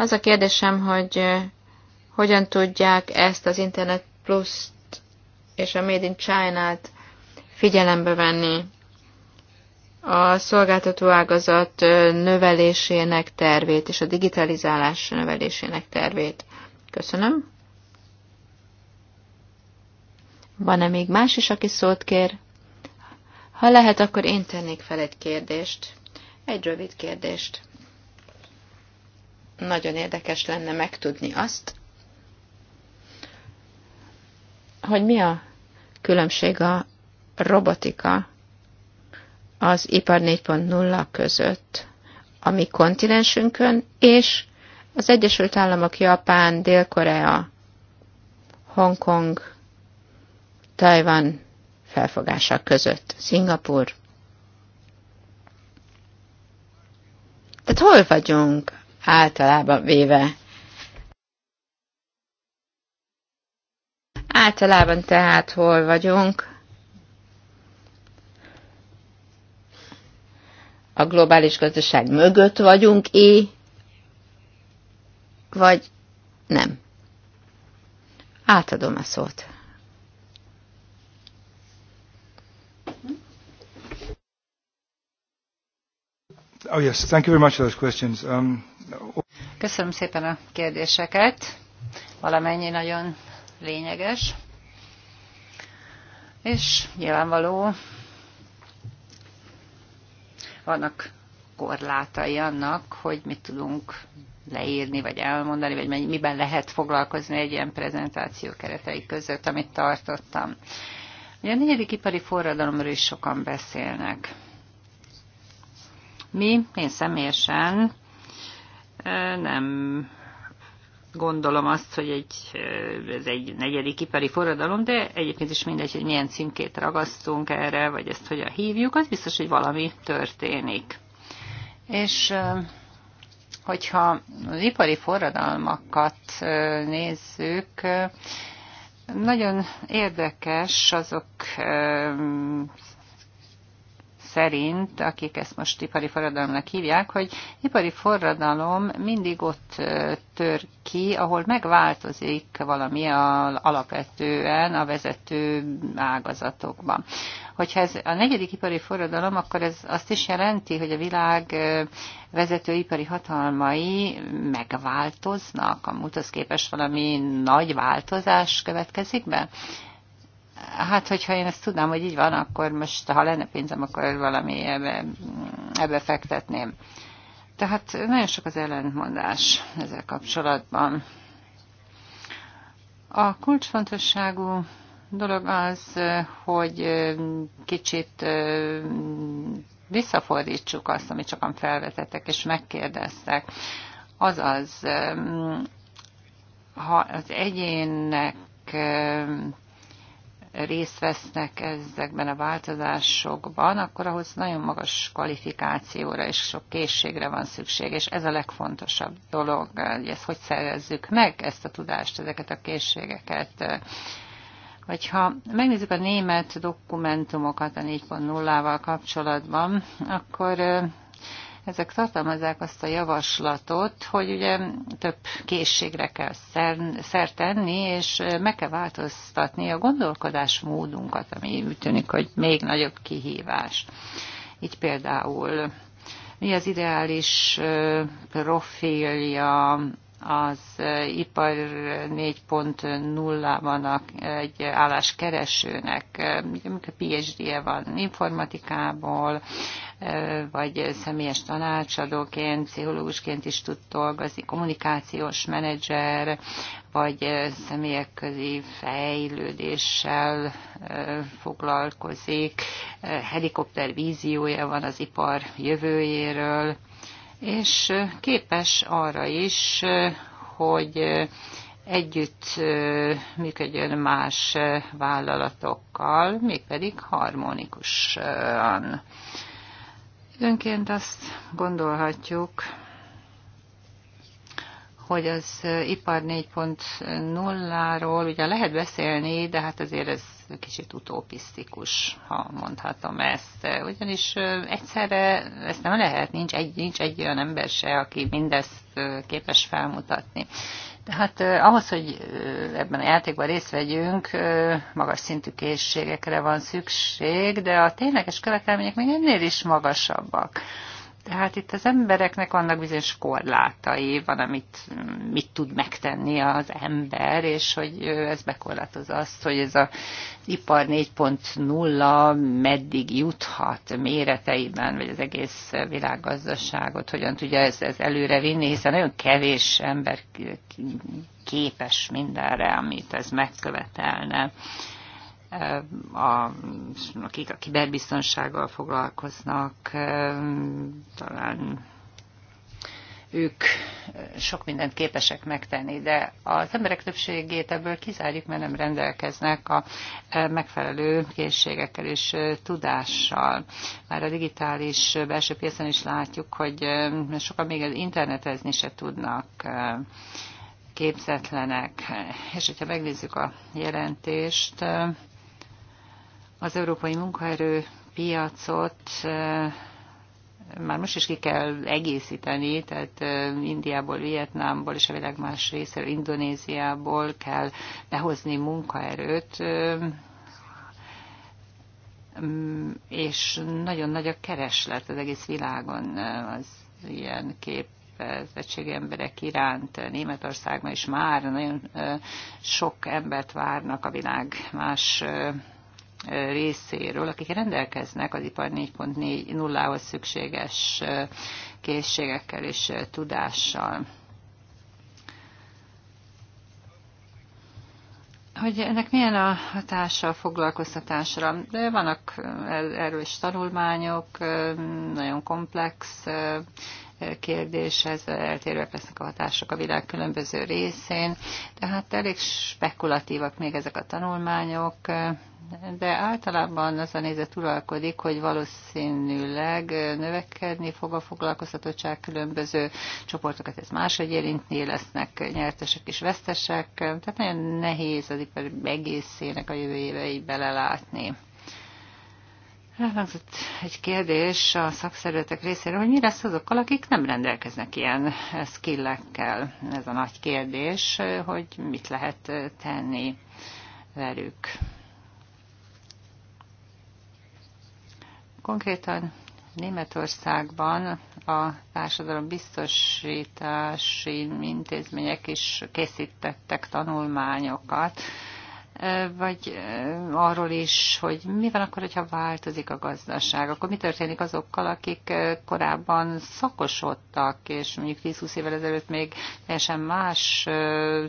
B: Az a kérdésem, hogy hogyan tudják ezt az Internet plus és a Made in China-t figyelembe venni a szolgáltató ágazat növelésének tervét és a digitalizálás növelésének tervét. Köszönöm. Van-e még más is, aki szót kér? Ha lehet, akkor én tennék fel egy kérdést. Egy rövid kérdést nagyon érdekes lenne megtudni azt, hogy mi a különbség a robotika az ipar 4.0 között a mi kontinensünkön, és az Egyesült Államok, Japán, Dél-Korea, Hongkong, Tajvan felfogása között, Szingapur. Tehát hol vagyunk? általában véve. Általában tehát hol vagyunk? A globális gazdaság mögött vagyunk é, vagy nem. Átadom a szót.
A: Oh yes, thank you very much for those questions. Um,
C: Köszönöm szépen a kérdéseket. Valamennyi nagyon lényeges. És nyilvánvaló, vannak korlátai annak, hogy mit tudunk leírni, vagy elmondani, vagy miben lehet foglalkozni egy ilyen prezentáció keretei között, amit tartottam. Ugye a negyedik ipari forradalomról is sokan beszélnek. Mi, én személyesen nem gondolom azt, hogy egy, ez egy negyedik ipari forradalom, de egyébként is mindegy, hogy milyen címkét ragasztunk erre, vagy ezt hogyan hívjuk, az biztos, hogy valami történik. És hogyha az ipari forradalmakat nézzük, nagyon érdekes azok szerint, akik ezt most ipari forradalomnak hívják, hogy ipari forradalom mindig ott tör ki, ahol megváltozik valami alapvetően a vezető ágazatokban. Hogyha ez a negyedik ipari forradalom, akkor ez azt is jelenti, hogy a világ vezető ipari hatalmai megváltoznak, a múlthoz képest valami nagy változás következik be? Hát, hogyha én ezt tudnám, hogy így van, akkor most, ha lenne pénzem, akkor valami ebbe, ebbe fektetném. Tehát nagyon sok az ellentmondás ezzel kapcsolatban. A kulcsfontosságú dolog az, hogy kicsit visszafordítsuk azt, amit sokan felvetettek és megkérdeztek. Azaz, ha az egyének részt vesznek ezekben a változásokban, akkor ahhoz nagyon magas kvalifikációra és sok készségre van szükség, és ez a legfontosabb dolog, hogy ezt hogy szerezzük meg, ezt a tudást, ezeket a készségeket. Vagy ha megnézzük a német dokumentumokat a 4.0-val kapcsolatban, akkor ezek tartalmazzák azt a javaslatot, hogy ugye több készségre kell szert tenni, és meg kell változtatni a gondolkodásmódunkat, ami úgy tűnik, hogy még nagyobb kihívás. Így például mi az ideális profilja az ipar 4.0-ban egy álláskeresőnek, amikor PhD-je van informatikából, vagy személyes tanácsadóként, pszichológusként is tud dolgozni, kommunikációs menedzser, vagy személyek közé fejlődéssel foglalkozik, helikopter víziója van az ipar jövőjéről, és képes arra is, hogy együtt működjön más vállalatokkal, mégpedig harmonikusan. Időnként azt gondolhatjuk, hogy az ipar 4.0-ról ugye lehet beszélni, de hát azért ez kicsit utopisztikus, ha mondhatom ezt. Ugyanis egyszerre ezt nem lehet, nincs egy, nincs egy olyan ember se, aki mindezt képes felmutatni. Hát, eh, ahhoz, hogy ebben a játékban részt vegyünk, eh, magas szintű készségekre van szükség, de a tényleges követelmények még ennél is magasabbak. Eh, tehát itt az embereknek vannak bizonyos korlátai, van, amit mm, mit tud megtenni az ember, és hogy ez bekorlátoz azt, hogy ez a ipar 4.0 meddig juthat méreteiben, vagy az egész világgazdaságot, hogyan tudja ez, ez előre vinni, hiszen nagyon kevés ember képes mindenre, amit ez megkövetelne a, akik a kiberbiztonsággal foglalkoznak, talán ők sok mindent képesek megtenni, de az emberek többségét ebből kizárjuk, mert nem rendelkeznek a megfelelő készségekkel és tudással. Már a digitális belső piacon is látjuk, hogy sokan még az internetezni se tudnak képzetlenek. És hogyha megnézzük a jelentést, az európai munkaerő piacot már most is ki kell egészíteni, tehát Indiából, Vietnámból és a világ más részéről, Indonéziából kell behozni munkaerőt, mm, és nagyon nagy a kereslet az egész világon az ilyen kép képzettségű emberek iránt Németországban is már nagyon sok embert várnak a világ más részéről, akik rendelkeznek az ipar 4.0-hoz szükséges készségekkel és tudással. hogy ennek milyen a hatása a foglalkoztatásra. De vannak erről is tanulmányok, nagyon komplex kérdéshez, eltérőek lesznek a hatások a világ különböző részén, tehát elég spekulatívak még ezek a tanulmányok, de általában az a nézet uralkodik, hogy valószínűleg növekedni fog a foglalkoztatottság különböző csoportokat, ez máshogy érintni, lesznek nyertesek és vesztesek, tehát nagyon nehéz az ipar egészének a jövő évei belelátni. Elhangzott egy kérdés a szakszervezetek részéről, hogy mi lesz azokkal, akik nem rendelkeznek ilyen skillekkel. Ez a nagy kérdés, hogy mit lehet tenni velük. Konkrétan Németországban a társadalom biztosítási intézmények is készítettek tanulmányokat, vagy arról is, hogy mi van akkor, hogyha változik a gazdaság, akkor mi történik azokkal, akik korábban szakosodtak, és mondjuk 10-20 évvel ezelőtt még teljesen más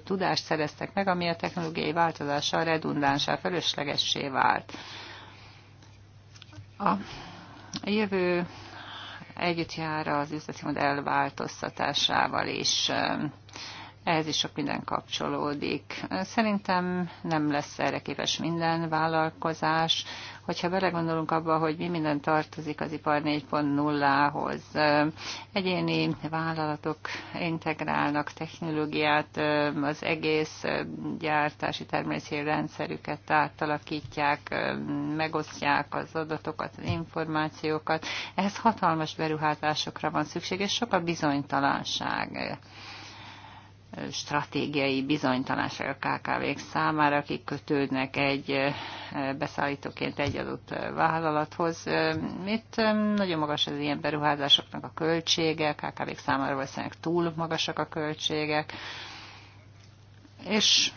C: tudást szereztek meg, ami a technológiai változással redundánsá, fölöslegessé vált. A jövő együtt jár az üzleti modell változtatásával is ehhez is sok minden kapcsolódik. Szerintem nem lesz erre képes minden vállalkozás. Hogyha belegondolunk abba, hogy mi minden tartozik az ipar 4.0-hoz, egyéni vállalatok integrálnak technológiát, az egész gyártási termelési rendszerüket átalakítják, megosztják az adatokat, az információkat. Ehhez hatalmas beruházásokra van szükség, és sok a bizonytalanság stratégiai bizonytalanság a KKV-k számára, akik kötődnek egy beszállítóként egy adott vállalathoz. Itt nagyon magas az ilyen beruházásoknak a költsége, KKV-k számára valószínűleg túl magasak a költségek, és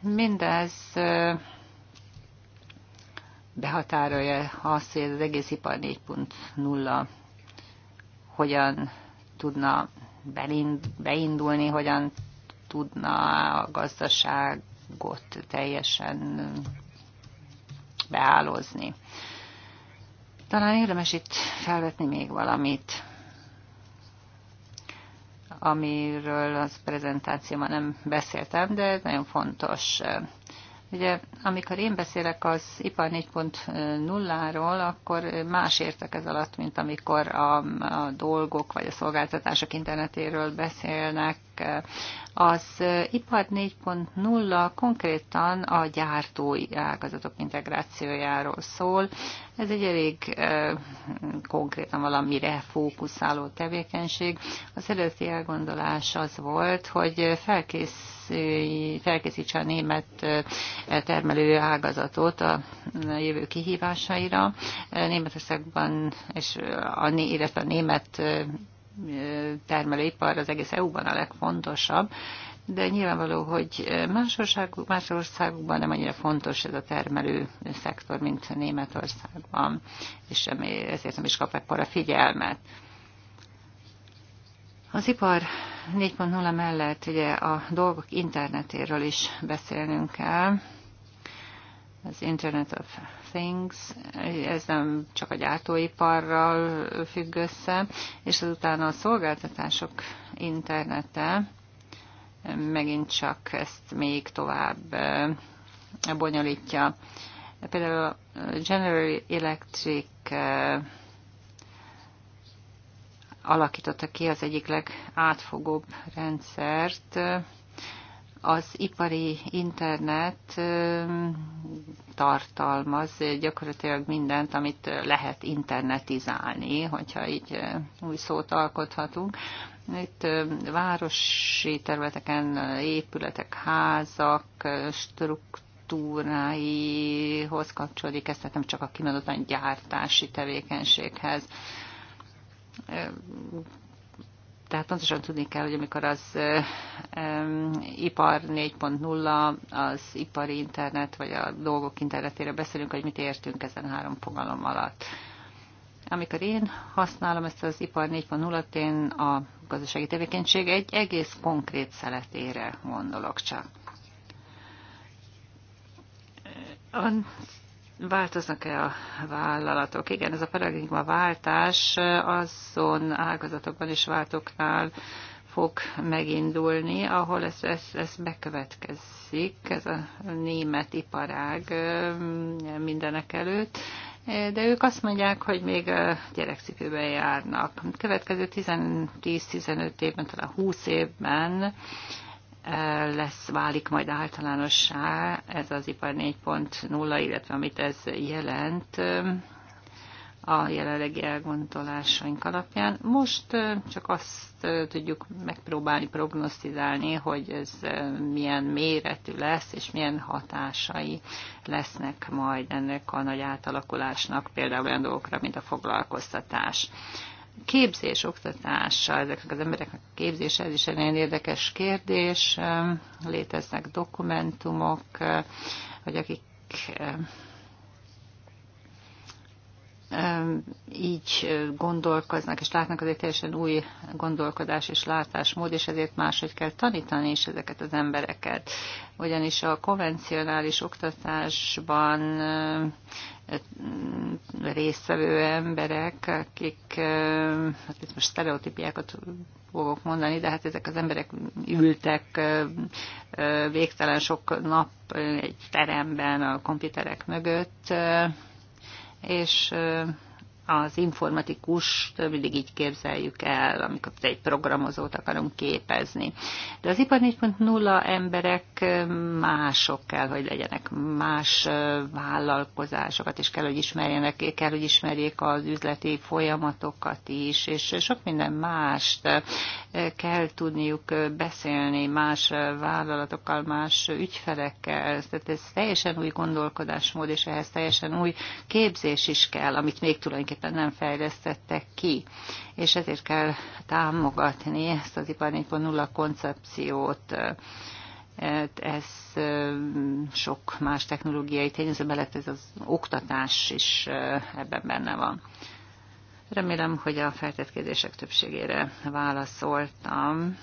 C: mindez behatárolja azt, hogy az egész ipar 4.0 hogyan tudna beindulni, hogyan tudna a gazdaságot teljesen beállozni. Talán érdemes itt felvetni még valamit, amiről az prezentációban nem beszéltem, de ez nagyon fontos. Ugye, amikor én beszélek az ipar 4.0-ról, akkor más értek ez alatt, mint amikor a, a dolgok vagy a szolgáltatások internetéről beszélnek. Az ipar 4.0 konkrétan a gyártói ágazatok integrációjáról szól. Ez egy elég konkrétan valamire fókuszáló tevékenység. Az eredeti elgondolás az volt, hogy felkész, felkészítse a német termelő ágazatot a jövő kihívásaira. Németországban, és a, illetve a német termelőipar az egész EU-ban a legfontosabb, de nyilvánvaló, hogy más, ország, más országokban nem annyira fontos ez a termelő szektor, mint Németországban, és ezért nem is kap ekkora figyelmet. Az ipar 4.0 mellett ugye a dolgok internetéről is beszélnünk kell, az Internet of Things, ez nem csak a gyártóiparral függ össze, és azután a szolgáltatások internete megint csak ezt még tovább eh, bonyolítja. Például a General Electric eh, alakította ki az egyik legátfogóbb rendszert, az ipari internet tartalmaz gyakorlatilag mindent, amit lehet internetizálni, hogyha így új szót alkothatunk. Itt városi területeken épületek, házak, struktúrák, kultúráihoz kapcsolódik, ez tehát nem csak a kimondottan gyártási tevékenységhez. Tehát pontosan tudni kell, hogy amikor az um, ipar 4.0, az ipari internet, vagy a dolgok internetére beszélünk, hogy mit értünk ezen három fogalom alatt. Amikor én használom ezt az ipar 4.0-at, én a gazdasági tevékenység egy egész konkrét szeletére gondolok csak. Változnak-e a vállalatok? Igen, ez a paradigma váltás azon ágazatokban és váltoknál fog megindulni, ahol ez, ez, ez bekövetkezik, ez a német iparág eh, mindenek előtt de ők azt mondják, hogy még eh, gyerekcipőben járnak. Következő 10-15 évben, talán 20 évben lesz, válik majd általánossá ez az ipar 4.0, illetve amit ez jelent a jelenlegi elgondolásaink alapján. Most csak azt tudjuk megpróbálni prognosztizálni, hogy ez milyen méretű lesz, és milyen hatásai lesznek majd ennek a nagy átalakulásnak, például olyan dolgokra, mint a foglalkoztatás képzés, oktatással, ezeknek az embereknek a képzése, ez is egy nagyon érdekes kérdés. Léteznek dokumentumok, hogy akik így gondolkoznak, és látnak, azért teljesen új gondolkodás és látásmód, és ezért máshogy kell tanítani is ezeket az embereket. Ugyanis a konvencionális oktatásban résztvevő emberek, akik, hát itt most sztereotípiákat fogok mondani, de hát ezek az emberek ültek végtelen sok nap egy teremben a komputerek mögött, és az informatikus mindig így képzeljük el, amikor egy programozót akarunk képezni. De az ipar 4.0 emberek mások kell, hogy legyenek, más vállalkozásokat és kell, hogy ismerjenek, kell, hogy ismerjék az üzleti folyamatokat is, és sok minden mást kell tudniuk beszélni más vállalatokkal, más ügyfelekkel. Tehát ez teljesen új gondolkodásmód, és ehhez teljesen új képzés is kell, amit még tulajdonképpen tulajdonképpen nem fejlesztettek ki. És ezért kell támogatni ezt az ipar 4.0 koncepciót, ez sok más technológiai tényező mellett ez az oktatás is ebben benne van. Remélem, hogy a feltett kérdések többségére válaszoltam.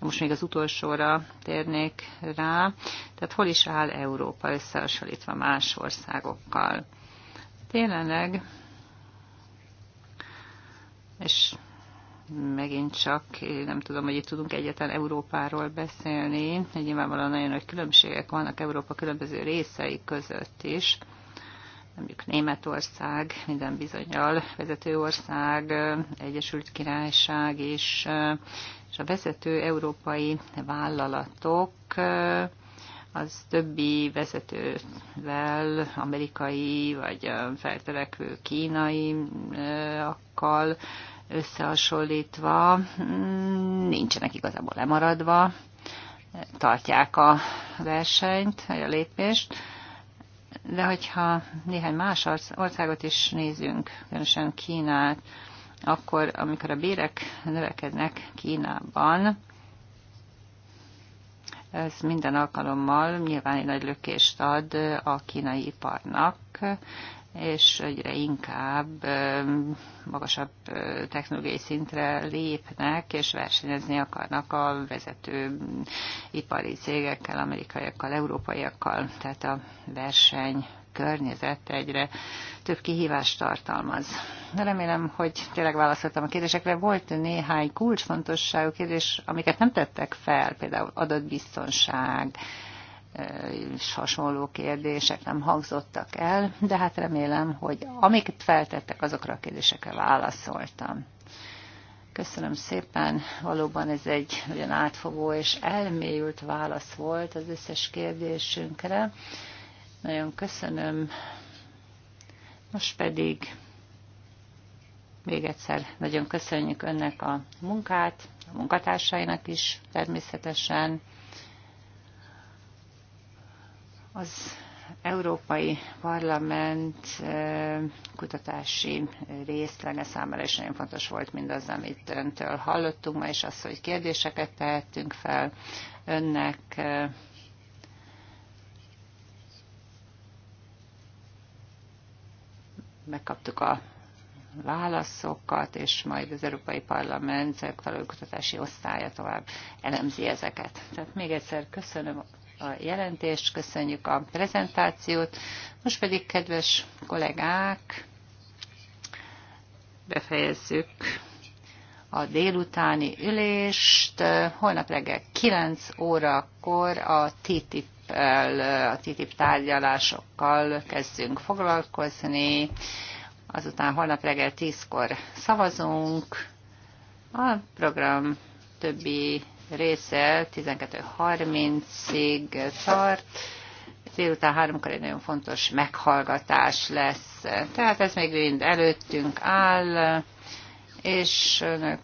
C: Most még az utolsóra térnék rá. Tehát hol is áll Európa összehasonlítva más országokkal? Tényleg és megint csak nem tudom, hogy itt tudunk egyetlen Európáról beszélni. Nyilvánvalóan nagyon nagy különbségek vannak Európa különböző részei között is. Mondjuk Németország, minden bizonyal vezető ország, Egyesült Királyság is, és a vezető európai vállalatok az többi vezetővel, amerikai vagy kínai kínaiakkal eh, összehasonlítva mm, nincsenek igazából lemaradva, tartják a versenyt, vagy a lépést. De hogyha néhány más országot is nézünk, különösen Kínát, akkor amikor a bérek növekednek Kínában, ez minden alkalommal nyilván egy nagy lökést ad a kínai iparnak, és egyre inkább magasabb technológiai szintre lépnek, és versenyezni akarnak a vezető ipari cégekkel, amerikaiakkal, európaiakkal. Tehát a verseny környezet egyre több kihívást tartalmaz. Remélem, hogy tényleg válaszoltam a kérdésekre. Volt néhány kulcsfontosságú kérdés, amiket nem tettek fel, például adatbiztonság, és hasonló kérdések nem hangzottak el, de hát remélem, hogy amiket feltettek, azokra a kérdésekre válaszoltam. Köszönöm szépen, valóban ez egy nagyon átfogó és elmélyült válasz volt az összes kérdésünkre. Nagyon köszönöm. Most pedig még egyszer nagyon köszönjük önnek a munkát, a munkatársainak is természetesen. Az Európai Parlament kutatási részlege számára is nagyon fontos volt mindaz, amit öntől hallottunk ma, és az, hogy kérdéseket tehetünk fel önnek. Megkaptuk a válaszokat, és majd az Európai Parlament kutatási osztálya tovább elemzi ezeket. Tehát még egyszer köszönöm a jelentést, köszönjük a prezentációt. Most pedig, kedves kollégák, befejezzük a délutáni ülést. Holnap reggel 9 órakor a TTIP a TTIP tárgyalásokkal kezdünk foglalkozni, azután holnap reggel 10-kor szavazunk, a program többi része 12.30-ig tart, délután háromkor egy nagyon fontos meghallgatás lesz. Tehát ez még mind előttünk áll, és önök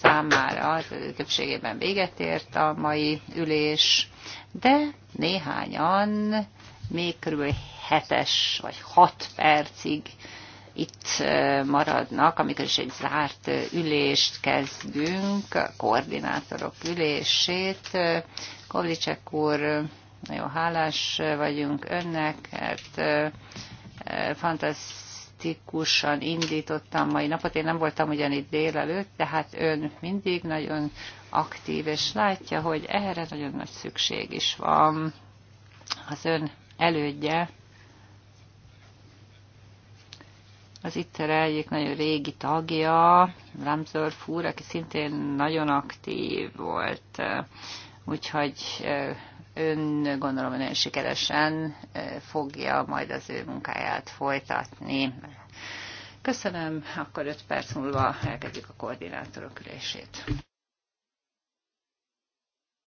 C: számára többségében véget ért a mai ülés, de néhányan még körülbelül hetes vagy hat percig itt maradnak, amikor is egy zárt ülést kezdünk, a koordinátorok ülését. Kovlicek úr, nagyon hálás vagyunk önnek, mert hát, fantasztikusan indítottam mai napot. Én nem voltam ugyan itt délelőtt, de hát ön mindig nagyon aktív, és látja, hogy erre nagyon nagy szükség is van. Az ön elődje az itt egyik nagyon régi tagja, Ramsdorf úr, aki szintén nagyon aktív volt, úgyhogy ön gondolom nagyon sikeresen fogja majd az ő munkáját folytatni. Köszönöm, akkor 5 perc múlva elkezdjük a koordinátorok ülését.